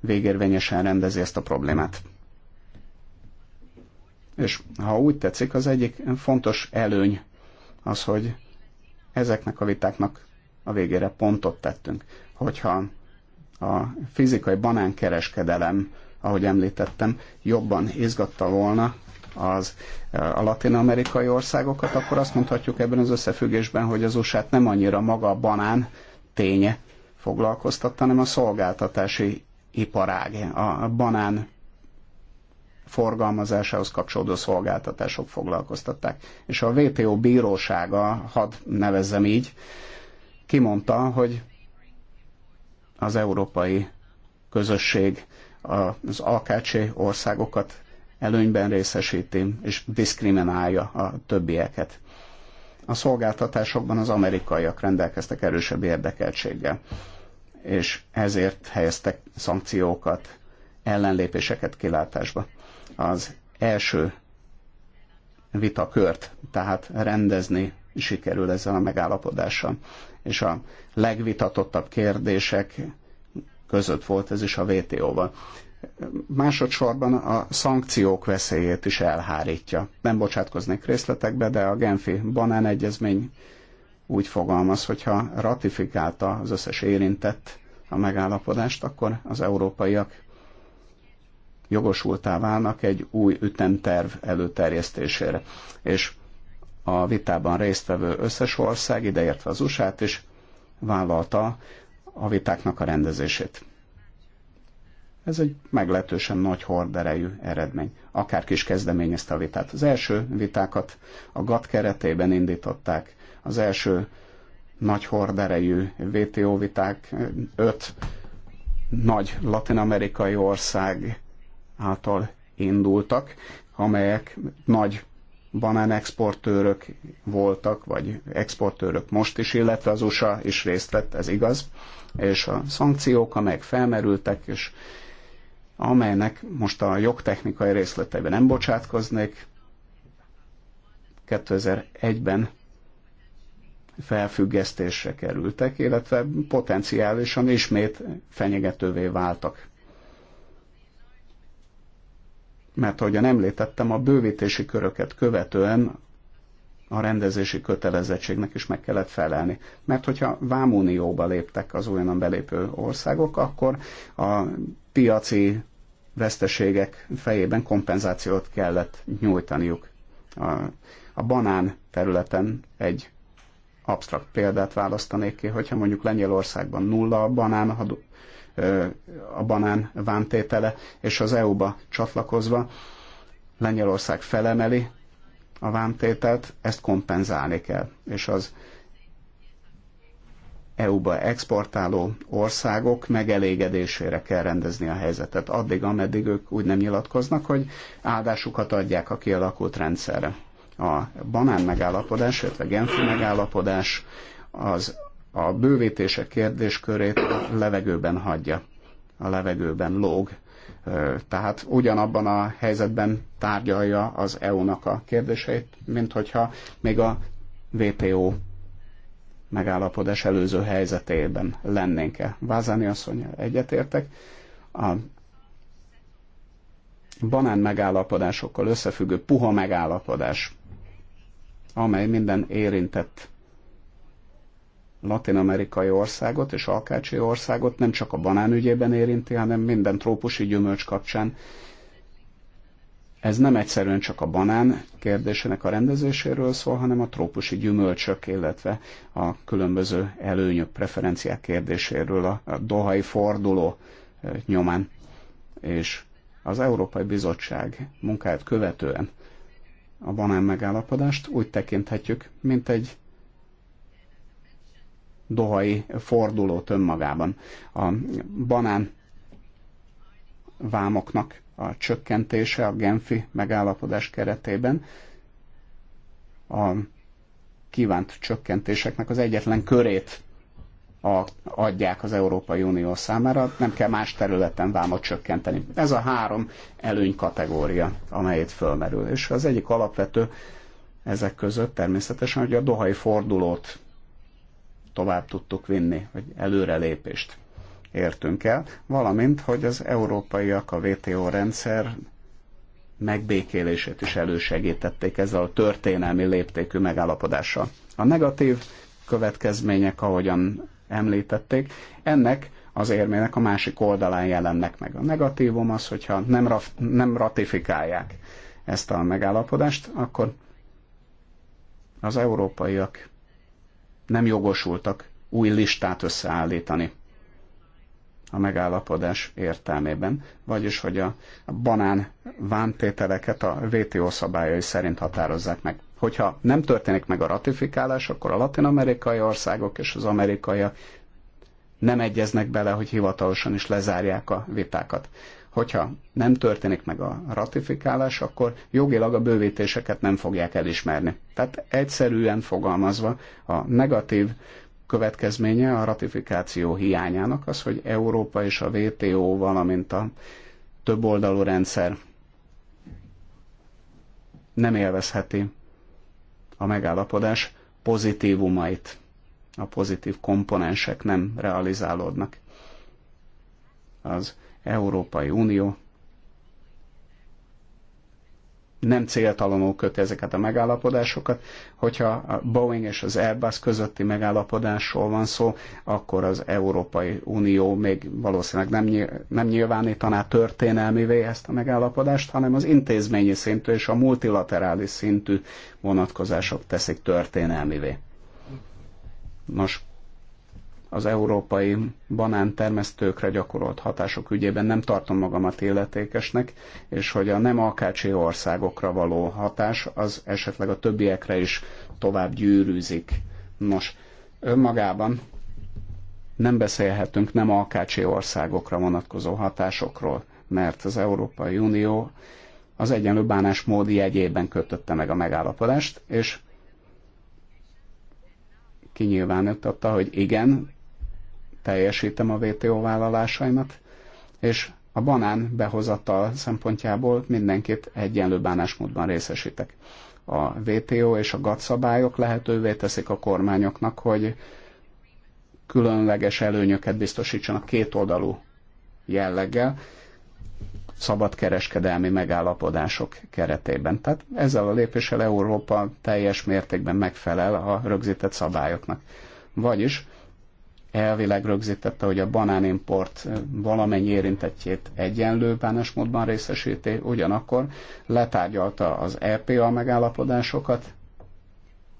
végérvényesen rendezi ezt a problémát. És ha úgy tetszik, az egyik fontos előny az, hogy ezeknek a vitáknak a végére pontot tettünk. Hogyha a fizikai banánkereskedelem, ahogy említettem, jobban izgatta volna az, e, a latin-amerikai országokat, akkor azt mondhatjuk ebben az összefüggésben, hogy az usa nem annyira maga a banán ténye foglalkoztatta, hanem a szolgáltatási iparág, a banán forgalmazásához kapcsolódó szolgáltatások foglalkoztatták. És a WTO bírósága, hadd nevezzem így, kimondta, hogy az európai közösség az AKC országokat előnyben részesíti és diszkriminálja a többieket. A szolgáltatásokban az amerikaiak rendelkeztek erősebb érdekeltséggel, és ezért helyeztek szankciókat, ellenlépéseket kilátásba az első vitakört, tehát rendezni sikerül ezzel a megállapodással. És a legvitatottabb kérdések között volt ez is a vto val Másodszorban a szankciók veszélyét is elhárítja. Nem bocsátkoznék részletekbe, de a Genfi banánegyezmény úgy fogalmaz, hogyha ratifikálta az összes érintett a megállapodást, akkor az európaiak jogosultá válnak egy új ütemterv előterjesztésére. És a vitában résztvevő összes ország, ideértve az usa is, vállalta a vitáknak a rendezését. Ez egy meglehetősen nagy horderejű eredmény. Akárki is kezdeményezte a vitát. Az első vitákat a GATT keretében indították. Az első nagy horderejű WTO viták öt nagy latinamerikai ország által indultak, amelyek nagy banán exportőrök voltak, vagy exportőrök most is, illetve az USA is részt vett, ez igaz. És a szankciók, amelyek felmerültek, és amelynek most a jogtechnikai részleteiben nem bocsátkoznék, 2001-ben felfüggesztésre kerültek, illetve potenciálisan ismét fenyegetővé váltak mert ahogyan említettem, a bővítési köröket követően a rendezési kötelezettségnek is meg kellett felelni. Mert hogyha Vámunióba léptek az újonnan belépő országok, akkor a piaci veszteségek fejében kompenzációt kellett nyújtaniuk. A, a banán területen egy absztrakt példát választanék ki, hogyha mondjuk Lengyelországban nulla a banán a banán vámtétele, és az EU-ba csatlakozva Lengyelország felemeli a vámtételt, ezt kompenzálni kell. És az EU-ba exportáló országok megelégedésére kell rendezni a helyzetet, addig, ameddig ők úgy nem nyilatkoznak, hogy áldásukat adják a kialakult rendszerre. A banán megállapodás, illetve Genfi megállapodás az a bővítések kérdéskörét a levegőben hagyja, a levegőben lóg. Tehát ugyanabban a helyzetben tárgyalja az EU-nak a kérdéseit, mint hogyha még a WTO megállapodás előző helyzetében lennénk-e. Vázáni asszony, egyetértek. A banán megállapodásokkal összefüggő puha megállapodás, amely minden érintett latin-amerikai országot és alkácsi országot nem csak a banán ügyében érinti, hanem minden trópusi gyümölcs kapcsán. Ez nem egyszerűen csak a banán kérdésének a rendezéséről szól, hanem a trópusi gyümölcsök, illetve a különböző előnyök, preferenciák kérdéséről a dohai forduló nyomán. És az Európai Bizottság munkáját követően a banán megállapodást úgy tekinthetjük, mint egy dohai fordulót önmagában. A banán vámoknak a csökkentése a Genfi megállapodás keretében a kívánt csökkentéseknek az egyetlen körét a, adják az Európai Unió számára, nem kell más területen vámot csökkenteni. Ez a három előny kategória, amelyet fölmerül. És az egyik alapvető ezek között természetesen, hogy a dohai fordulót tovább tudtuk vinni, hogy előrelépést értünk el, valamint, hogy az európaiak a WTO rendszer megbékélését is elősegítették ezzel a történelmi léptékű megállapodással. A negatív következmények, ahogyan említették, ennek az érmének a másik oldalán jelennek meg. A negatívum az, hogyha nem, raf- nem ratifikálják ezt a megállapodást, akkor az európaiak nem jogosultak új listát összeállítani a megállapodás értelmében, vagyis hogy a banán vámtételeket a VTO szabályai szerint határozzák meg. Hogyha nem történik meg a ratifikálás, akkor a latin-amerikai országok és az amerikaiak nem egyeznek bele, hogy hivatalosan is lezárják a vitákat hogyha nem történik meg a ratifikálás, akkor jogilag a bővítéseket nem fogják elismerni. Tehát egyszerűen fogalmazva a negatív következménye a ratifikáció hiányának az, hogy Európa és a WTO, valamint a többoldalú rendszer nem élvezheti a megállapodás pozitívumait. A pozitív komponensek nem realizálódnak. Az Európai Unió nem céltalanul köt ezeket a megállapodásokat. Hogyha a Boeing és az Airbus közötti megállapodásról van szó, akkor az Európai Unió még valószínűleg nem, nem nyilvánítaná történelmivé ezt a megállapodást, hanem az intézményi szintű és a multilaterális szintű vonatkozások teszik történelmivé. Nos, az európai banántermesztőkre gyakorolt hatások ügyében nem tartom magamat illetékesnek, és hogy a nem alkácsi országokra való hatás az esetleg a többiekre is tovább gyűrűzik. Nos, önmagában nem beszélhetünk nem alkácsi országokra vonatkozó hatásokról, mert az Európai Unió az egyenlő bánásmódi jegyében kötötte meg a megállapodást, és kinyilvánította, hogy igen, teljesítem a WTO vállalásaimat, és a banán behozattal szempontjából mindenkit egyenlő bánásmódban részesítek. A WTO és a GATT szabályok lehetővé teszik a kormányoknak, hogy különleges előnyöket biztosítsanak kétoldalú jelleggel, szabadkereskedelmi megállapodások keretében. Tehát ezzel a lépéssel Európa teljes mértékben megfelel a rögzített szabályoknak. Vagyis elvileg rögzítette, hogy a banánimport valamennyi érintettjét egyenlő bánásmódban részesíti, ugyanakkor letárgyalta az EPA megállapodásokat,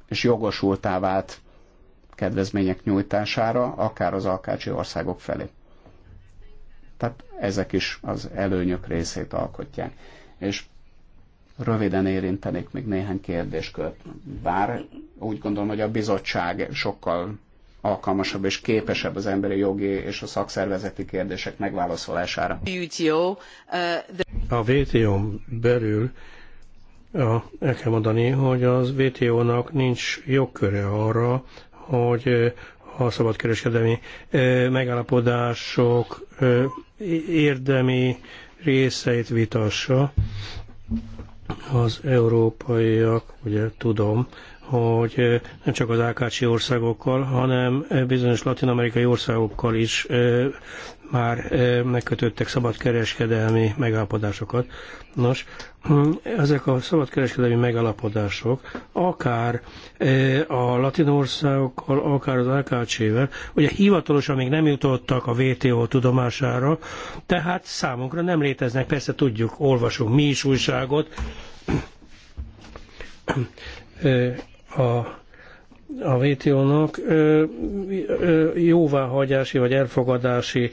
és jogosultá vált kedvezmények nyújtására, akár az alkácsi országok felé. Tehát ezek is az előnyök részét alkotják. És röviden érintenék még néhány kérdéskört. Bár úgy gondolom, hogy a bizottság sokkal alkalmasabb és képesebb az emberi jogi és a szakszervezeti kérdések megválaszolására. A WTO-n belül a, el kell mondani, hogy az WTO-nak nincs jogköre arra, hogy a szabadkereskedelmi megállapodások érdemi részeit vitassa. Az európaiak, ugye tudom, hogy nem csak az Ákácsi országokkal, hanem bizonyos latin-amerikai országokkal is már megkötöttek szabadkereskedelmi megállapodásokat. Nos, hm, ezek a szabadkereskedelmi megállapodások akár a latin országokkal, akár az AKC-vel, ugye hivatalosan még nem jutottak a WTO tudomására, tehát számunkra nem léteznek, persze tudjuk, olvasunk mi is újságot, a a VTO-nak jóváhagyási vagy elfogadási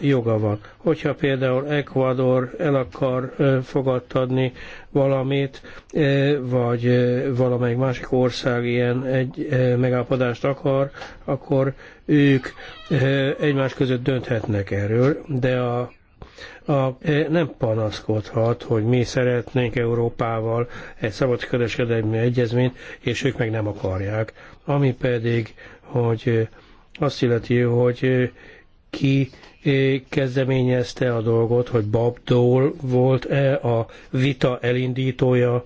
joga van. Hogyha például Ecuador el akar fogadtadni valamit, vagy valamelyik másik ország ilyen egy megállapodást akar, akkor ők egymás között dönthetnek erről, de a a, e, nem panaszkodhat, hogy mi szeretnénk Európával egy kereskedelmi egyezményt, és ők meg nem akarják. Ami pedig, hogy e, azt illeti, hogy e, ki kezdeményezte a dolgot, hogy Bob Dole volt-e a vita elindítója.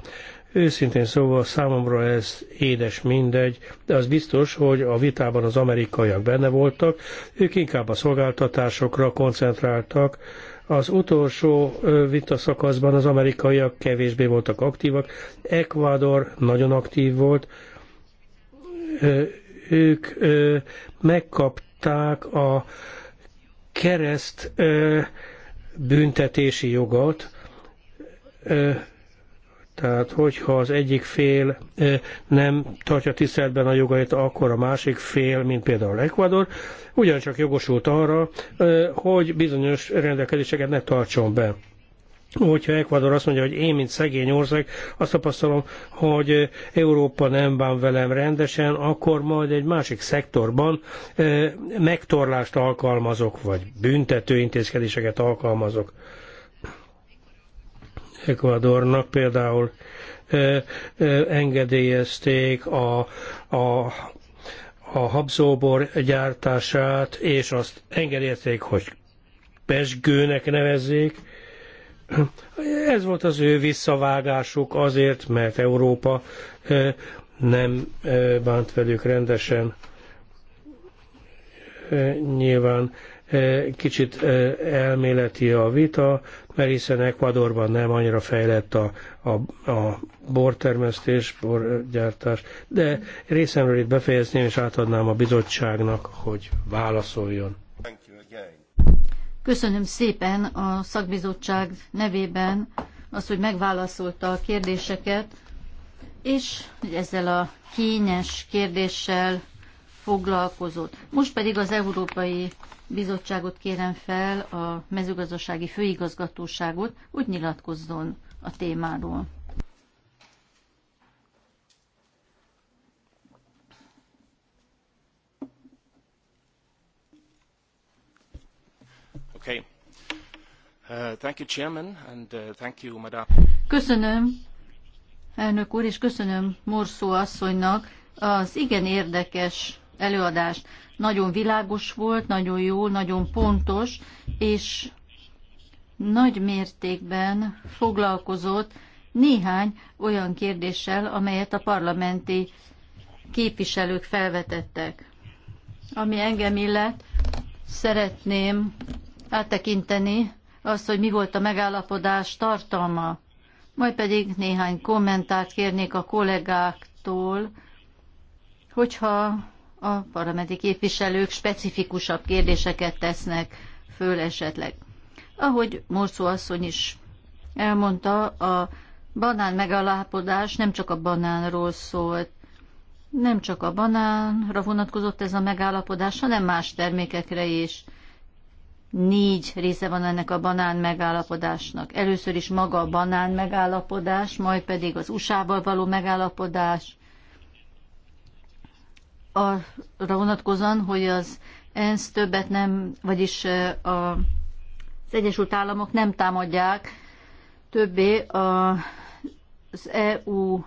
Őszintén szóval számomra ez édes mindegy, de az biztos, hogy a vitában az amerikaiak benne voltak, ők inkább a szolgáltatásokra koncentráltak, az utolsó vita szakaszban az amerikaiak kevésbé voltak aktívak. Ecuador nagyon aktív volt. Ők megkapták a kereszt büntetési jogot, tehát, hogyha az egyik fél nem tartja tiszteletben a jogait, akkor a másik fél, mint például Ecuador, ugyancsak jogosult arra, hogy bizonyos rendelkezéseket ne tartson be hogyha Ecuador azt mondja, hogy én, mint szegény ország, azt tapasztalom, hogy Európa nem bán velem rendesen, akkor majd egy másik szektorban megtorlást alkalmazok, vagy büntető intézkedéseket alkalmazok. Ecuadornak például engedélyezték a, a a habzóbor gyártását, és azt engedélyezték, hogy pesgőnek nevezzék. Ez volt az ő visszavágásuk azért, mert Európa nem bánt velük rendesen. Nyilván E, kicsit e, elméleti a vita, mert hiszen Ecuadorban nem annyira fejlett a, a, a bortermesztés, borgyártás, de részemről itt befejezném, és átadnám a bizottságnak, hogy válaszoljon. Köszönöm szépen a szakbizottság nevében az, hogy megválaszolta a kérdéseket, és ezzel a kényes kérdéssel foglalkozott. Most pedig az Európai bizottságot kérem fel, a mezőgazdasági főigazgatóságot, úgy nyilatkozzon a témáról. Okay. Uh, thank you, Chairman, and uh, thank you, Madam. Köszönöm, elnök úr, és köszönöm Morszó asszonynak az igen érdekes előadást. Nagyon világos volt, nagyon jó, nagyon pontos, és nagy mértékben foglalkozott néhány olyan kérdéssel, amelyet a parlamenti képviselők felvetettek. Ami engem illet, szeretném áttekinteni azt, hogy mi volt a megállapodás tartalma, majd pedig néhány kommentárt kérnék a kollégáktól, hogyha a parlamenti képviselők specifikusabb kérdéseket tesznek föl esetleg. Ahogy Morszó asszony is elmondta, a banán megalapodás nem csak a banánról szólt, nem csak a banánra vonatkozott ez a megállapodás, hanem más termékekre is. Négy része van ennek a banán megállapodásnak. Először is maga a banán megállapodás, majd pedig az USA-val való megállapodás, arra vonatkozóan, hogy az ENSZ többet nem, vagyis a, az Egyesült Államok nem támadják többé a, az EU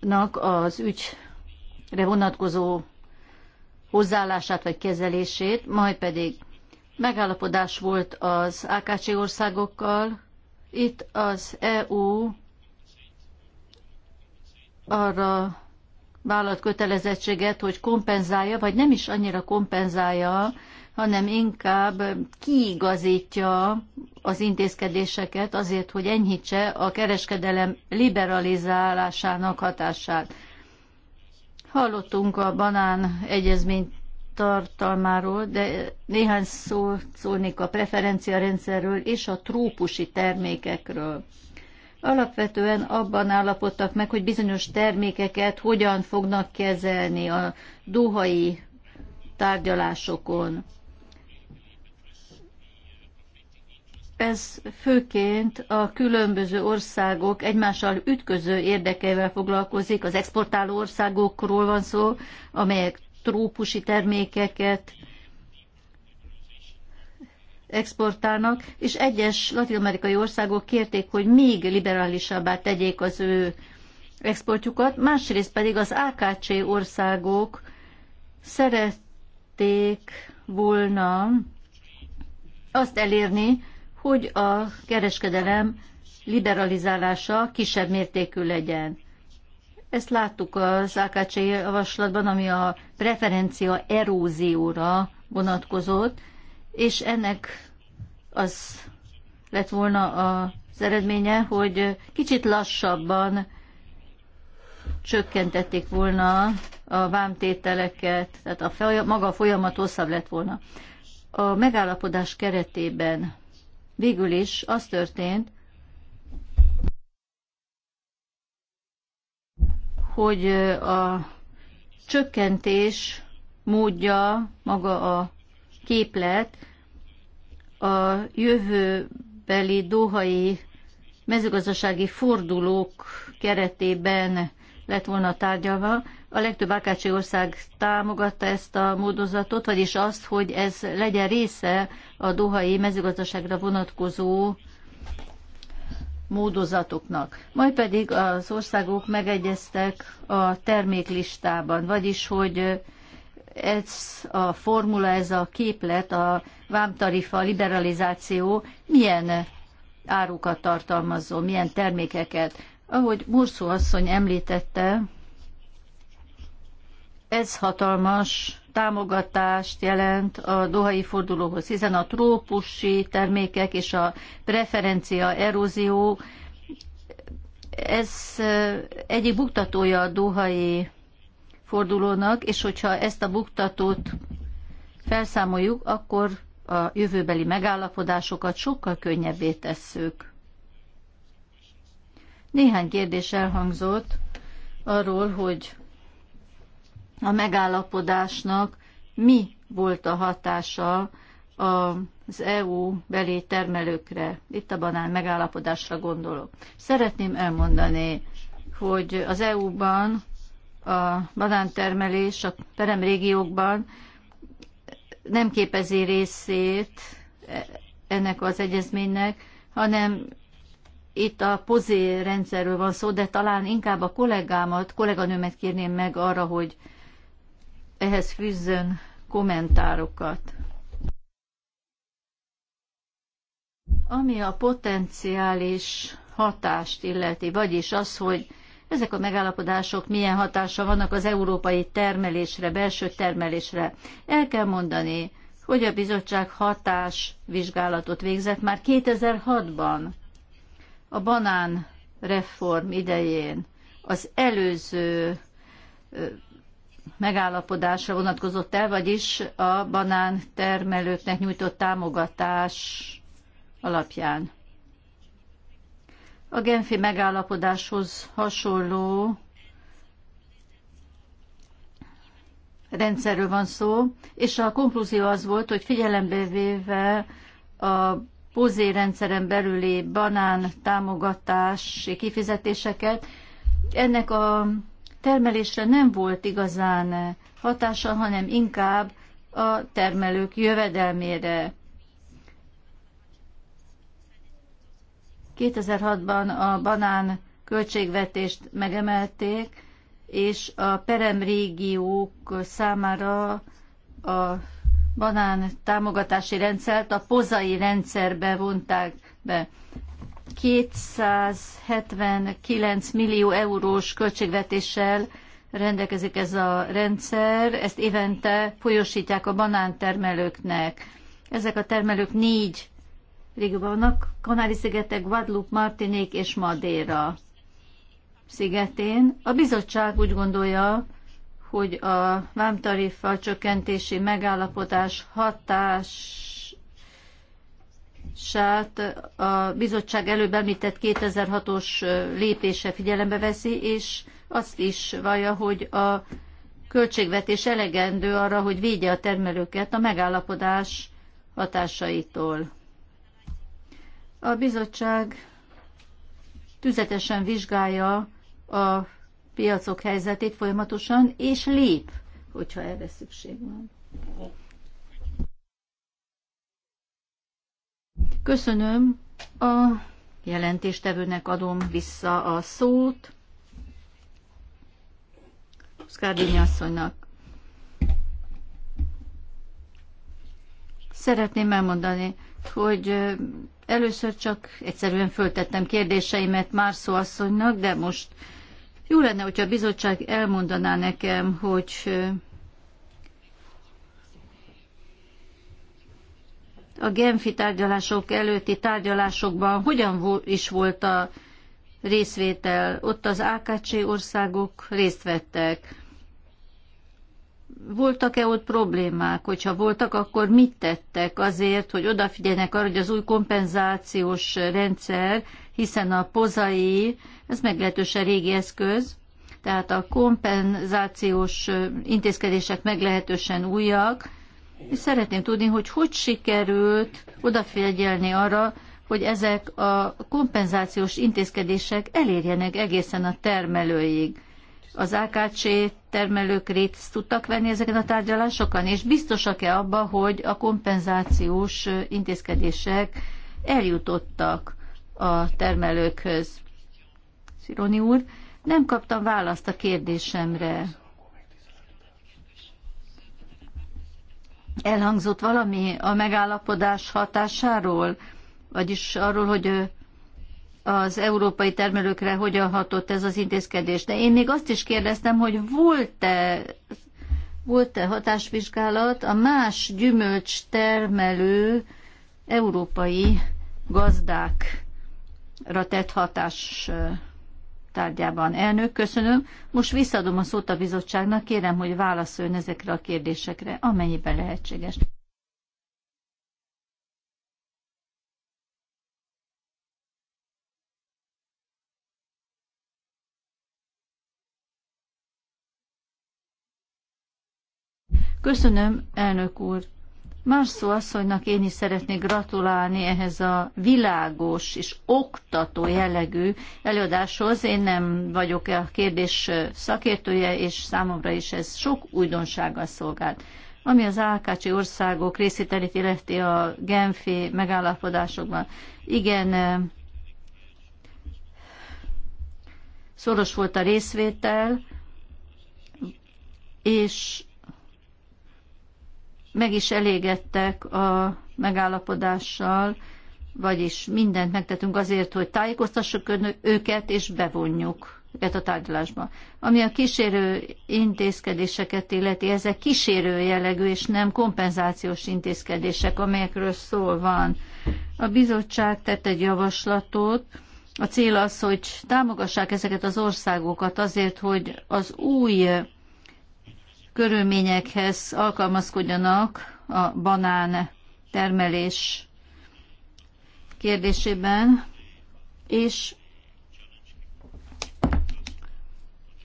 nak az ügyre vonatkozó hozzáállását vagy kezelését, majd pedig megállapodás volt az AKC országokkal. Itt az EU arra vállalt kötelezettséget, hogy kompenzálja, vagy nem is annyira kompenzálja, hanem inkább kiigazítja az intézkedéseket azért, hogy enyhítse a kereskedelem liberalizálásának hatását. Hallottunk a banán egyezmény tartalmáról, de néhány szó szólnék a preferenciarendszerről és a trópusi termékekről alapvetően abban állapodtak meg, hogy bizonyos termékeket hogyan fognak kezelni a duhai tárgyalásokon. Ez főként a különböző országok egymással ütköző érdekeivel foglalkozik, az exportáló országokról van szó, amelyek trópusi termékeket exportálnak, és egyes latin-amerikai országok kérték, hogy még liberálisabbá tegyék az ő exportjukat, másrészt pedig az AKC országok szerették volna azt elérni, hogy a kereskedelem liberalizálása kisebb mértékű legyen. Ezt láttuk az AKC javaslatban, ami a preferencia erózióra vonatkozott, és ennek az lett volna az eredménye, hogy kicsit lassabban csökkentették volna a vámtételeket, tehát a folyam, maga a folyamat hosszabb lett volna. A megállapodás keretében végül is az történt, hogy a csökkentés módja, maga a képlet a jövőbeli dohai mezőgazdasági fordulók keretében lett volna tárgyalva. A legtöbb Ákácsi ország támogatta ezt a módozatot, vagyis azt, hogy ez legyen része a dohai mezőgazdaságra vonatkozó módozatoknak. Majd pedig az országok megegyeztek a terméklistában, vagyis hogy ez a formula, ez a képlet, a vámtarifa liberalizáció milyen árukat tartalmazó, milyen termékeket. Ahogy Murszó asszony említette, ez hatalmas támogatást jelent a dohai fordulóhoz, hiszen a trópusi termékek és a preferencia erózió, ez eh, egyik buktatója a dohai fordulónak, és hogyha ezt a buktatót felszámoljuk, akkor a jövőbeli megállapodásokat sokkal könnyebbé tesszük. Néhány kérdés elhangzott arról, hogy a megállapodásnak mi volt a hatása az EU belé termelőkre. Itt a banán megállapodásra gondolok. Szeretném elmondani, hogy az EU-ban a banántermelés a peremrégiókban nem képezi részét e- ennek az egyezménynek, hanem itt a pozé rendszerről van szó, de talán inkább a kollégámat, kolléganőmet kérném meg arra, hogy ehhez fűzzön kommentárokat. Ami a potenciális hatást illeti, vagyis az, hogy ezek a megállapodások milyen hatása vannak az európai termelésre, belső termelésre. El kell mondani, hogy a bizottság hatás vizsgálatot végzett már 2006-ban, a banán reform idején, az előző megállapodásra vonatkozott el, vagyis a banán termelőknek nyújtott támogatás alapján a Genfi megállapodáshoz hasonló rendszerről van szó, és a konklúzió az volt, hogy figyelembe véve a pozé rendszeren belüli banán támogatási kifizetéseket, ennek a termelésre nem volt igazán hatása, hanem inkább a termelők jövedelmére. 2006-ban a banán költségvetést megemelték, és a perem régiók számára a banán támogatási rendszert a pozai rendszerbe vonták be. 279 millió eurós költségvetéssel rendelkezik ez a rendszer, ezt évente folyosítják a banántermelőknek. Ezek a termelők négy Végül vannak, Kanári-szigetek, Guadeloupe, Martinék és Madeira szigetén. A bizottság úgy gondolja, hogy a vámtarifa csökkentési megállapodás Sát a bizottság előbb említett 2006-os lépése figyelembe veszi, és azt is vallja, hogy a költségvetés elegendő arra, hogy védje a termelőket a megállapodás hatásaitól. A bizottság tüzetesen vizsgálja a piacok helyzetét folyamatosan, és lép, hogyha erre szükség van. Köszönöm a jelentéstevőnek adom vissza a szót. Szkárdényi asszonynak. Szeretném elmondani, hogy először csak egyszerűen föltettem kérdéseimet Márszó asszonynak, de most jó lenne, hogyha a bizottság elmondaná nekem, hogy a Genfi tárgyalások előtti tárgyalásokban hogyan is volt a részvétel. Ott az AKC országok részt vettek voltak-e ott problémák? Hogyha voltak, akkor mit tettek azért, hogy odafigyeljenek arra, hogy az új kompenzációs rendszer, hiszen a pozai, ez meglehetősen régi eszköz, tehát a kompenzációs intézkedések meglehetősen újak, és szeretném tudni, hogy hogy sikerült odafigyelni arra, hogy ezek a kompenzációs intézkedések elérjenek egészen a termelőig az AKC termelők részt tudtak venni ezeken a tárgyalásokon, és biztosak-e abba, hogy a kompenzációs intézkedések eljutottak a termelőkhöz? Szironi úr, nem kaptam választ a kérdésemre. Elhangzott valami a megállapodás hatásáról, vagyis arról, hogy az európai termelőkre hogyan hatott ez az intézkedés. De én még azt is kérdeztem, hogy volt-e volt-e hatásvizsgálat a más gyümölcs termelő európai gazdákra tett hatás tárgyában. Elnök, köszönöm. Most visszadom a szót a bizottságnak, kérem, hogy válaszoljon ezekre a kérdésekre, amennyiben lehetséges. Köszönöm, elnök úr. Marszó asszonynak én is szeretnék gratulálni ehhez a világos és oktató jellegű előadáshoz. Én nem vagyok a kérdés szakértője, és számomra is ez sok újdonsággal szolgált. Ami az Ákácsi országok részételét illeti a Genfi megállapodásokban. Igen, szoros volt a részvétel, és meg is elégedtek a megállapodással, vagyis mindent megtettünk azért, hogy tájékoztassuk őket, és bevonjuk őket a tárgyalásba. Ami a kísérő intézkedéseket illeti, ezek kísérő jellegű és nem kompenzációs intézkedések, amelyekről szó van. A bizottság tett egy javaslatot, a cél az, hogy támogassák ezeket az országokat azért, hogy az új körülményekhez alkalmazkodjanak a banán termelés kérdésében, és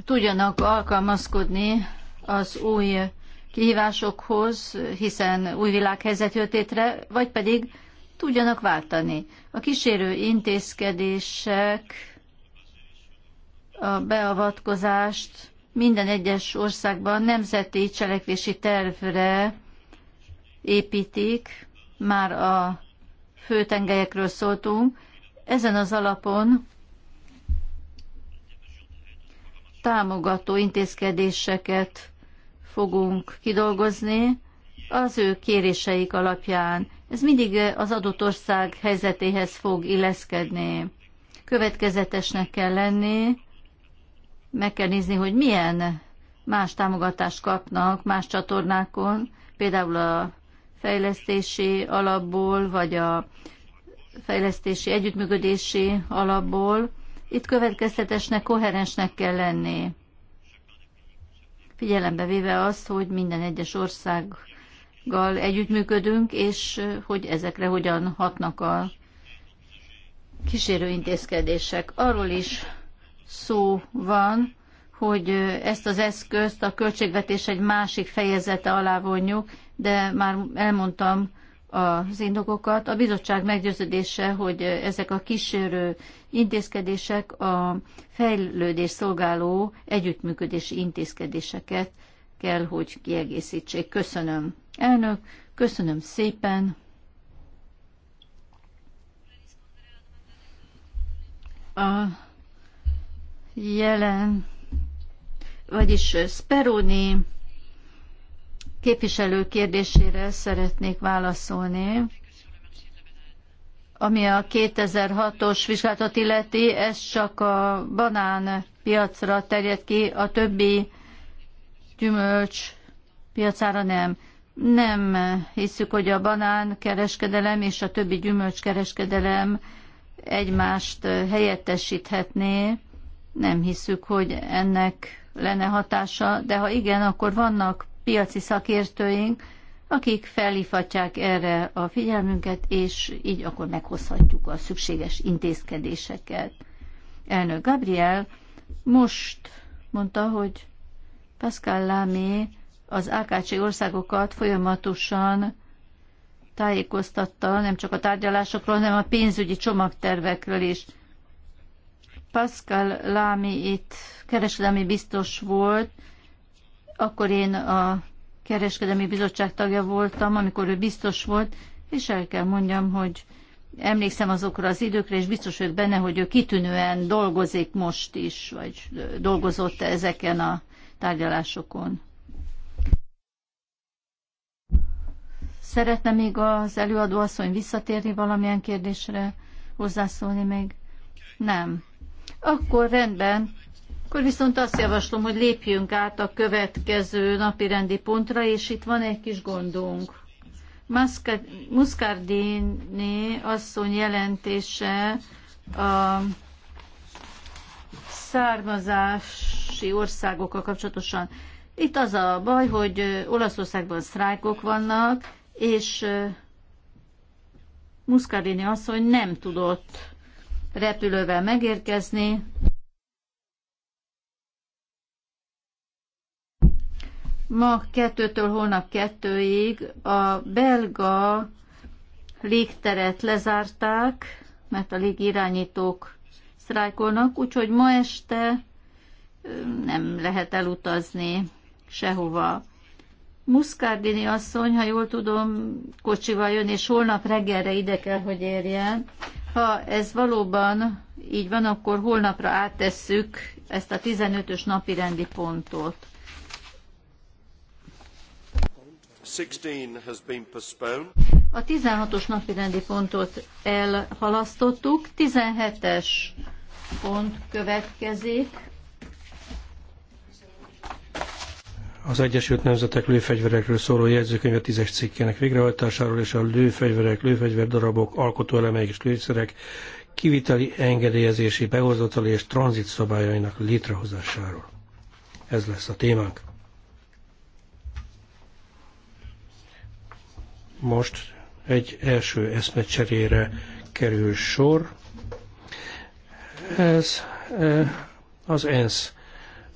tudjanak alkalmazkodni az új kihívásokhoz, hiszen új világhelyzet jött étre, vagy pedig tudjanak váltani. A kísérő intézkedések, a beavatkozást minden egyes országban nemzeti cselekvési tervre építik, már a főtengelyekről szóltunk. Ezen az alapon támogató intézkedéseket fogunk kidolgozni az ő kéréseik alapján. Ez mindig az adott ország helyzetéhez fog illeszkedni. Következetesnek kell lenni, meg kell nézni, hogy milyen más támogatást kapnak más csatornákon, például a fejlesztési alapból, vagy a fejlesztési együttműködési alapból. Itt következtetesnek, koherensnek kell lenni. Figyelembe véve azt, hogy minden egyes országgal együttműködünk, és hogy ezekre hogyan hatnak a kísérő intézkedések. Arról is szó van, hogy ezt az eszközt a költségvetés egy másik fejezete alá vonjuk, de már elmondtam az indokokat. A bizottság meggyőződése, hogy ezek a kísérő intézkedések a fejlődés szolgáló együttműködési intézkedéseket kell, hogy kiegészítsék. Köszönöm, elnök, köszönöm szépen. A jelen, vagyis Speroni képviselő kérdésére szeretnék válaszolni. Ami a 2006-os vizsgálatot illeti, ez csak a banán piacra terjed ki, a többi gyümölcs piacára nem. Nem hiszük, hogy a banán kereskedelem és a többi gyümölcs kereskedelem egymást helyettesíthetné. Nem hiszük, hogy ennek lenne hatása, de ha igen, akkor vannak piaci szakértőink, akik felhívhatják erre a figyelmünket, és így akkor meghozhatjuk a szükséges intézkedéseket. Elnök Gabriel most mondta, hogy Pascal Lamy az AKC országokat folyamatosan tájékoztatta nem csak a tárgyalásokról, hanem a pénzügyi csomagtervekről is. Pascal Lámi itt kereskedelmi biztos volt, akkor én a kereskedelmi bizottság tagja voltam, amikor ő biztos volt, és el kell mondjam, hogy emlékszem azokra az időkre, és biztos vagyok benne, hogy ő kitűnően dolgozik most is, vagy dolgozott ezeken a tárgyalásokon. Szeretne még az előadó asszony visszatérni valamilyen kérdésre, hozzászólni még? Nem akkor rendben. Akkor viszont azt javaslom, hogy lépjünk át a következő napi rendi pontra, és itt van egy kis gondunk. Muscardini asszony jelentése a származási országokkal kapcsolatosan. Itt az a baj, hogy Olaszországban sztrájkok vannak, és Muscardini asszony nem tudott repülővel megérkezni. Ma kettőtől holnap kettőig a belga légteret lezárták, mert a légirányítók sztrájkolnak, úgyhogy ma este nem lehet elutazni sehova. Muszkárdini asszony, ha jól tudom, kocsival jön, és holnap reggelre ide kell, hogy érjen. Ha ez valóban így van, akkor holnapra áttesszük ezt a 15-ös napi rendi pontot. 16 has been postponed. A 16-os napi rendi pontot elhalasztottuk, 17-es pont következik. az Egyesült Nemzetek lőfegyverekről szóló jegyzőkönyve a cikkének végrehajtásáról és a lőfegyverek, lőfegyverdarabok, alkotóelemek és lőszerek kiviteli engedélyezési, behozatali és tranzit szabályainak létrehozásáról. Ez lesz a témánk. Most egy első eszmecserére kerül sor. Ez eh, az ENSZ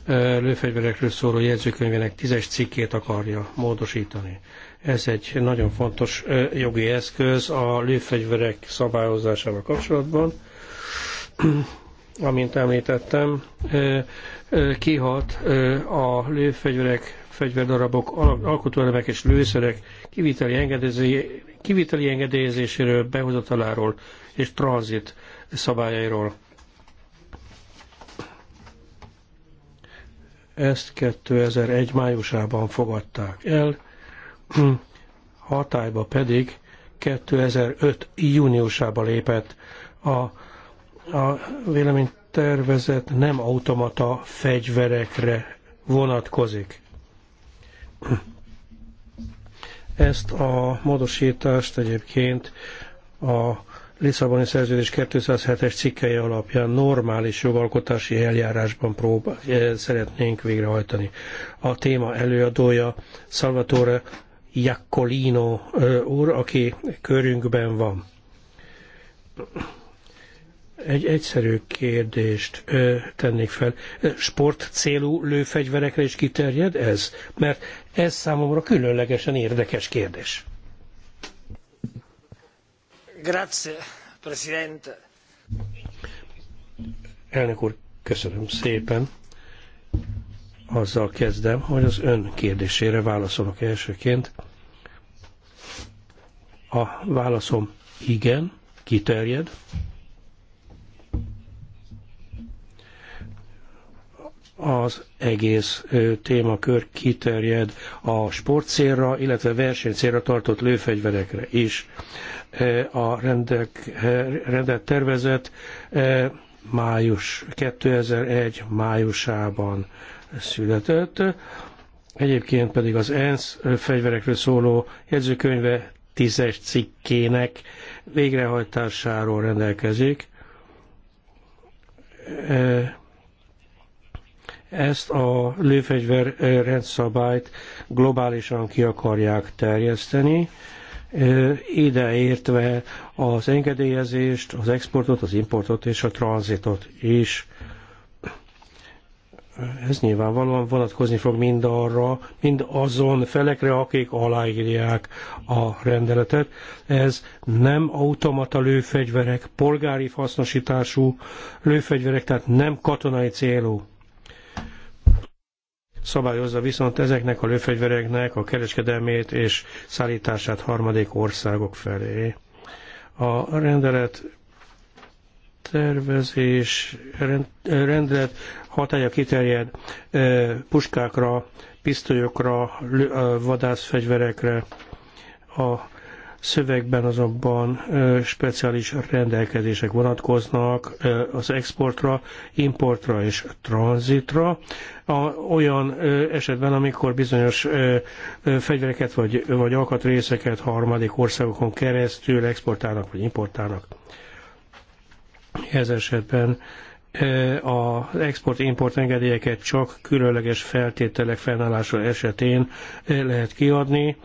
lőfegyverekről szóló jegyzőkönyvének tízes cikkét akarja módosítani. Ez egy nagyon fontos jogi eszköz a lőfegyverek szabályozásával kapcsolatban. Amint említettem, kihat a lőfegyverek, fegyverdarabok, alkotóelemek és lőszerek kiviteli, kiviteli engedélyezéséről, behozataláról és tranzit szabályairól Ezt 2001 májusában fogadták el, hatályba pedig 2005 júniusába lépett a, a véleménytervezet nem automata fegyverekre vonatkozik. Ezt a módosítást egyébként a Lisszaboni szerződés 207-es cikkeje alapján normális jogalkotási eljárásban próbál, eh, szeretnénk végrehajtani. A téma előadója Salvatore Jaccolino eh, úr, aki körünkben van. Egy egyszerű kérdést eh, tennék fel. Sport célú lőfegyverekre is kiterjed ez? Mert ez számomra különlegesen érdekes kérdés. Elnök úr, köszönöm szépen. Azzal kezdem, hogy az ön kérdésére válaszolok elsőként. A válaszom igen, kiterjed. az egész témakör kiterjed a sportcélra, illetve versenycélra tartott lőfegyverekre is a rendek, eh, rendet tervezett eh, május 2001 májusában született. Egyébként pedig az ENSZ fegyverekről szóló jegyzőkönyve tízes cikkének végrehajtásáról rendelkezik. Eh, ezt a lőfegyver rendszabályt globálisan ki akarják terjeszteni ideértve az engedélyezést, az exportot, az importot és a tranzitot is. Ez nyilvánvalóan vonatkozni fog mind arra, mind azon felekre, akik aláírják a rendeletet. Ez nem automata lőfegyverek, polgári hasznosítású lőfegyverek, tehát nem katonai célú szabályozza viszont ezeknek a lőfegyvereknek a kereskedelmét és szállítását harmadik országok felé. A rendelet tervezés, rendelet hatája kiterjed puskákra, pisztolyokra, vadászfegyverekre, a szövegben azonban speciális rendelkezések vonatkoznak az exportra, importra és tranzitra. A, olyan esetben, amikor bizonyos fegyvereket vagy, vagy alkatrészeket harmadik országokon keresztül exportálnak vagy importálnak. Ez esetben az export-import engedélyeket csak különleges feltételek fennállása esetén lehet kiadni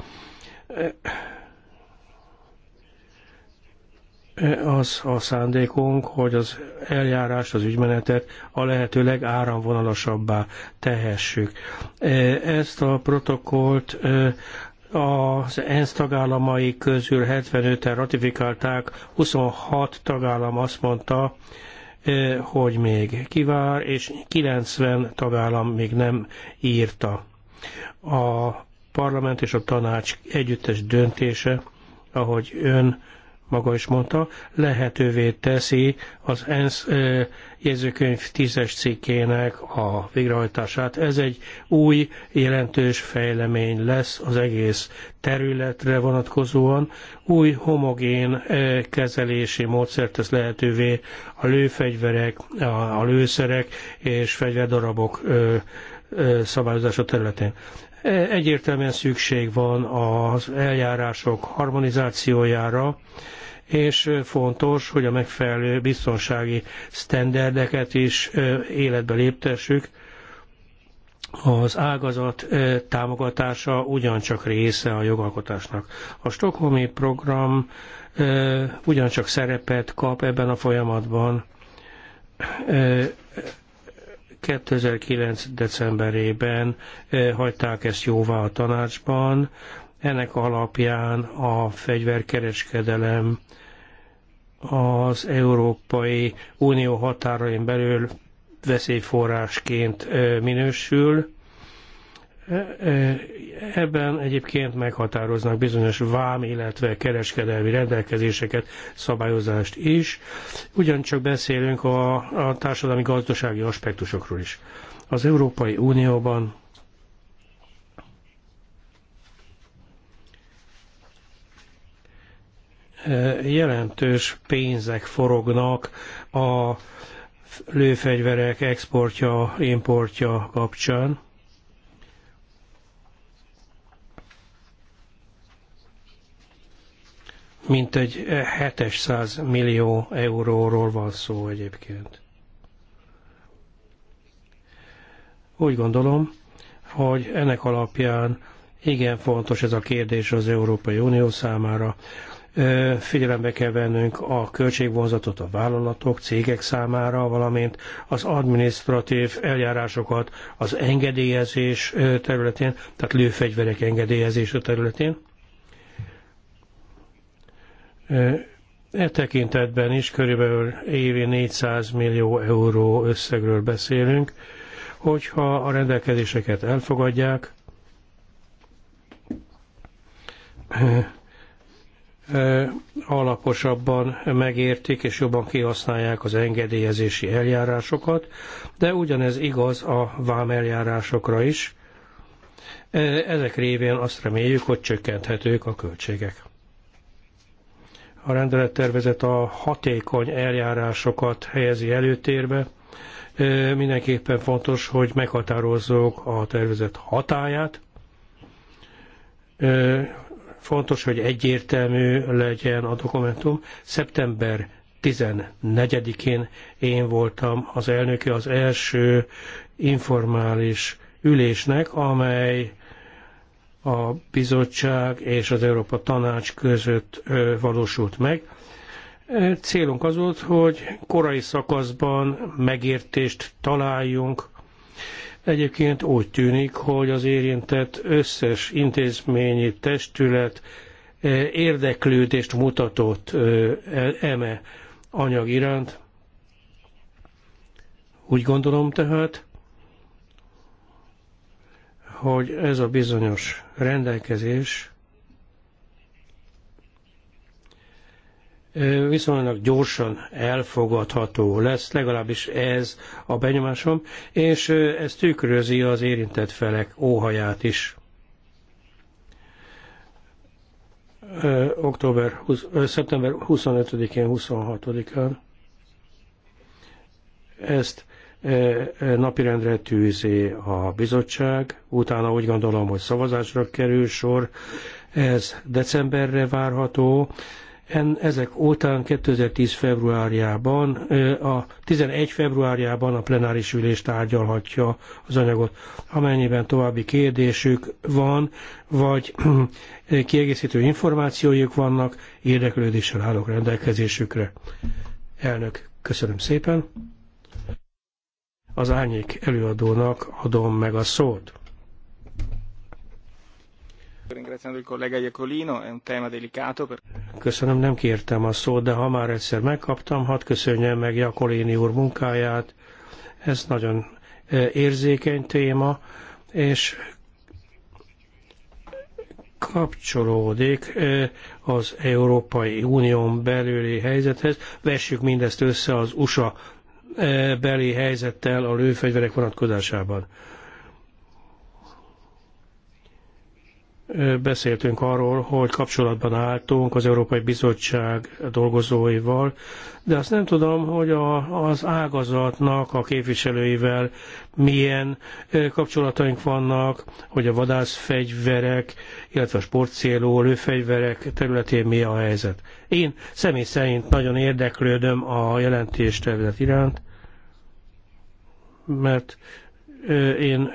az a szándékunk, hogy az eljárást, az ügymenetet a lehető legáramvonalasabbá tehessük. E, ezt a protokollt e, az ENSZ tagállamai közül 75-en ratifikálták, 26 tagállam azt mondta, e, hogy még kivár, és 90 tagállam még nem írta. A parlament és a tanács együttes döntése, ahogy ön maga is mondta, lehetővé teszi az ENSZ jegyzőkönyv tízes cikkének a végrehajtását. Ez egy új, jelentős fejlemény lesz az egész területre vonatkozóan. Új homogén kezelési módszert tesz lehetővé a lőfegyverek, a lőszerek és fegyverdarabok szabályozása területén egyértelműen szükség van az eljárások harmonizációjára, és fontos, hogy a megfelelő biztonsági sztenderdeket is életbe léptessük. Az ágazat támogatása ugyancsak része a jogalkotásnak. A Stockholmi program ugyancsak szerepet kap ebben a folyamatban. 2009. decemberében hagyták ezt jóvá a tanácsban. Ennek alapján a fegyverkereskedelem az Európai Unió határain belül veszélyforrásként minősül. Ebben egyébként meghatároznak bizonyos vám, illetve kereskedelmi rendelkezéseket, szabályozást is. Ugyancsak beszélünk a, a társadalmi gazdasági aspektusokról is. Az Európai Unióban jelentős pénzek forognak a lőfegyverek exportja, importja kapcsán. mint egy 700 millió euróról van szó egyébként. Úgy gondolom, hogy ennek alapján igen fontos ez a kérdés az Európai Unió számára. Figyelembe kell vennünk a költségvonzatot a vállalatok, cégek számára, valamint az administratív eljárásokat az engedélyezés területén, tehát lőfegyverek engedélyezése területén. E tekintetben is körülbelül évi 400 millió euró összegről beszélünk, hogyha a rendelkezéseket elfogadják, alaposabban megértik és jobban kihasználják az engedélyezési eljárásokat, de ugyanez igaz a vám eljárásokra is. Ezek révén azt reméljük, hogy csökkenthetők a költségek. A rendelettervezet a hatékony eljárásokat helyezi előtérbe. Mindenképpen fontos, hogy meghatározzuk a tervezet hatáját, Fontos, hogy egyértelmű legyen a dokumentum. Szeptember 14-én én voltam az elnöke az első informális ülésnek, amely a bizottság és az Európa Tanács között valósult meg. Célunk az volt, hogy korai szakaszban megértést találjunk Egyébként úgy tűnik, hogy az érintett összes intézményi testület eh, érdeklődést mutatott eh, e, eme anyag iránt. Úgy gondolom tehát, hogy ez a bizonyos rendelkezés viszonylag gyorsan elfogadható lesz, legalábbis ez a benyomásom, és ez tükrözi az érintett felek óhaját is. Október 20, szeptember 25-én, 26-án ezt napirendre tűzi a bizottság, utána úgy gondolom, hogy szavazásra kerül sor, ez decemberre várható, En, ezek után 2010 februárjában, a 11 februárjában a plenáris ülés tárgyalhatja az anyagot. Amennyiben további kérdésük van, vagy kiegészítő információjuk vannak, érdeklődéssel állok rendelkezésükre. Elnök, köszönöm szépen. Az árnyék előadónak adom meg a szót. Köszönöm, nem kértem a szót, de ha már egyszer megkaptam, hadd köszönjem meg Jakolini úr munkáját. Ez nagyon e, érzékeny téma, és kapcsolódik e, az Európai Unión belüli helyzethez. Vessük mindezt össze az USA e, beli helyzettel a lőfegyverek vonatkozásában. beszéltünk arról, hogy kapcsolatban álltunk az Európai Bizottság dolgozóival, de azt nem tudom, hogy a, az ágazatnak a képviselőivel milyen kapcsolataink vannak, hogy a vadászfegyverek, illetve a sportcélú lőfegyverek területén mi a helyzet. Én személy szerint nagyon érdeklődöm a jelentés terület iránt, mert én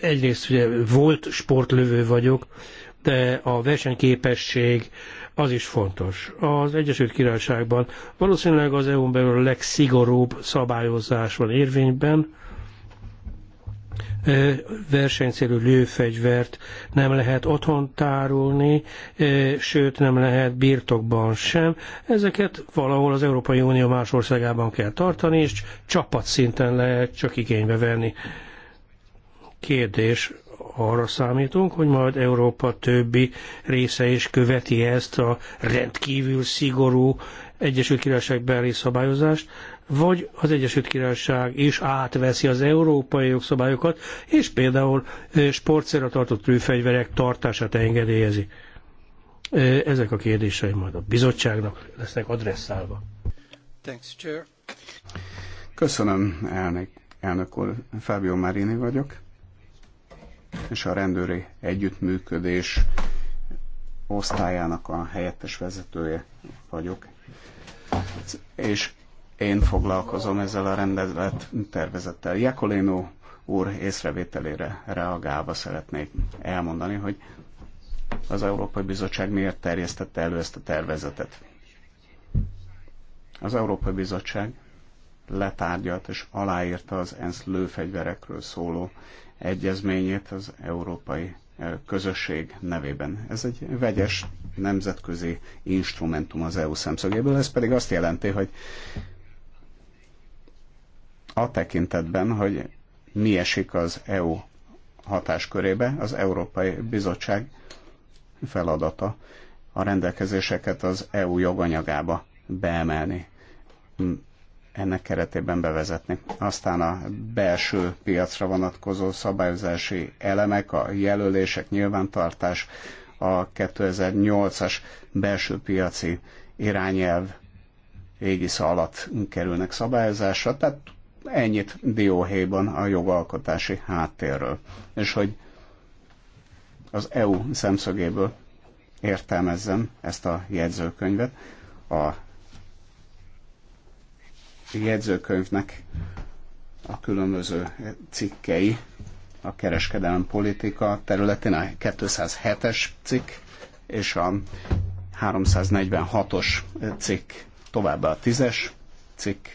egyrészt ugye volt sportlövő vagyok, de a versenyképesség az is fontos. Az Egyesült Királyságban valószínűleg az EU-n belül a legszigorúbb szabályozás van érvényben, versenyszerű lőfegyvert nem lehet otthon tárolni, sőt nem lehet birtokban sem. Ezeket valahol az Európai Unió más országában kell tartani, és csapatszinten lehet csak igénybe venni. Kérdés, arra számítunk, hogy majd Európa többi része is követi ezt a rendkívül szigorú Egyesült Királyság beli szabályozást vagy az Egyesült Királyság is átveszi az európai jogszabályokat, és például sportszerre tartott lőfegyverek tartását engedélyezi. Ezek a kérdései majd a bizottságnak lesznek adresszálva. Thanks, Chair. Köszönöm, elnök, elnök úr. Fábio Marini vagyok, és a rendőri együttműködés osztályának a helyettes vezetője vagyok. És én foglalkozom ezzel a rendelet tervezettel. Jakolino úr észrevételére reagálva szeretnék elmondani, hogy az Európai Bizottság miért terjesztette elő ezt a tervezetet. Az Európai Bizottság letárgyalt és aláírta az ENSZ lőfegyverekről szóló egyezményét az Európai Közösség nevében. Ez egy vegyes nemzetközi instrumentum az EU szemszögéből, ez pedig azt jelenti, hogy a tekintetben, hogy mi esik az EU hatáskörébe, az Európai Bizottság feladata a rendelkezéseket az EU joganyagába beemelni, ennek keretében bevezetni. Aztán a belső piacra vonatkozó szabályozási elemek, a jelölések, nyilvántartás, a 2008-as belső piaci irányelv égisze alatt kerülnek szabályozásra, tehát Ennyit dióhéjban a jogalkotási háttérről. És hogy az EU szemszögéből értelmezzem ezt a jegyzőkönyvet, a jegyzőkönyvnek a különböző cikkei a kereskedelmi politika területén a 207-es cikk és a 346-os cikk, továbbá a 10-es cikk,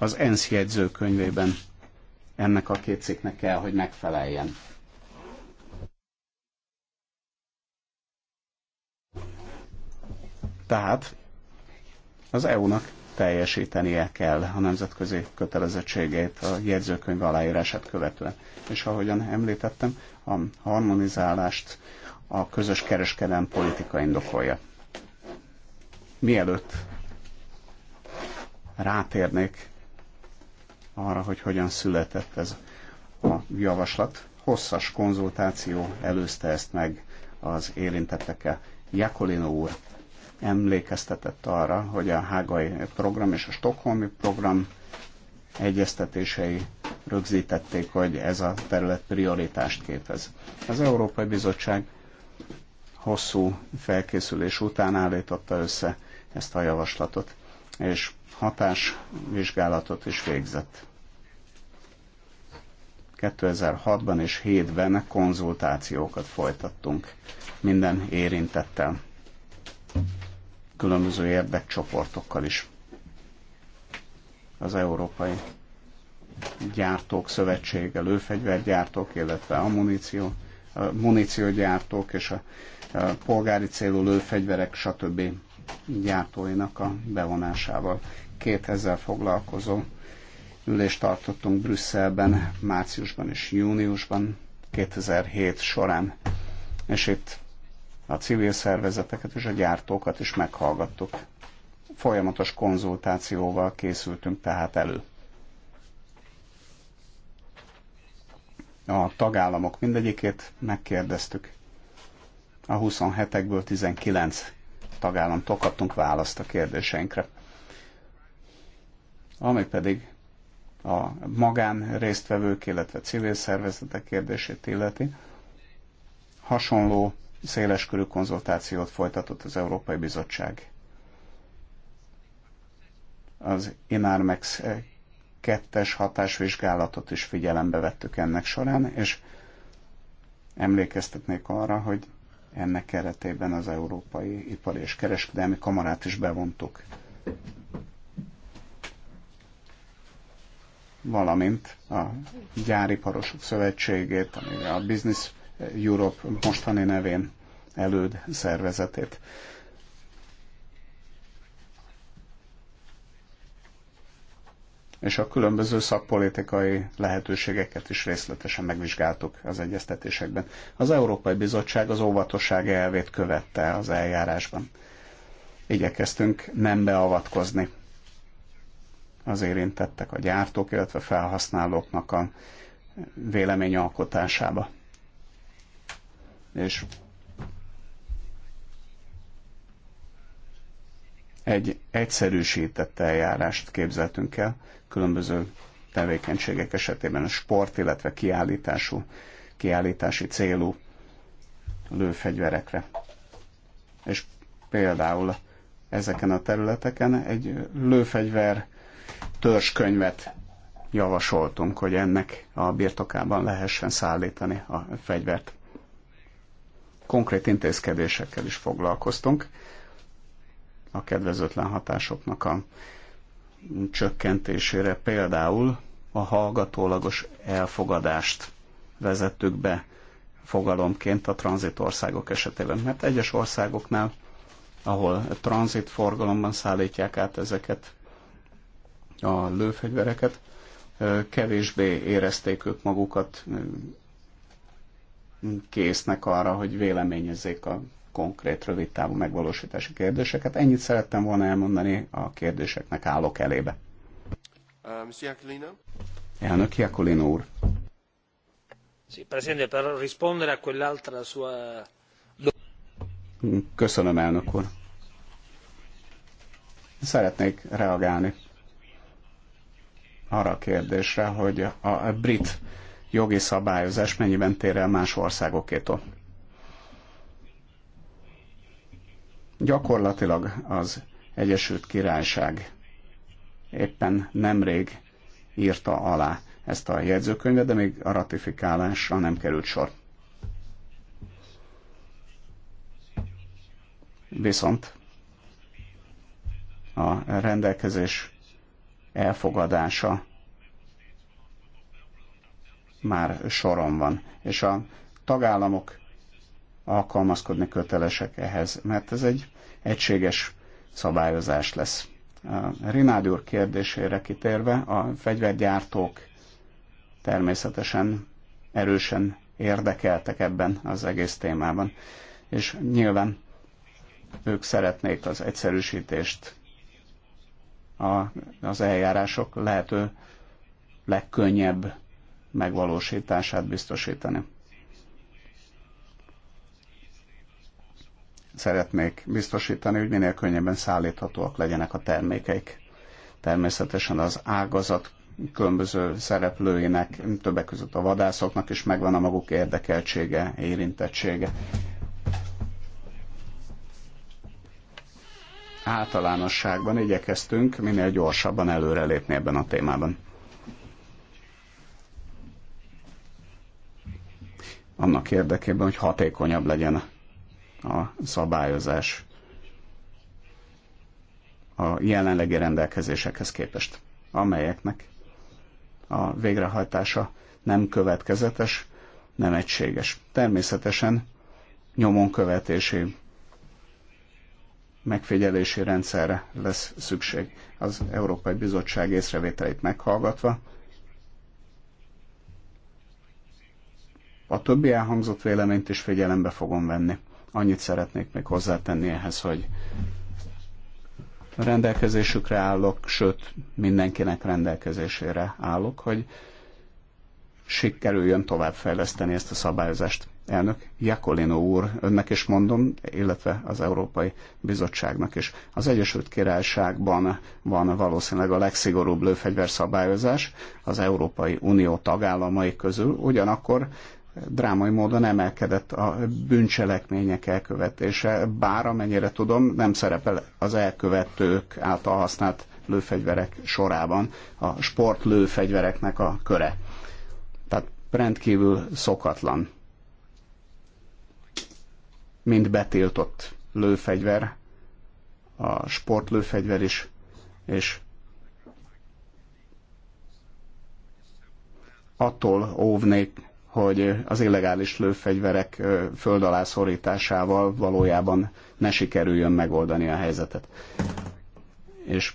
az ENSZ jegyzőkönyvében ennek a két cikknek kell, hogy megfeleljen. Tehát az EU-nak teljesítenie kell a nemzetközi kötelezettségét a jegyzőkönyv aláírását követően. És ahogyan említettem, a harmonizálást a közös kereskedelmi politika indokolja. Mielőtt rátérnék arra, hogy hogyan született ez a javaslat. Hosszas konzultáció előzte ezt meg az érintettekkel. Jakolino úr emlékeztetett arra, hogy a hágai program és a stokholmi program egyeztetései rögzítették, hogy ez a terület prioritást képez. Az Európai Bizottság hosszú felkészülés után állította össze ezt a javaslatot, és hatásvizsgálatot is végzett. 2006-ban és 2007-ben konzultációkat folytattunk minden érintettel, különböző érdekcsoportokkal is. Az Európai Gyártók Szövetsége, lőfegyvergyártók, illetve a muníció, a muníciógyártók és a, a polgári célú lőfegyverek, stb. gyártóinak a bevonásával két ezzel foglalkozó ülést tartottunk Brüsszelben, márciusban és júniusban 2007 során. És itt a civil szervezeteket és a gyártókat is meghallgattuk. Folyamatos konzultációval készültünk tehát elő. A tagállamok mindegyikét megkérdeztük. A 27-ekből 19 tagállamtól kaptunk választ a kérdéseinkre ami pedig a magán résztvevők, illetve civil szervezetek kérdését illeti, hasonló széleskörű konzultációt folytatott az Európai Bizottság. Az Inarmex kettes hatásvizsgálatot is figyelembe vettük ennek során, és emlékeztetnék arra, hogy ennek keretében az Európai Ipari és Kereskedelmi Kamarát is bevontuk valamint a Gyáriparosok Szövetségét, ami a Business Europe mostani nevén előd szervezetét. És a különböző szakpolitikai lehetőségeket is részletesen megvizsgáltuk az egyeztetésekben. Az Európai Bizottság az óvatosság elvét követte az eljárásban. Igyekeztünk nem beavatkozni az érintettek, a gyártók, illetve felhasználóknak a véleményalkotásába. És egy egyszerűsített eljárást képzeltünk el különböző tevékenységek esetében, a sport, illetve kiállítású, kiállítási célú lőfegyverekre. És például ezeken a területeken egy lőfegyver törzskönyvet javasoltunk, hogy ennek a birtokában lehessen szállítani a fegyvert. Konkrét intézkedésekkel is foglalkoztunk a kedvezőtlen hatásoknak a csökkentésére. Például a hallgatólagos elfogadást vezettük be fogalomként a tranzitországok esetében, mert egyes országoknál, ahol tranzitforgalomban szállítják át ezeket a lőfegyvereket, kevésbé érezték ők magukat késznek arra, hogy véleményezzék a konkrét távú megvalósítási kérdéseket. Ennyit szerettem volna elmondani, a kérdéseknek állok elébe. Uh, elnök Iacolino úr. per rispondere a quell'altra sua... Köszönöm, elnök úr. Szeretnék reagálni arra a kérdésre, hogy a brit jogi szabályozás mennyiben tér el más országokétól. Gyakorlatilag az Egyesült Királyság éppen nemrég írta alá ezt a jegyzőkönyvet, de még a ratifikálásra nem került sor. Viszont a rendelkezés elfogadása már soron van. És a tagállamok alkalmazkodni kötelesek ehhez, mert ez egy egységes szabályozás lesz. A Rinád úr kérdésére kitérve, a fegyvergyártók természetesen erősen érdekeltek ebben az egész témában, és nyilván ők szeretnék az egyszerűsítést a, az eljárások lehető legkönnyebb megvalósítását biztosítani. Szeretnék biztosítani, hogy minél könnyebben szállíthatóak legyenek a termékeik. Természetesen az ágazat különböző szereplőinek, többek között a vadászoknak is megvan a maguk érdekeltsége, érintettsége általánosságban igyekeztünk minél gyorsabban előrelépni ebben a témában. Annak érdekében, hogy hatékonyabb legyen a szabályozás a jelenlegi rendelkezésekhez képest, amelyeknek a végrehajtása nem következetes, nem egységes. Természetesen nyomon követési megfigyelési rendszerre lesz szükség az Európai Bizottság észrevételeit meghallgatva. A többi elhangzott véleményt is figyelembe fogom venni. Annyit szeretnék még hozzátenni ehhez, hogy rendelkezésükre állok, sőt, mindenkinek rendelkezésére állok, hogy sikerüljön továbbfejleszteni ezt a szabályozást elnök Jakolino úr, önnek is mondom, illetve az Európai Bizottságnak is. Az Egyesült Királyságban van valószínűleg a legszigorúbb lőfegyverszabályozás az Európai Unió tagállamai közül, ugyanakkor drámai módon emelkedett a bűncselekmények elkövetése, bár amennyire tudom, nem szerepel az elkövetők által használt lőfegyverek sorában a sportlőfegyvereknek a köre. Tehát rendkívül szokatlan mind betiltott lőfegyver, a sportlőfegyver is, és attól óvnék, hogy az illegális lőfegyverek föld alá szorításával valójában ne sikerüljön megoldani a helyzetet. És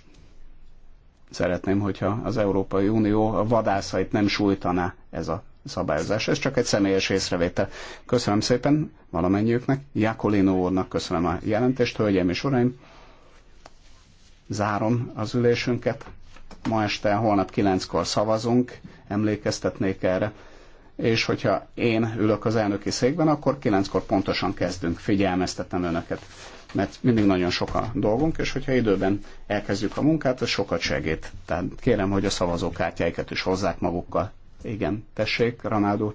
szeretném, hogyha az Európai Unió a vadászait nem sújtaná ez a szabályozás. Ez csak egy személyes észrevétel. Köszönöm szépen valamennyiüknek. Jakolino úrnak köszönöm a jelentést, hölgyeim és uraim. Zárom az ülésünket. Ma este, holnap kilenckor szavazunk, emlékeztetnék erre. És hogyha én ülök az elnöki székben, akkor kilenckor pontosan kezdünk. Figyelmeztetem önöket mert mindig nagyon sok a dolgunk, és hogyha időben elkezdjük a munkát, az sokat segít. Tehát kérem, hogy a szavazókártyáikat is hozzák magukkal. Igen, tessék, Ranádó.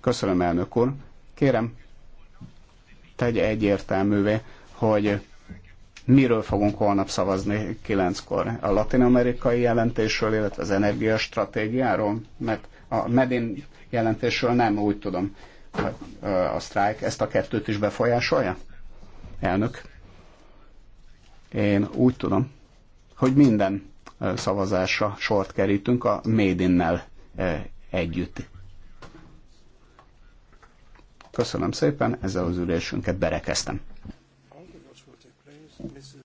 Köszönöm, elnök úr. Kérem, tegye egyértelművé, hogy miről fogunk holnap szavazni kilenckor. A latin-amerikai jelentésről, illetve az energiastratégiáról, mert a Medin jelentésről nem úgy tudom, hogy a sztrájk ezt a kettőt is befolyásolja? Elnök. Én úgy tudom, hogy minden szavazásra sort kerítünk a Made in-nel eh, együtt. Köszönöm szépen, ezzel az ülésünket berekeztem.